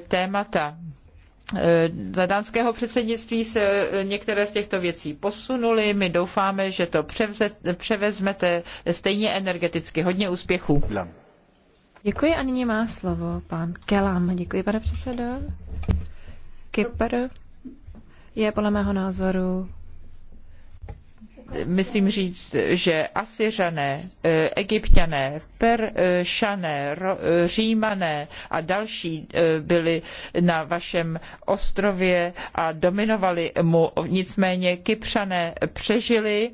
témata. Eh, za dánského předsednictví se eh, některé z těchto věcí posunuly. My doufáme, že to převzet, převezmete stejně energeticky. Hodně úspěchů. Děkuji a nyní má slovo pan Kelam. Děkuji, pane předsedo. Kypr je podle mého názoru myslím říct, že asyřané eh, Egypťané, Peršané, eh, Římané a další eh, byli na vašem ostrově a dominovali mu. Nicméně Kypřané přežili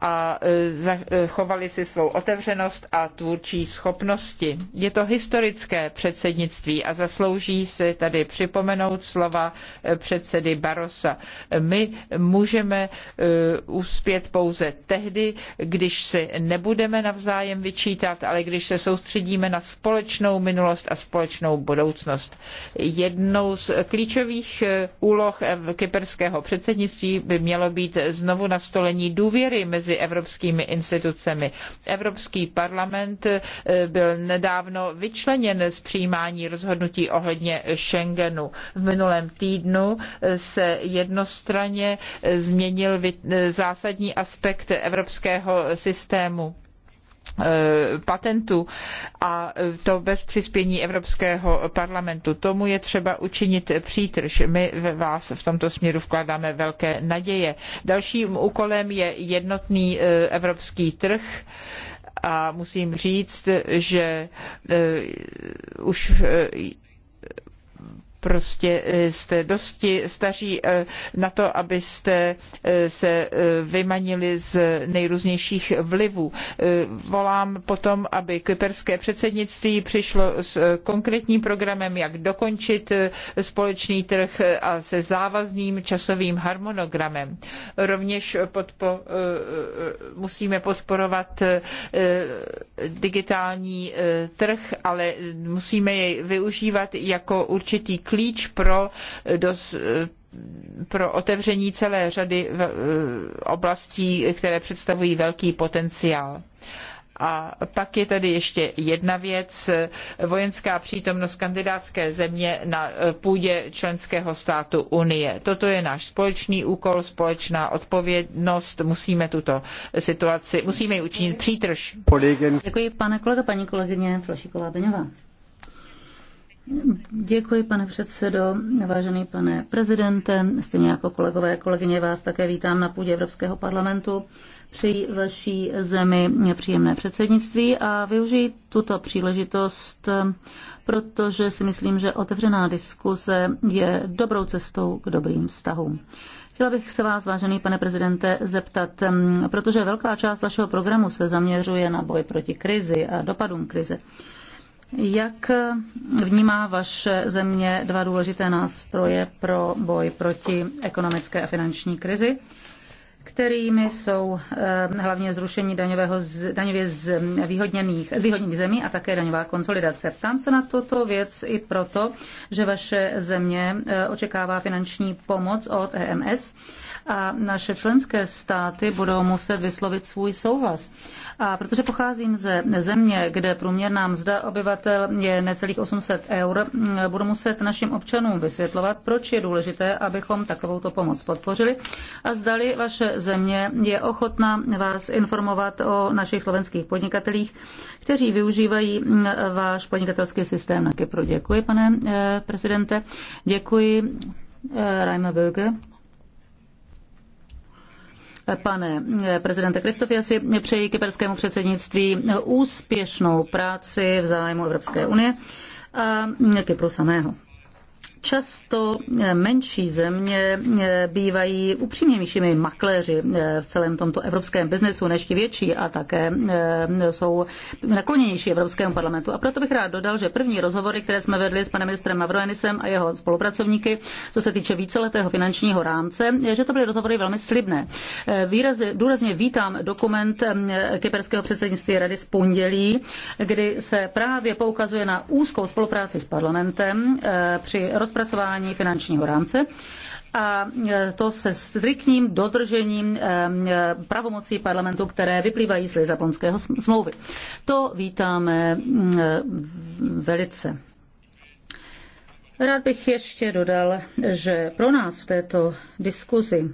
a e, zachovali e, si svou otevřenost a tvůrčí schopnosti. Je to historické předsednictví a zaslouží si tady připomenout slova e, předsedy Barosa. My můžeme uspět pouze tehdy, když si nebudeme navzájem vyčítat, ale když se soustředíme na společnou minulost a společnou budoucnost. Jednou z klíčových úloh kyperského předsednictví by mělo být znovu nastolení důvěry mezi mezi evropskými institucemi. Evropský parlament eh, byl nedávno vyčleněn z přijímání rozhodnutí ohledně Schengenu. V minulém týdnu eh, se jednostranně eh, změnil zásadní aspekt evropského systému Eh, patentu a to bez přispění Evropského parlamentu. Tomu je třeba učinit přítrž. My ve vás v tomto směru vkládáme velké naděje. Dalším úkolem je jednotný eh, evropský trh a musím říct, že eh, už Prostě eh, jste dosti staří eh, na to, abyste eh, se vymanili z nejrůznějších vlivů. Volám potom, aby kyperské předsednictví přišlo s konkrétním programem, jak dokončit společný trh a se závazným časovým harmonogramem. Rovněž podpo, musíme podporovat digitální trh, ale musíme jej využívat jako určitý klíč klíč pro dos, pro otevření celé řady oblastí, které představují velký potenciál. A pak je tady ještě jedna věc, vojenská přítomnost kandidátské země na půdě členského státu Unie. Toto je náš společný úkol, společná odpovědnost. Musíme tuto situaci, musíme ji učinit přítrž. Děkuji, pane kolego, paní kolegyně Flašíková Beňová. Děkuji, pane předsedo, vážený pane prezidente, stejně jako kolegové, a kolegyně, vás také vítám na půdě Evropského parlamentu. Přeji vaší zemi příjemné předsednictví a využiji tuto příležitost, protože si myslím, že otevřená diskuse je dobrou cestou k dobrým vztahům. Chtěla bych se vás, vážený pane prezidente, zeptat, protože velká část vašeho programu se zaměřuje na boj proti krizi a dopadům krize. Jak vnímá vaše země dva důležité nástroje pro boj proti ekonomické a finanční krizi? kterými jsou eh, hlavně zrušení daňového, z, daňově zvýhodněných, výhodněných zemí a také daňová konsolidace. Ptám se na toto věc i proto, že vaše země eh, očekává finanční pomoc od EMS a naše členské státy budou muset vyslovit svůj souhlas. A protože pocházím ze země, kde průměrná mzda obyvatel je necelých 800 eur, budu muset našim občanům vysvětlovat, proč je důležité, abychom takovouto pomoc podpořili a zdali vaše země je ochotná vás informovat o našich slovenských podnikatelích, kteří využívají váš podnikatelský systém na Kypru. Děkuji, pane eh, prezidente. Děkuji, eh, Raima Böge. Pane eh, prezidente Kristof, já si přeji kyperskému předsednictví úspěšnou práci v zájmu Evropské unie a eh, Kypru samého. Často eh, menší země eh, bývají upřímnějšími makléři eh, v celém tomto evropském biznesu než ti větší a také jsou nakloněnější Evropskému parlamentu. A proto bych rád dodal, že první rozhovory, které jsme vedli s panem ministrem Mavroenisem a jeho spolupracovníky, co se týče víceletého finančního rámce, je, že to byly rozhovory velmi slibné. Výraz, důrazně vítám dokument kyperského předsednictví Rady z pondělí, kdy se právě poukazuje na úzkou spolupráci s parlamentem při roz rozpracování finančního rámce a e, to se striktním dodržením e, e, pravomocí parlamentu, které vyplývají z Lisabonského smlouvy. To vítáme mm, velice. Rád bych ještě dodal, že pro nás v této diskuzi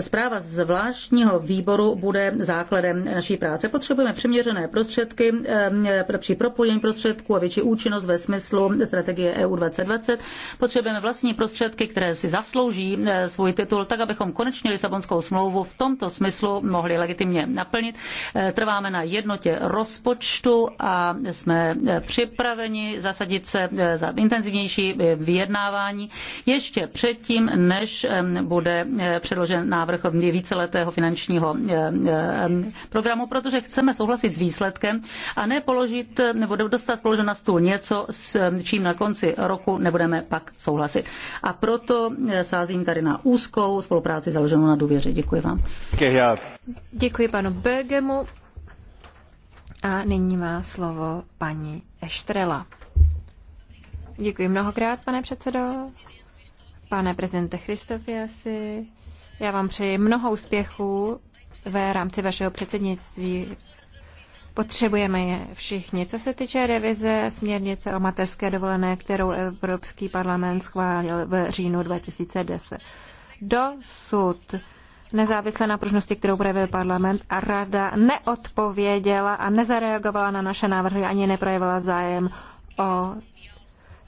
Zpráva z zvláštního výboru bude základem naší práce. Potřebujeme přiměřené prostředky, eh, lepší propojení prostředků a větší účinnost ve smyslu strategie EU 2020. Potřebujeme vlastní prostředky, které si zaslouží eh, svůj titul, tak abychom konečně Lisabonskou smlouvu v tomto smyslu mohli legitimně naplnit. Eh, trváme na jednotě rozpočtu a jsme připraveni zasadit se za intenzivnější vyjednávání ještě předtím, než bude předložen návrh víceletého finančního eh, eh, programu, protože chceme souhlasit s výsledkem a ne položit eh, nebo dostat položeno na stůl něco, s čím na konci roku nebudeme pak souhlasit. A proto sázím tady na úzkou spolupráci založenou na důvěře. Děkuji vám. Děkuji panu Begemu A nyní má slovo paní Eštrela. Děkuji mnohokrát, pane předsedo, pane prezidente Christofiasi, já vám přeji mnoho úspěchů ve rámci vašeho předsednictví. Potřebujeme je všichni. Co se týče revize směrnice o mateřské dovolené, kterou Evropský parlament schválil v říjnu 2010. Dosud nezávisle na pružnosti, kterou projevil parlament a rada neodpověděla a nezareagovala na naše návrhy, ani neprojevila zájem o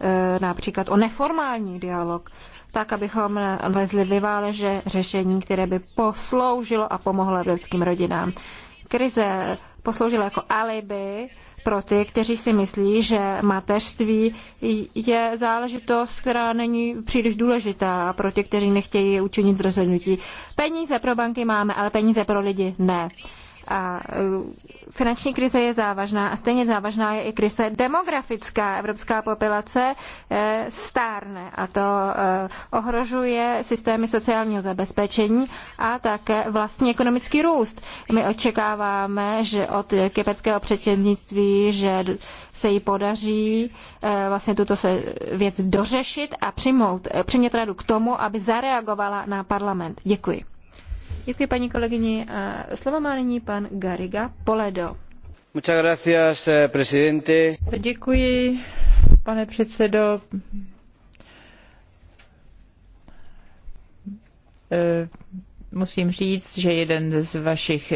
e, například o neformální dialog tak, abychom vezli vyváleže řešení, které by posloužilo a pomohlo evropským rodinám. Krize posloužila jako alibi pro ty, kteří si myslí, že mateřství je záležitost, která není příliš důležitá a pro ty, kteří nechtějí učinit rozhodnutí. Peníze pro banky máme, ale peníze pro lidi ne. A Finanční krize je závažná a stejně závažná je i krize demografická. Evropská populace eh, stárne a to eh, ohrožuje systémy sociálního zabezpečení a také vlastní ekonomický růst. My očekáváme, že od kyperského předsednictví, že se jí podaří eh, vlastně tuto se věc dořešit a přijmout, přimět radu k tomu, aby zareagovala na parlament. Děkuji. Děkuji paní kolegyni eh, slovo má nyní pan Gariga Poledo. Muchas gracias, eh, presidente. Děkuji, pane předsedo. E musím říct, že jeden z vašich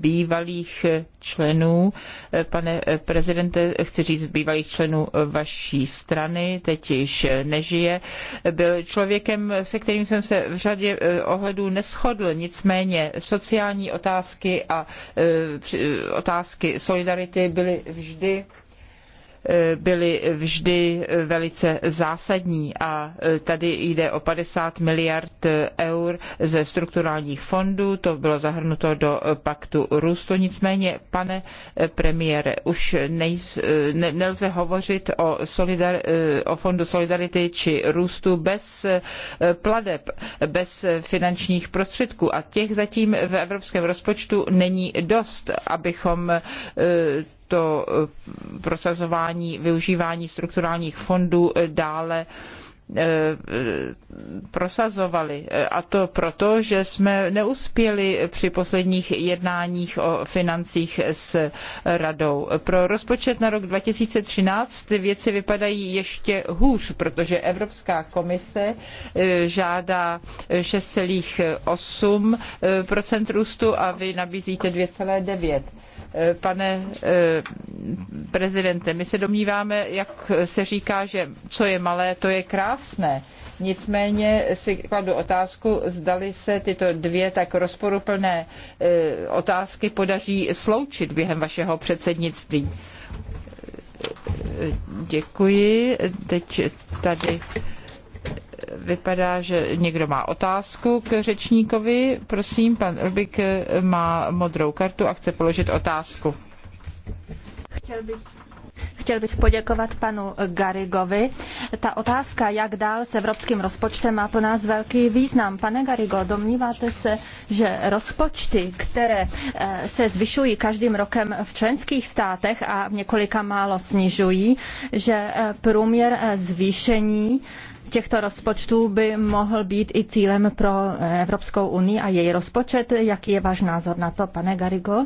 bývalých členů, eh, pane eh, prezidente, chci říct bývalých členů eh, vaší strany, teď již nežije, byl člověkem, se kterým jsem se v řadě ohledů neschodl, nicméně sociální otázky a otázky solidarity byly vždy E, byly vždy velice zásadní a e, tady jde o 50 miliard eur ze strukturálních fondů, to bylo zahrnuto do e, paktu růstu. Nicméně, pane premiére, už nej, ne, nelze hovořit o, solidar, o fondu solidarity či růstu bez pladeb, bez finančních prostředků a těch zatím v evropském rozpočtu není dost, abychom to eh, prosazování využívání strukturálních fondů eh, dále eh, prosazovali. A to proto, že jsme neuspěli při posledních jednáních o financích s radou. Pro rozpočet na rok 2013 ty věci vypadají ještě hůř, protože Evropská komise žádá 6,8 růstu a vy nabízíte 2,9 pane eh, prezidente, my se domníváme, jak se říká, že co je malé, to je krásné. Nicméně si kladu otázku, zdali se tyto dvě tak rozporuplné eh, otázky podaří sloučit během vašeho předsednictví. Eh, děkuji. Teď tady vypadá, že někdo má otázku k řečníkovi. Prosím, pan Rubik má modrou kartu a chce položit otázku. Chtěl bych Chtěl bych poděkovat panu Garigovi. Ta otázka, jak dál s evropským rozpočtem, má pro nás velký význam. Pane Garigo, domníváte se, že rozpočty, které eh, se zvyšují každým rokem v členských státech a v několika málo snižují, že eh, průměr eh, zvýšení těchto rozpočtů by mohl být i cílem pro Evropskou unii a její rozpočet. Jaký je váš názor na to, pane Garigo?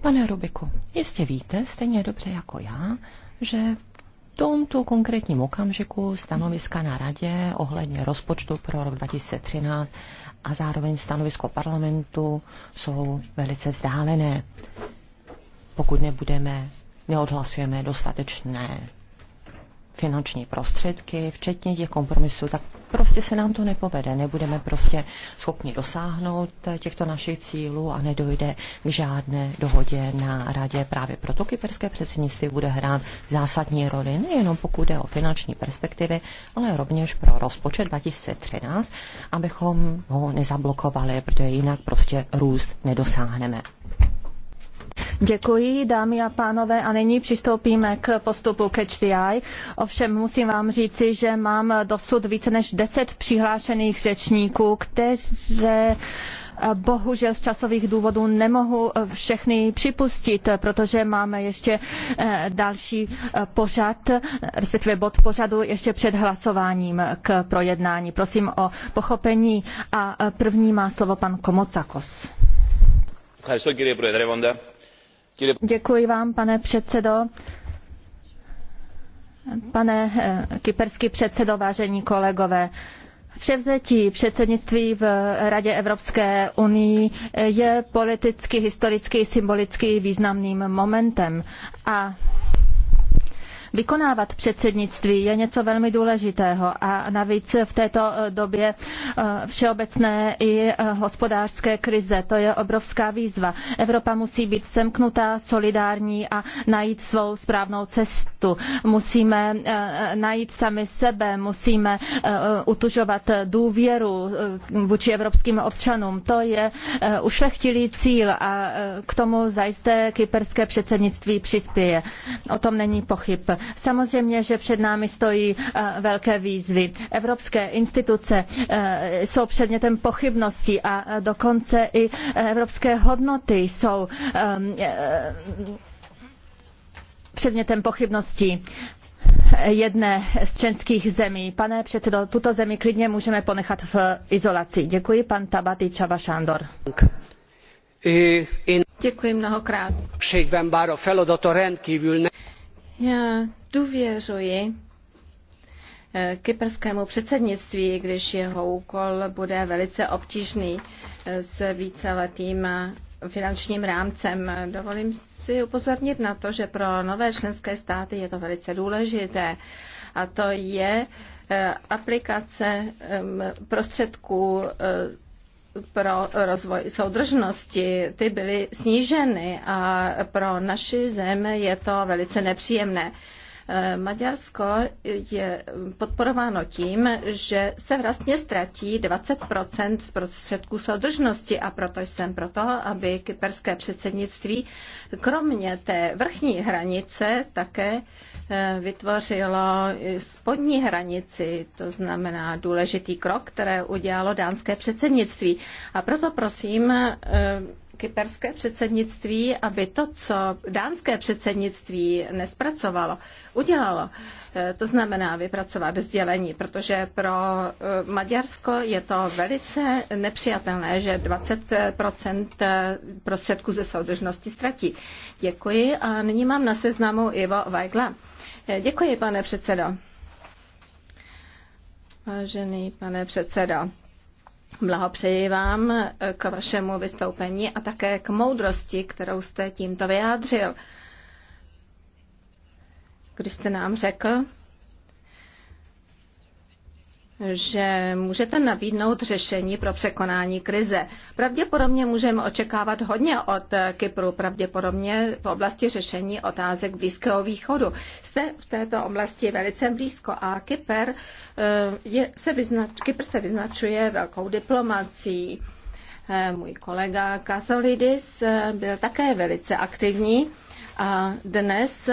Pane Rubiku, jistě víte, stejně dobře jako já, že v tomto konkrétním okamžiku stanoviska na radě ohledně rozpočtu pro rok 2013 a zároveň stanovisko parlamentu jsou velice vzdálené pokud nebudeme, neodhlasujeme dostatečné finanční prostředky, včetně těch kompromisů, tak prostě se nám to nepovede. Nebudeme prostě schopni dosáhnout těchto našich cílů a nedojde k žádné dohodě na radě. Právě proto kyperské předsednictví bude hrát zásadní roli nejenom pokud jde o finanční perspektivy, ale rovněž pro rozpočet 2013, abychom ho nezablokovali, protože jinak prostě růst nedosáhneme. Děkuji, dámy a pánové, a nyní přistoupíme k postupu Catch the Eye. Ovšem musím vám říci, že mám dosud více než deset přihlášených řečníků, které eh, bohužel z časových důvodů nemohu eh, všechny připustit, protože máme ještě eh, další pořad, respektive bod pořadu ještě před hlasováním k projednání. Prosím o pochopení a první má slovo pan Komocakos. Děkuji vám, pane předsedo. Pane eh, kyperský předsedo, vážení kolegové, Převzetí předsednictví v Radě Evropské unii eh, je politicky, historicky, symbolicky významným momentem a vykonávat předsednictví je něco velmi důležitého a navíc v této eh, době eh, všeobecné i eh, hospodářské krize. To je obrovská výzva. Evropa musí být semknutá, solidární a najít svou správnou cestu. Musíme najít sami sebe, musíme utužovat důvěru vůči evropským občanům. To je ušlechtilý cíl a k tomu zajisté kyperské předsednictví přispěje. O tom není pochyb. Samozřejmě, že před námi stojí eh, velké výzvy. Evropské instituce eh, jsou předmětem pochybností a eh, dokonce i evropské hodnoty jsou ehm, předmětem pochybností jedné z členských zemí. Pane předsedo, tuto zemi klidně můžeme ponechat v izolaci. Děkuji, pan Tabati Čavašándor. Děkuji mnohokrát. Já důvěřuji eh, kyperskému předsednictví, když jeho úkol bude velice obtížný eh, s víceletým eh, finančním rámcem. Dovolím si upozornit na to, že pro nové členské státy je to velice důležité a to je aplikace prostředků pro rozvoj soudržnosti, ty byly sníženy a pro naši zemi je to velice nepříjemné. Maďarsko je podporováno tím, že se vlastně ztratí 20 z prostředků soudržnosti a proto jsem proto, aby kyperské předsednictví kromě té vrchní hranice také eh, vytvořilo spodní hranici, to znamená důležitý krok, které udělalo dánské předsednictví. A proto prosím, eh, kyperské předsednictví, aby to, co dánské předsednictví nespracovalo, udělalo. Eh, to znamená vypracovat sdělení, protože pro eh, Maďarsko je to velice nepřijatelné, že 20 eh, prostředků ze soudržnosti ztratí. Děkuji a nyní mám na seznamu Ivo Weigla. Děkuji, pane předsedo. Vážený pane předsedo, Blahopřeji vám eh, k vašemu vystoupení a také k moudrosti, kterou jste tímto vyjádřil. Když jste nám řekl, že můžete nabídnout řešení pro překonání krize. Pravděpodobně můžeme očekávat hodně od Kypru, pravděpodobně v oblasti řešení otázek Blízkého východu. Jste v této oblasti velice blízko a Kypr, eh, je, se, vyznač, Kypr se vyznačuje velkou diplomací. Eh, můj kolega Katholidis eh, byl také velice aktivní a dnes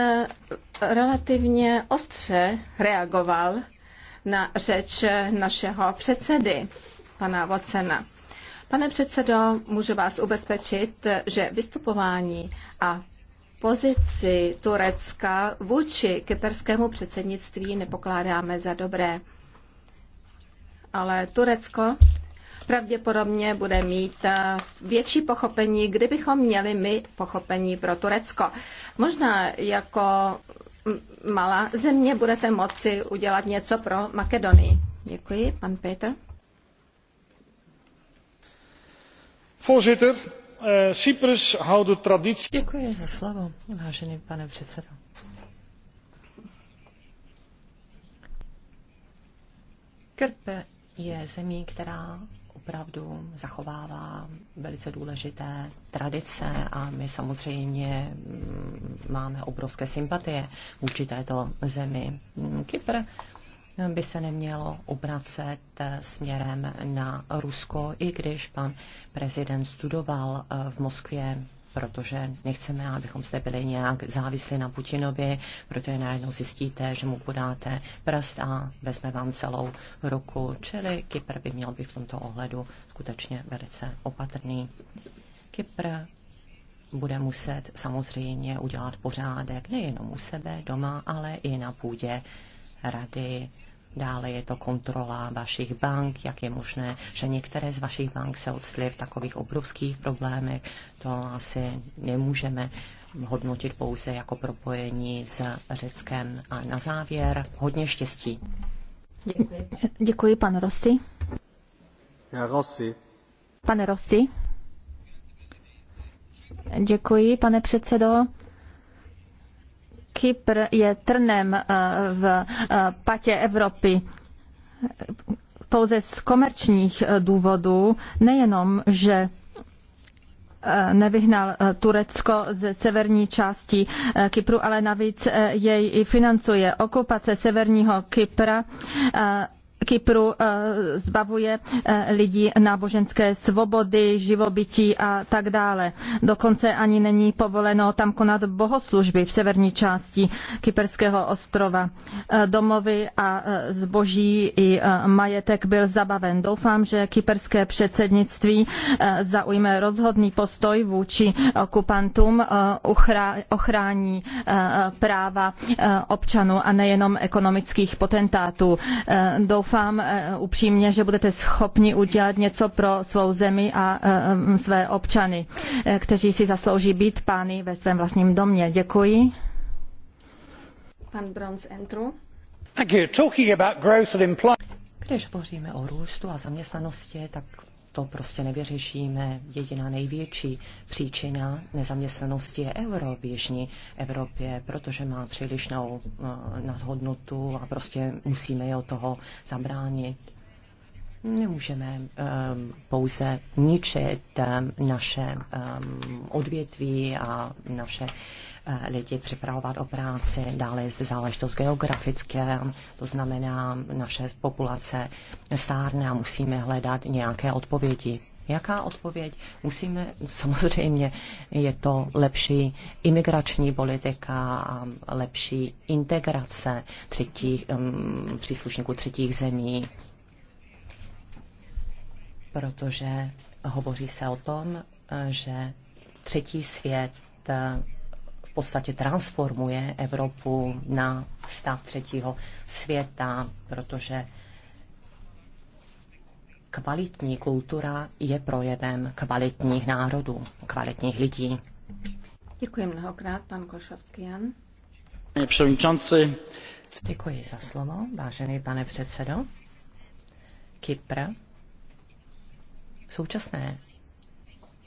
relativně ostře reagoval na řeč našeho předsedy, pana Vocena. Pane předsedo, můžu vás ubezpečit, že vystupování a pozici Turecka vůči kyperskému předsednictví nepokládáme za dobré. Ale Turecko pravděpodobně bude mít větší pochopení, kdybychom měli my pochopení pro Turecko. Možná jako malá země budete moci udělat něco pro Makedonii. Děkuji, pan Peter. Voorzitter, eh, Cyprus houdt traditie. Děkuji za slovo, vážený pane předsedo. Krpe je zemí, která opravdu zachovává velice důležité tradice a my samozřejmě mm, máme obrovské sympatie vůči této zemi. Kypr by se nemělo obracet směrem na Rusko, i když pan prezident studoval eh, v Moskvě protože nechceme, abychom zde byli nějak závislí na Putinovi, protože najednou zjistíte, že mu podáte prst a vezme vám celou ruku. Čili Kypr by měl být v tomto ohledu skutečně velice opatrný. Kypr bude muset samozřejmě udělat pořádek nejenom u sebe doma, ale i na půdě rady Dále je to kontrola vašich bank, jak je možné, že některé z vašich bank se odstly v takových obrovských problémech. To asi nemůžeme hodnotit pouze jako propojení s Řeckem. A na závěr hodně štěstí. Děkuji. Děkuji, pan Rossi. Já Rossi. Pane Rossi. Děkuji, pane předsedo. Kypr je trnem eh, v eh, patě Evropy pouze z komerčních eh, důvodů, nejenom, že nevyhnal Turecko ze severní části Kypru, ale navíc jej i financuje. Okupace severního Kypra Kypru eh, zbavuje eh, lidí náboženské svobody, živobytí a tak dále. Dokonce ani není povoleno tam konat bohoslužby v severní části Kyperského ostrova. Eh, domovy a zboží i majetek byl zabaven. Doufám, že kyperské předsednictví zaujme rozhodný postoj vůči okupantům, ochrání práva občanů a nejenom ekonomických potentátů. Doufám, doufám eh, upřímně, že budete schopni udělat něco pro svou zemi a eh, eh, své občany, kteří si zaslouží být pány ve svém vlastním domě. Děkuji. Pan Bronz Entru. Thank you. Talking about growth and employment. Když hovoříme o růstu a zaměstnanosti, tak to prostě nevyřešíme. Jediná největší příčina nezaměstnanosti je euro v Jižní Evropě, protože má přílišnou nadhodnotu a prostě musíme je od toho zabránit. Nemůžeme um, pouze ničit um, naše um, odvětví a naše Eh, lidi připravovat o práci. Dále je zde záležitost geografické, to znamená, naše populace stárne a musíme hledat nějaké odpovědi. Jaká odpověď? Musíme, samozřejmě, je to lepší imigrační politika a lepší integrace třetích, um, příslušníků třetích zemí, protože hovoří se o tom, eh, že třetí svět eh, podstatě transformuje Evropu na stav třetího světa, protože kvalitní kultura je projevem kvalitních národů, kvalitních lidí. Děkuji mnohokrát, pan Košovský Jan. Pane předsedající. Děkuji za slovo, vážený pane předsedo. Kypr v současné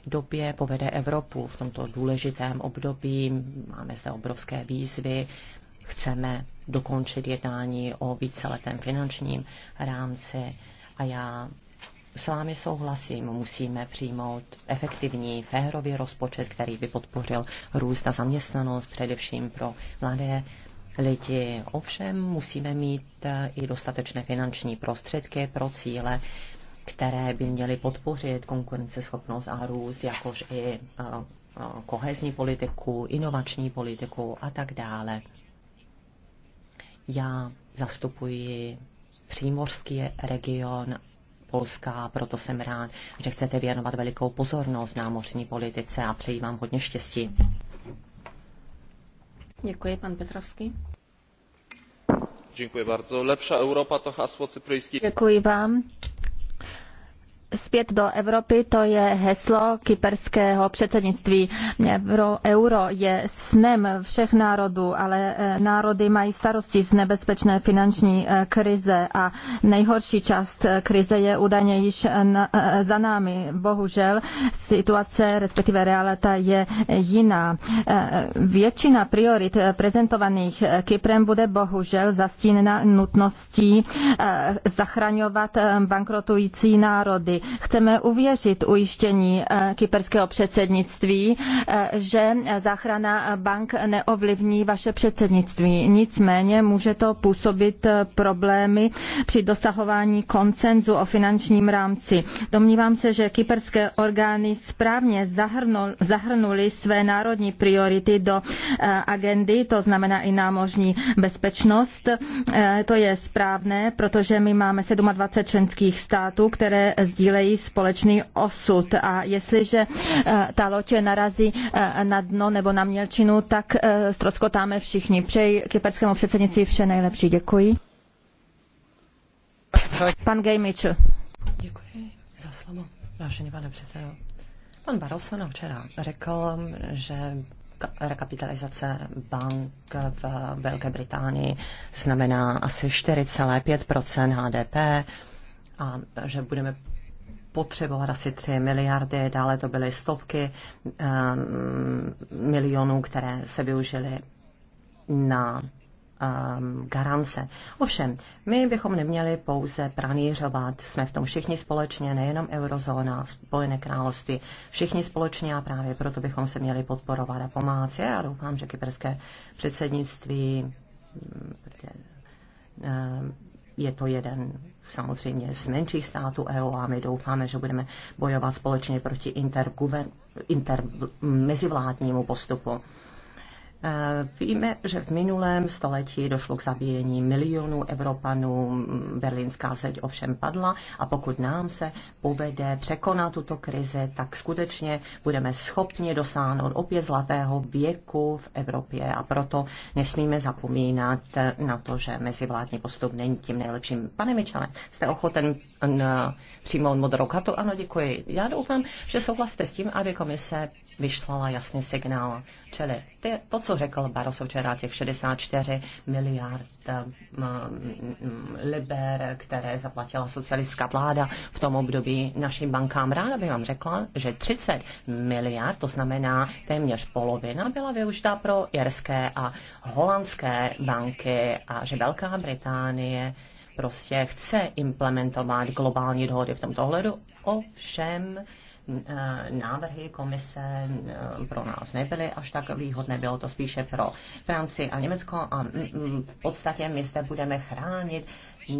době povede Evropu v tomto důležitém období. Máme zde obrovské výzvy, chceme dokončit jednání o víceletém finančním rámci a já s vámi souhlasím, musíme přijmout efektivní, férový rozpočet, který by podpořil růst a zaměstnanost, především pro mladé lidi. Ovšem musíme mít i dostatečné finanční prostředky pro cíle, které by měly podpořit konkurenceschopnost a růst, jakož i eh, eh, kohezní politiku, inovační politiku a tak dále. Já zastupuji přímořský region Polska, proto jsem rád, že chcete věnovat velikou pozornost námořní politice a přeji vám hodně štěstí. Děkuji, pan Petrovský. Děkuji bardzo. Lepší Evropa to Děkuji vám. Zpět do Evropy, to je heslo kyperského předsednictví. Euro, je snem všech národů, ale eh, národy mají starosti z nebezpečné finanční eh, krize a nejhorší část eh, krize je údajně již za námi. Bohužel situace, respektive realita je jiná. Většina priorit prezentovaných Kyprem bude bohužel zastíněna nutností zachraňovat bankrotující národy. Chceme uvěřit ujištění eh, kyperského předsednictví, eh, že záchrana bank neovlivní vaše předsednictví. Nicméně může to působit eh, problémy při dosahování koncenzu o finančním rámci. Domnívám se, že kyperské orgány správně zahrnuly své národní priority do agendy, to znamená i námořní bezpečnost. To je správné, protože my máme 27 členských států, které sdílejí sdílejí společný osud a jestliže eh, ta loď narazí eh, na dno nebo na mělčinu, tak stroskotáme eh, všichni. Přeji kyperskému předsednictví vše nejlepší. Děkuji. Pan Gay Mitchell. Děkuji za slovo, vážený pane předsedo. Pan Barroso nám včera řekl, že rekapitalizace bank v Velké Británii znamená asi 4,5 HDP a že budeme potřebovat asi 3 miliardy, dále to byly stovky um, milionů, které se využily na um, garance. Ovšem, my bychom neměli pouze pranířovat, jsme v tom všichni společně, nejenom eurozóna, Spojené království, všichni společně a právě proto bychom se měli podporovat a pomáhat. Já doufám, že kyperské předsednictví ehm, je to jeden samozřejmě z menších států EU a my doufáme, že budeme bojovat společně proti interguver, inter, mezivládnímu postupu. Eh, víme, že v minulém století došlo k zabíjení milionů Evropanů, berlínská zeď ovšem padla a pokud nám se povede překonat tuto krizi, tak skutečně budeme schopni dosáhnout opět zlatého věku v Evropě a proto nesmíme zapomínat na to, že mezivládní postup není tím nejlepším. Pane Michele, jste ochoten eh, přijmout modrou kartu? Ano, děkuji. Já doufám, že souhlasíte s tím, aby komise vyšlala jasný signál. Čili ty, to, co řekl Barroso včera, těch 64 miliard eh, m, liber, které zaplatila socialistická vláda v tom období našim bankám, ráda bych vám řekla, že 30 miliard, to znamená téměř polovina, byla využita pro jerské a holandské banky a že Velká Británie prostě chce implementovat globální dohody v tomto ohledu. Ovšem, Eh, návrhy komise eh, pro nás nebyly až tak výhodné, bylo to spíše pro Francii a Německo a mm, mm, v podstatě my zde budeme chránit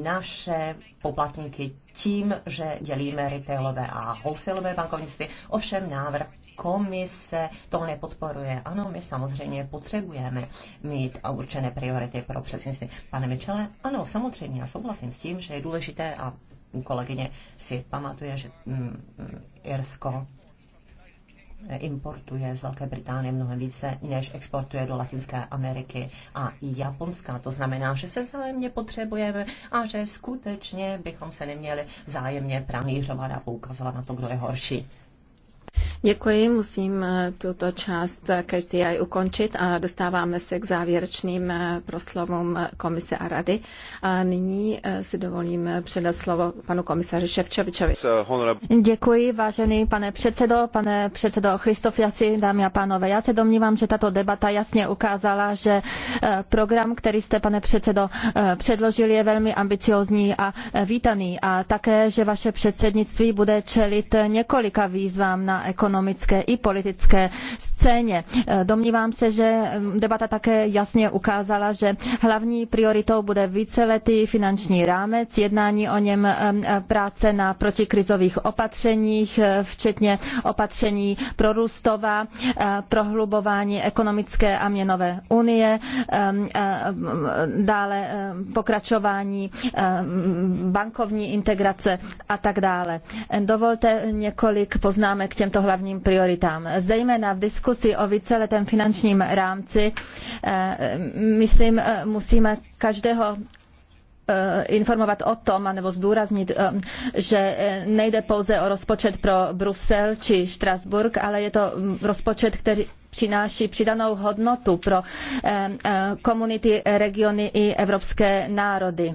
naše poplatníky tím, že dělíme retailové a wholesaleové bankovnictví. Ovšem návrh komise to nepodporuje. Ano, my samozřejmě potřebujeme mít určené priority pro přesnictví. Pane Michele, ano, samozřejmě, já souhlasím s tím, že je důležité a kolegyně si pamatuje, že mm, mm, Irsko eh, importuje z Velké Británie mnohem více, než exportuje do Latinské Ameriky a Japonska. To znamená, že se vzájemně potřebujeme a že skutečně bychom se neměli vzájemně pranířovat a poukazovat na to, kdo je horší. Děkuji, musím eh, tuto část KTI ukončit a dostáváme se k závěrečným eh, proslovům komise a rady. A nyní eh, si dovolím předat slovo panu komisaři Ševčovičovi. Děkuji, vážený pane předsedo, pane předsedo Christofiasi, dámy a pánové. Já se domnívám, že tato debata jasně ukázala, že program, který jste, pane předsedo, předložil, je velmi ambiciózní a vítaný a také, že vaše předsednictví bude čelit několika výzvám na ekonomické i politické scéně. E, domnívám se, že debata také jasně ukázala, že hlavní prioritou bude víceletý finanční rámec, jednání o něm e, práce na protikrizových opatřeních, e, včetně opatření prorůstová, prohlubování ekonomické a měnové unie, dále pokračování bankovní integrace a tak dále. Dovolte několik poznámek k těm těmto hlavním prioritám. Zejména v diskusi o víceletém finančním rámci, eh, myslím, eh, musíme každého eh, informovat o tom, anebo zdůraznit, že nejde pouze o rozpočet pro Brusel či Štrasburg, ale je to mm, rozpočet, který přináší přidanou hodnotu pro komunity, regiony i evropské národy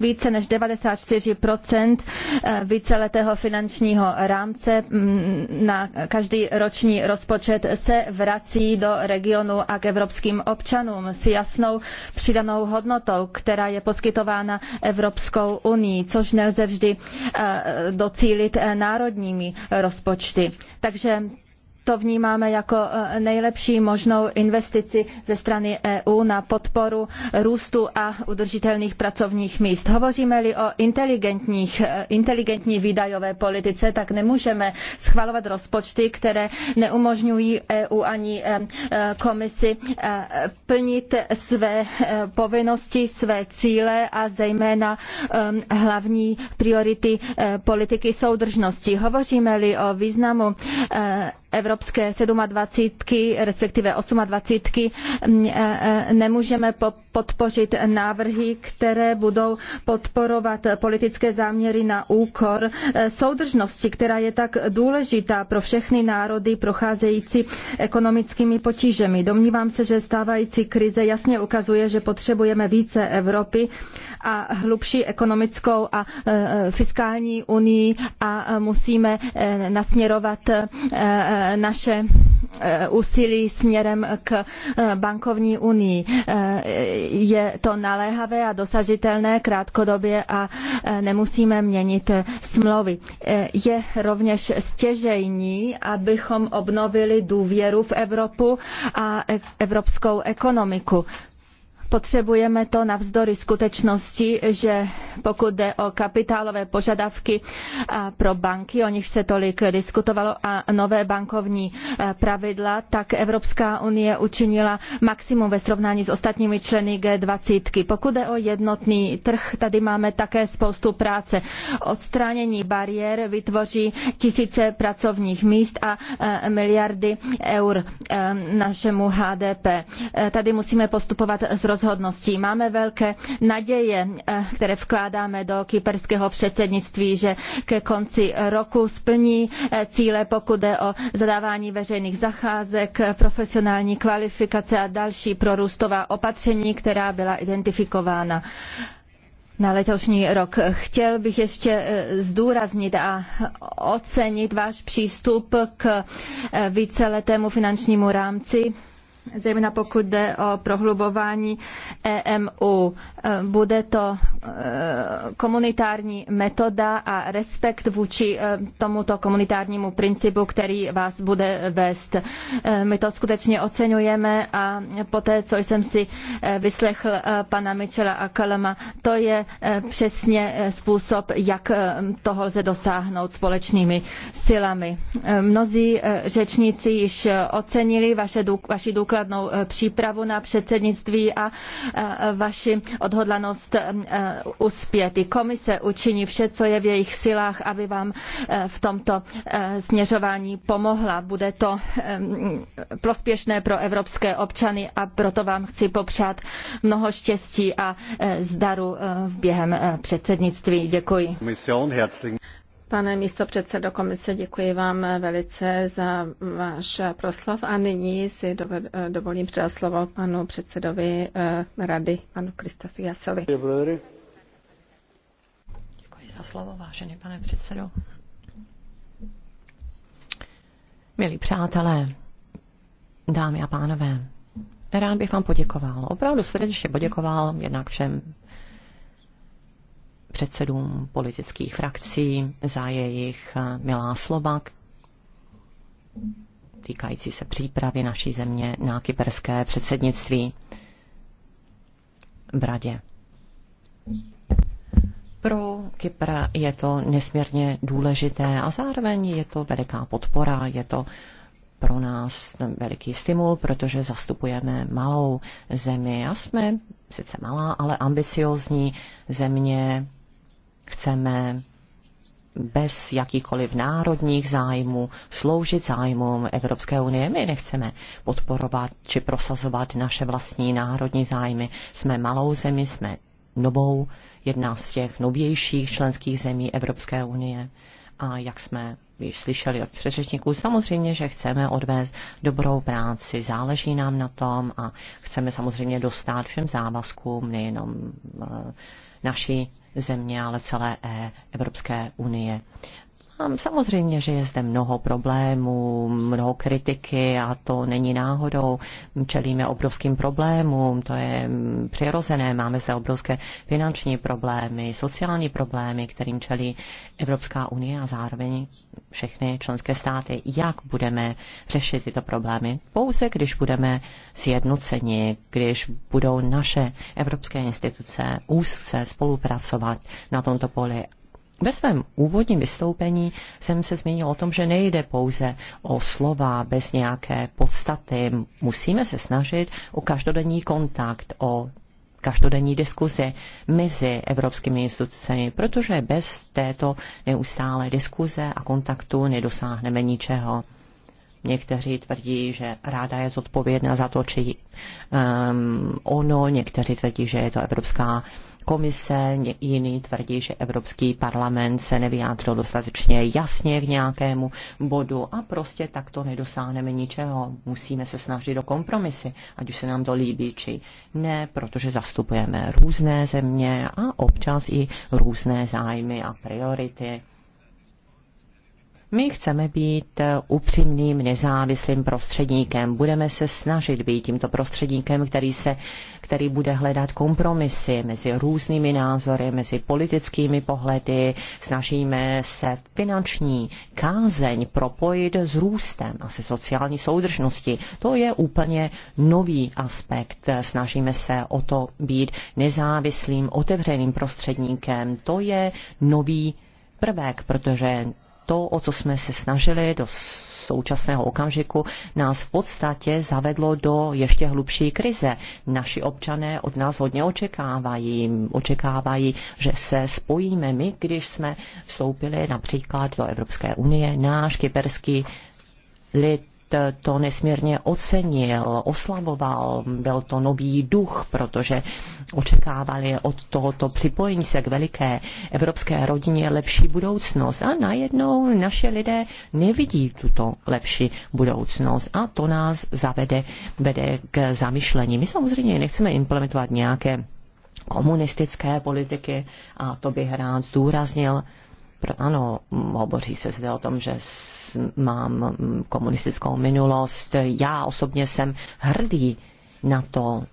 více než 94% eh, víceletého finančního rámce mm, na každý roční rozpočet se vrací do regionu a k evropským občanům s jasnou přidanou hodnotou, která je poskytována Evropskou unii, což nelze vždy eh, docílit eh, národními rozpočty. Takže to vnímáme jako e, nejlepší možnou investici ze strany EU na podporu růstu a udržitelných pracovních míst. Hovoříme-li o inteligentních, e, inteligentní výdajové politice, tak nemůžeme schvalovat rozpočty, které neumožňují EU ani e, komisi plnit své povinnosti, své cíle a zejména hlavní priority politiky soudržnosti. Hovoříme-li o významu evropské 27, respektive 28 mm, e, e, nemůžeme podpořit návrhy, které budou podporovat politické záměry na úkor e, soudržnosti, která je tak důležitá pro všechny národy procházející ekonomickými potížemi. Domnívám se, že stávající krize jasně ukazuje, že potřebujeme více Evropy a hlubší ekonomickou a e, fiskální unii a e, musíme e, nasměrovat naše úsilí směrem k bankovní unii. Je to naléhavé a dosažitelné krátkodobě a nemusíme měnit smlouvy. Je rovněž stěžejní, abychom obnovili důvěru v Evropu a evropskou ekonomiku. Potřebujeme to navzdory skutečnosti, že pokud jde o kapitálové požadavky pro banky, o nich se tolik diskutovalo, a nové bankovní pravidla, tak Evropská unie učinila maximum ve srovnání s ostatními členy G20. Pokud jde o jednotný trh, tady máme také spoustu práce. Odstránění bariér vytvoří tisíce pracovních míst a miliardy eur našemu HDP. Tady musíme postupovat s roz rozhodností. Máme velké naděje, eh, které vkládáme do kyperského předsednictví, že ke konci roku splní eh, cíle, pokud jde o zadávání veřejných zacházek, eh, profesionální kvalifikace a další prorůstová opatření, která byla identifikována na letošní rok. Chtěl bych ještě zdůraznit a ocenit váš přístup k víceletému finančnímu rámci zejména pokud jde o prohlubování EMU. Bude to eh, komunitární metoda a respekt vůči eh, tomuto komunitárnímu principu, který vás bude vést. Eh, my to skutečně oceňujeme a poté, co jsem si vyslechl pana Michela a to je přesně způsob, jak toho lze dosáhnout společnými silami. Mnozí řečníci již ocenili vaše, vaši důkladnost důkladnou eh, přípravu na předsednictví a eh, vaši odhodlanost eh, uspět. I komise učiní vše, co je v jejich silách, aby vám v tomto směřování pomohla. Bude to prospěšné pro evropské občany a proto vám chci popřát mnoho štěstí a zdaru během předsednictví. Děkuji. Pane místo předsedo komise, děkuji vám velice za váš proslov a nyní si dovolím předat slovo panu předsedovi eh, rady, panu Kristofi Jasovi. Děkuji za slovo, vážený pane předsedo. Milí přátelé, dámy a pánové, rád bych vám poděkoval, opravdu srdečně poděkoval jednak všem předsedům politických frakcí za jejich eh, milá slova týkající se přípravy naší země na kyperské předsednictví v Radě. Pro Kypr je to nesmírně důležité a zároveň je to veliká podpora, je to pro nás veliký stimul, protože zastupujeme malou zemi a jsme sice malá, ale ambiciozní země Chceme bez jakýchkoliv národních zájmů sloužit zájmům Evropské unie. My nechceme podporovat či prosazovat naše vlastní národní zájmy. Jsme malou zemi, jsme novou, jedna z těch novějších členských zemí Evropské unie. A jak jsme již slyšeli od přeřečníků, samozřejmě, že chceme odvést dobrou práci, záleží nám na tom a chceme samozřejmě dostat všem závazkům, nejenom eh, naší země, ale celé e, Evropské unie. Samozřejmě, že je zde mnoho problémů, mnoho kritiky a to není náhodou. Čelíme obrovským problémům, to je přirozené. Máme zde obrovské finanční problémy, sociální problémy, kterým čelí Evropská unie a zároveň všechny členské státy. Jak budeme řešit tyto problémy? Pouze, když budeme sjednoceni, když budou naše evropské instituce úzce spolupracovat na tomto poli ve svém úvodním vystoupení jsem se zmínil o tom, že nejde pouze o slova bez nějaké podstaty. Musíme se snažit o každodenní kontakt, o každodenní diskuzi mezi evropskými institucemi, protože bez této neustálé diskuze a kontaktu nedosáhneme ničeho. Někteří tvrdí, že ráda je zodpovědná za to, či um, ono, někteří tvrdí, že je to Evropská komise, jiný tvrdí, že Evropský parlament se nevyjádřil dostatečně jasně k nějakému bodu a prostě takto nedosáhneme ničeho. Musíme se snažit do kompromisy, ať už se nám to líbí či ne, protože zastupujeme různé země a občas i různé zájmy a priority. My chceme být upřímným, nezávislým prostředníkem. Budeme se snažit být tímto prostředníkem, který, se, který bude hledat kompromisy mezi různými názory, mezi politickými pohledy. Snažíme se finanční kázeň propojit s růstem a se sociální soudržností. To je úplně nový aspekt. Snažíme se o to být nezávislým, otevřeným prostředníkem. To je nový prvek, protože to, o co jsme se snažili do současného okamžiku, nás v podstatě zavedlo do ještě hlubší krize. Naši občané od nás hodně očekávají. Očekávají, že se spojíme my, když jsme vstoupili například do Evropské unie. Náš kyperský lid to nesmírně ocenil, oslavoval, byl to nový duch, protože očekávali od tohoto připojení se k veliké evropské rodině lepší budoucnost. A najednou naše lidé nevidí tuto lepší budoucnost a to nás zavede, vede k zamyšlení. My samozřejmě nechceme implementovat nějaké komunistické politiky a to bych rád zdůraznil, ano, hovoří se zde o tom, že mám komunistickou minulost. Já osobně jsem hrdý na to,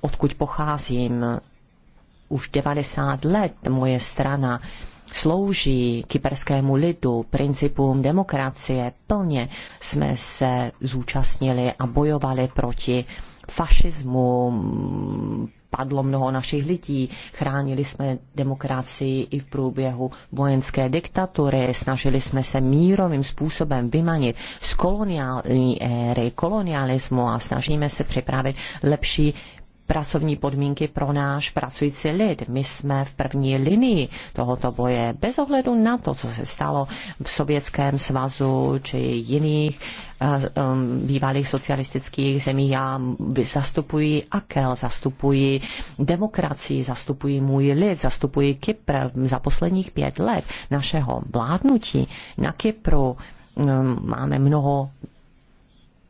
odkud pocházím. Už 90 let moje strana slouží kyperskému lidu, principům demokracie. Plně jsme se zúčastnili a bojovali proti fašismu, padlo mnoho našich lidí. Chránili jsme demokracii i v průběhu vojenské diktatury, snažili jsme se mírovým způsobem vymanit z koloniální éry, kolonialismu a snažíme se připravit lepší pracovní podmínky pro náš pracující lid. My jsme v první linii tohoto boje, bez ohledu na to, co se stalo v Sovětském svazu či jiných eh, um, bývalých socialistických zemí. Já zastupuji AKEL, zastupuji demokracii, zastupuji můj lid, zastupuji Kypr. Za posledních pět let našeho vládnutí na Kypru eh, máme mnoho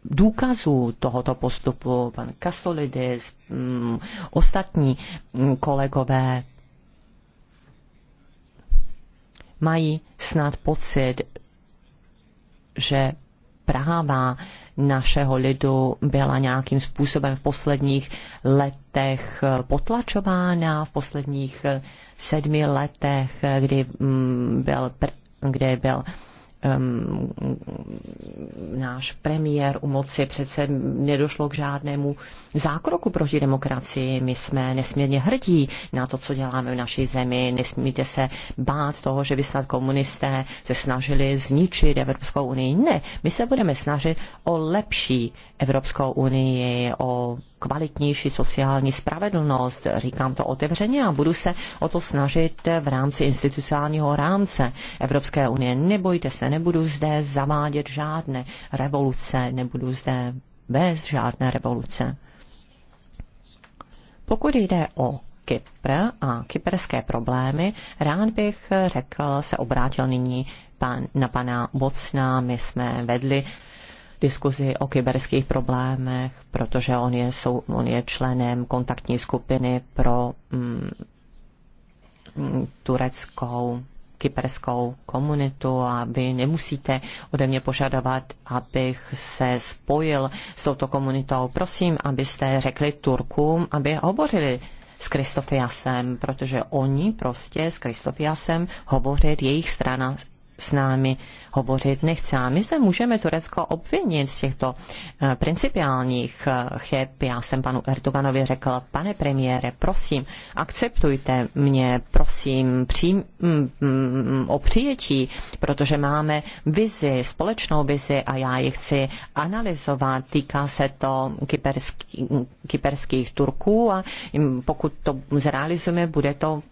důkazů tohoto postupu, pan Kasolidis, mm, ostatní mm, kolegové mají snad pocit, že práva našeho lidu byla nějakým způsobem v posledních letech eh, potlačována, v posledních eh, sedmi letech, eh, kdy mm, byl, kdy byl um, náš premiér u moci, přece nedošlo k žádnému zákroku proti demokracii. My jsme nesmírně hrdí na to, co děláme v naší zemi. Nesmíte se bát toho, že by snad komunisté se snažili zničit Evropskou unii. Ne, my se budeme snažit o lepší Evropskou unii, o kvalitnější sociální spravedlnost. Říkám to otevřeně a budu se o to snažit v rámci institucionálního rámce Evropské unie. Nebojte se, nebudu zde zavádět žádné revoluce, nebudu zde bez žádné revoluce. Pokud jde o Kypr a kyperské problémy, rád bych řekl, se obrátil nyní pan, na pana Bocna. My jsme vedli diskuzi o kyberských problémech, protože on je, sou, on je členem kontaktní skupiny pro mm, mm tureckou kyperskou komunitu a vy nemusíte ode mě požadovat, abych se spojil s touto komunitou. Prosím, abyste řekli Turkům, aby hovořili s Kristofiasem, protože oni prostě s Kristofiasem hovořit, jejich strana s námi hovořit nechce. A my se můžeme Turecko obvinit z těchto eh, principiálních eh, chyb. Já jsem panu Erdoganovi řekl, pane premiére, prosím, akceptujte mě, prosím, přijím, mm, mm, o přijetí, protože máme vizi, společnou vizi a já ji chci analyzovat. Týká se to kyperský, mm, kyperských Turků a pokud to zrealizujeme, bude to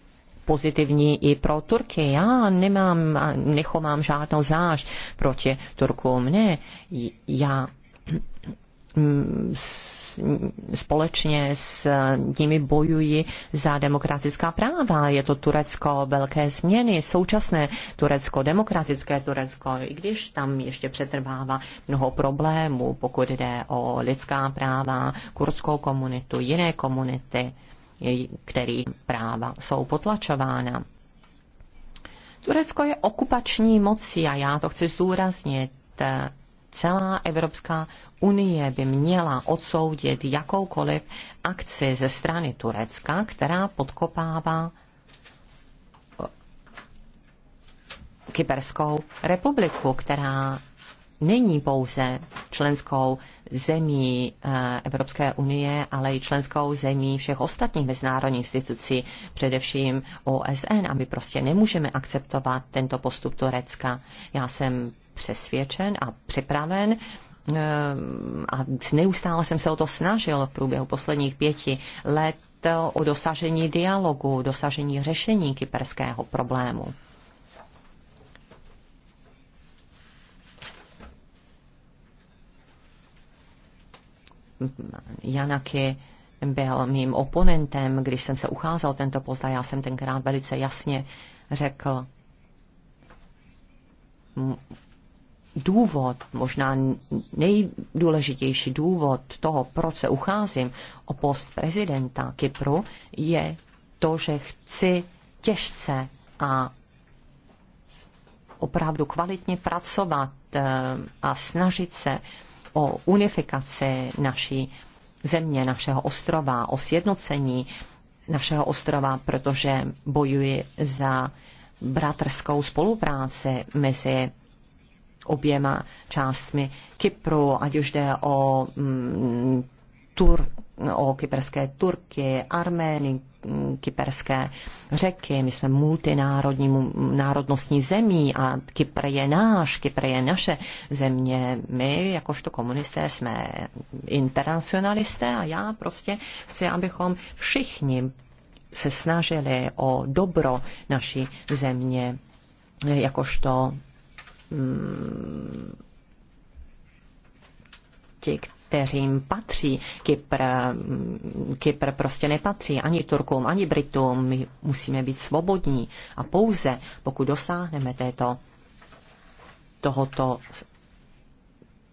pozitivní i pro Turky. Já nemám, nechomám žádnou zášť proti Turkům. Ne, já mm, společně s nimi bojuji za demokratická práva. Je to Turecko velké změny, současné Turecko, demokratické Turecko, i když tam ještě přetrvává mnoho problémů, pokud jde o lidská práva, kurskou komunitu, jiné komunity který práva jsou potlačována. Turecko je okupační mocí a já to chci zdůraznit. Celá Evropská unie by měla odsoudit jakoukoliv akci ze strany Turecka, která podkopává eh, Kyperskou republiku, která není pouze členskou zemí eh, Evropské unie, ale i členskou zemí všech ostatních mezinárodních institucí, především OSN. A my prostě nemůžeme akceptovat tento postup Turecka. Já jsem přesvědčen a připraven, eh, a neustále jsem se o to snažil v průběhu posledních pěti let eh, o dosažení dialogu, dosažení řešení kyperského problému. Janaky byl mým oponentem, když jsem se ucházel tento post a já jsem tenkrát velice jasně řekl důvod, možná nejdůležitější důvod toho, proč se ucházím o post prezidenta Kypru, je to, že chci těžce a opravdu kvalitně pracovat eh, a snažit se o unifikaci naší země, našeho ostrova, o sjednocení našeho ostrova, protože bojuji za bratrskou spolupráci mezi oběma částmi Kypru, ať už jde o, mm, tur, o kyperské Turky, Armény, kyperské řeky, my jsme multinárodní národnostní zemí a Kypr je náš, Kypr je naše země. My, jakožto komunisté, jsme internacionalisté a já prostě chci, abychom všichni se snažili o dobro naší země, jakožto mm, ti, kterým patří Kypr. Kypr prostě nepatří ani Turkům, ani Britům. My musíme být svobodní a pouze pokud dosáhneme této tohoto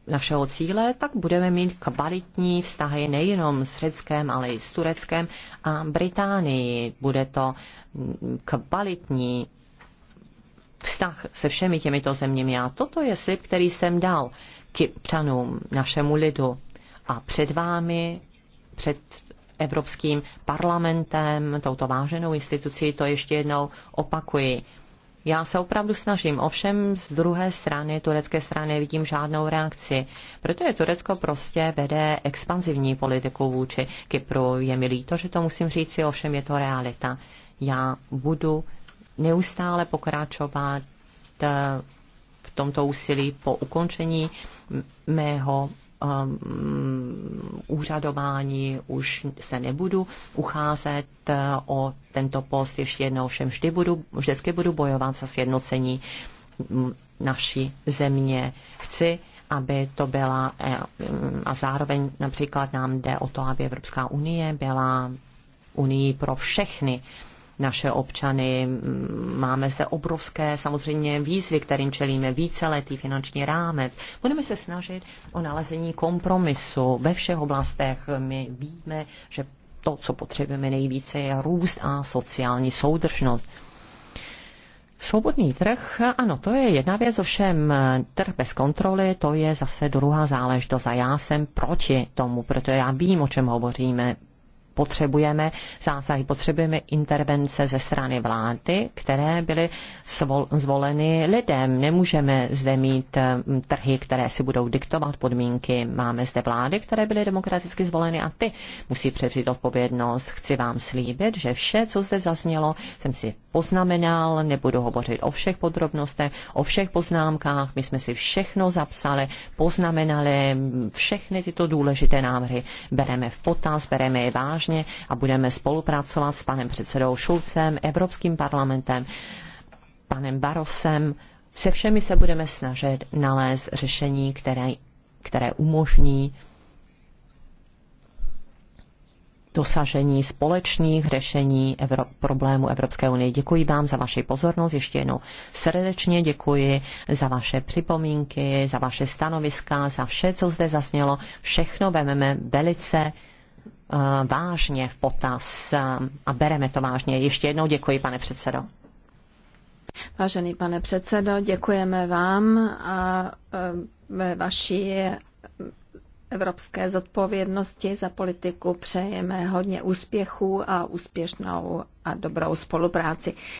našeho cíle, tak budeme mít kvalitní vztahy nejenom s Řeckem, ale i s Tureckem a Británii. Bude to kvalitní vztah se všemi těmito zeměmi. A toto je slib, který jsem dal kypřanům, našemu lidu a před vámi, před Evropským parlamentem, touto váženou institucí, to ještě jednou opakuji. Já se opravdu snažím, ovšem z druhé strany, turecké strany, vidím žádnou reakci, protože Turecko prostě vede expanzivní politiku vůči Kypru. Je mi líto, že to musím říct, ovšem je to realita. Já budu neustále pokračovat eh, v tomto úsilí po ukončení mého Um, úřadování už se nebudu ucházet uh, o tento post ještě jednou, všem vždy budu, vždycky budu bojovat za sjednocení mm, naší země. Chci, aby to byla eh, a zároveň například nám jde o to, aby Evropská unie byla unii pro všechny naše občany. Mm, Máme zde obrovské samozřejmě výzvy, kterým čelíme víceletý finanční rámec. Budeme se snažit o nalezení kompromisu ve všech oblastech. My víme, že to, co potřebujeme nejvíce, je růst a sociální soudržnost. Svobodný trh, ano, to je jedna věc, ovšem trh bez kontroly, to je zase druhá záležitost a já jsem proti tomu, protože já vím, o čem hovoříme potřebujeme zásahy, potřebujeme intervence ze strany vlády, které byly zvoleny lidem. Nemůžeme zde mít mm, trhy, které si budou diktovat podmínky. Máme zde vlády, které byly demokraticky zvoleny a ty musí převzít odpovědnost. Chci vám slíbit, že vše, co zde zaznělo, jsem si poznamenal, nebudu hovořit o všech podrobnostech, o všech poznámkách, my jsme si všechno zapsali, poznamenali, všechny tyto důležité návrhy bereme v potaz, bereme je vážně a budeme spolupracovat s panem předsedou Šulcem, Evropským parlamentem, panem Barosem, se všemi se budeme snažit nalézt řešení, které, které umožní dosažení společných řešení Evro- problému Evropské unie. Děkuji vám za vaši pozornost, ještě jednou srdečně děkuji za vaše připomínky, za vaše stanoviska, za vše, co zde zasnělo. Všechno vememe velice uh, vážně v potaz uh, a bereme to vážně. Ještě jednou děkuji, pane předsedo. Vážený pane předsedo, děkujeme vám a eh, ve vaší evropské zodpovědnosti za politiku přejeme hodně úspěchů a úspěšnou a dobrou spolupráci.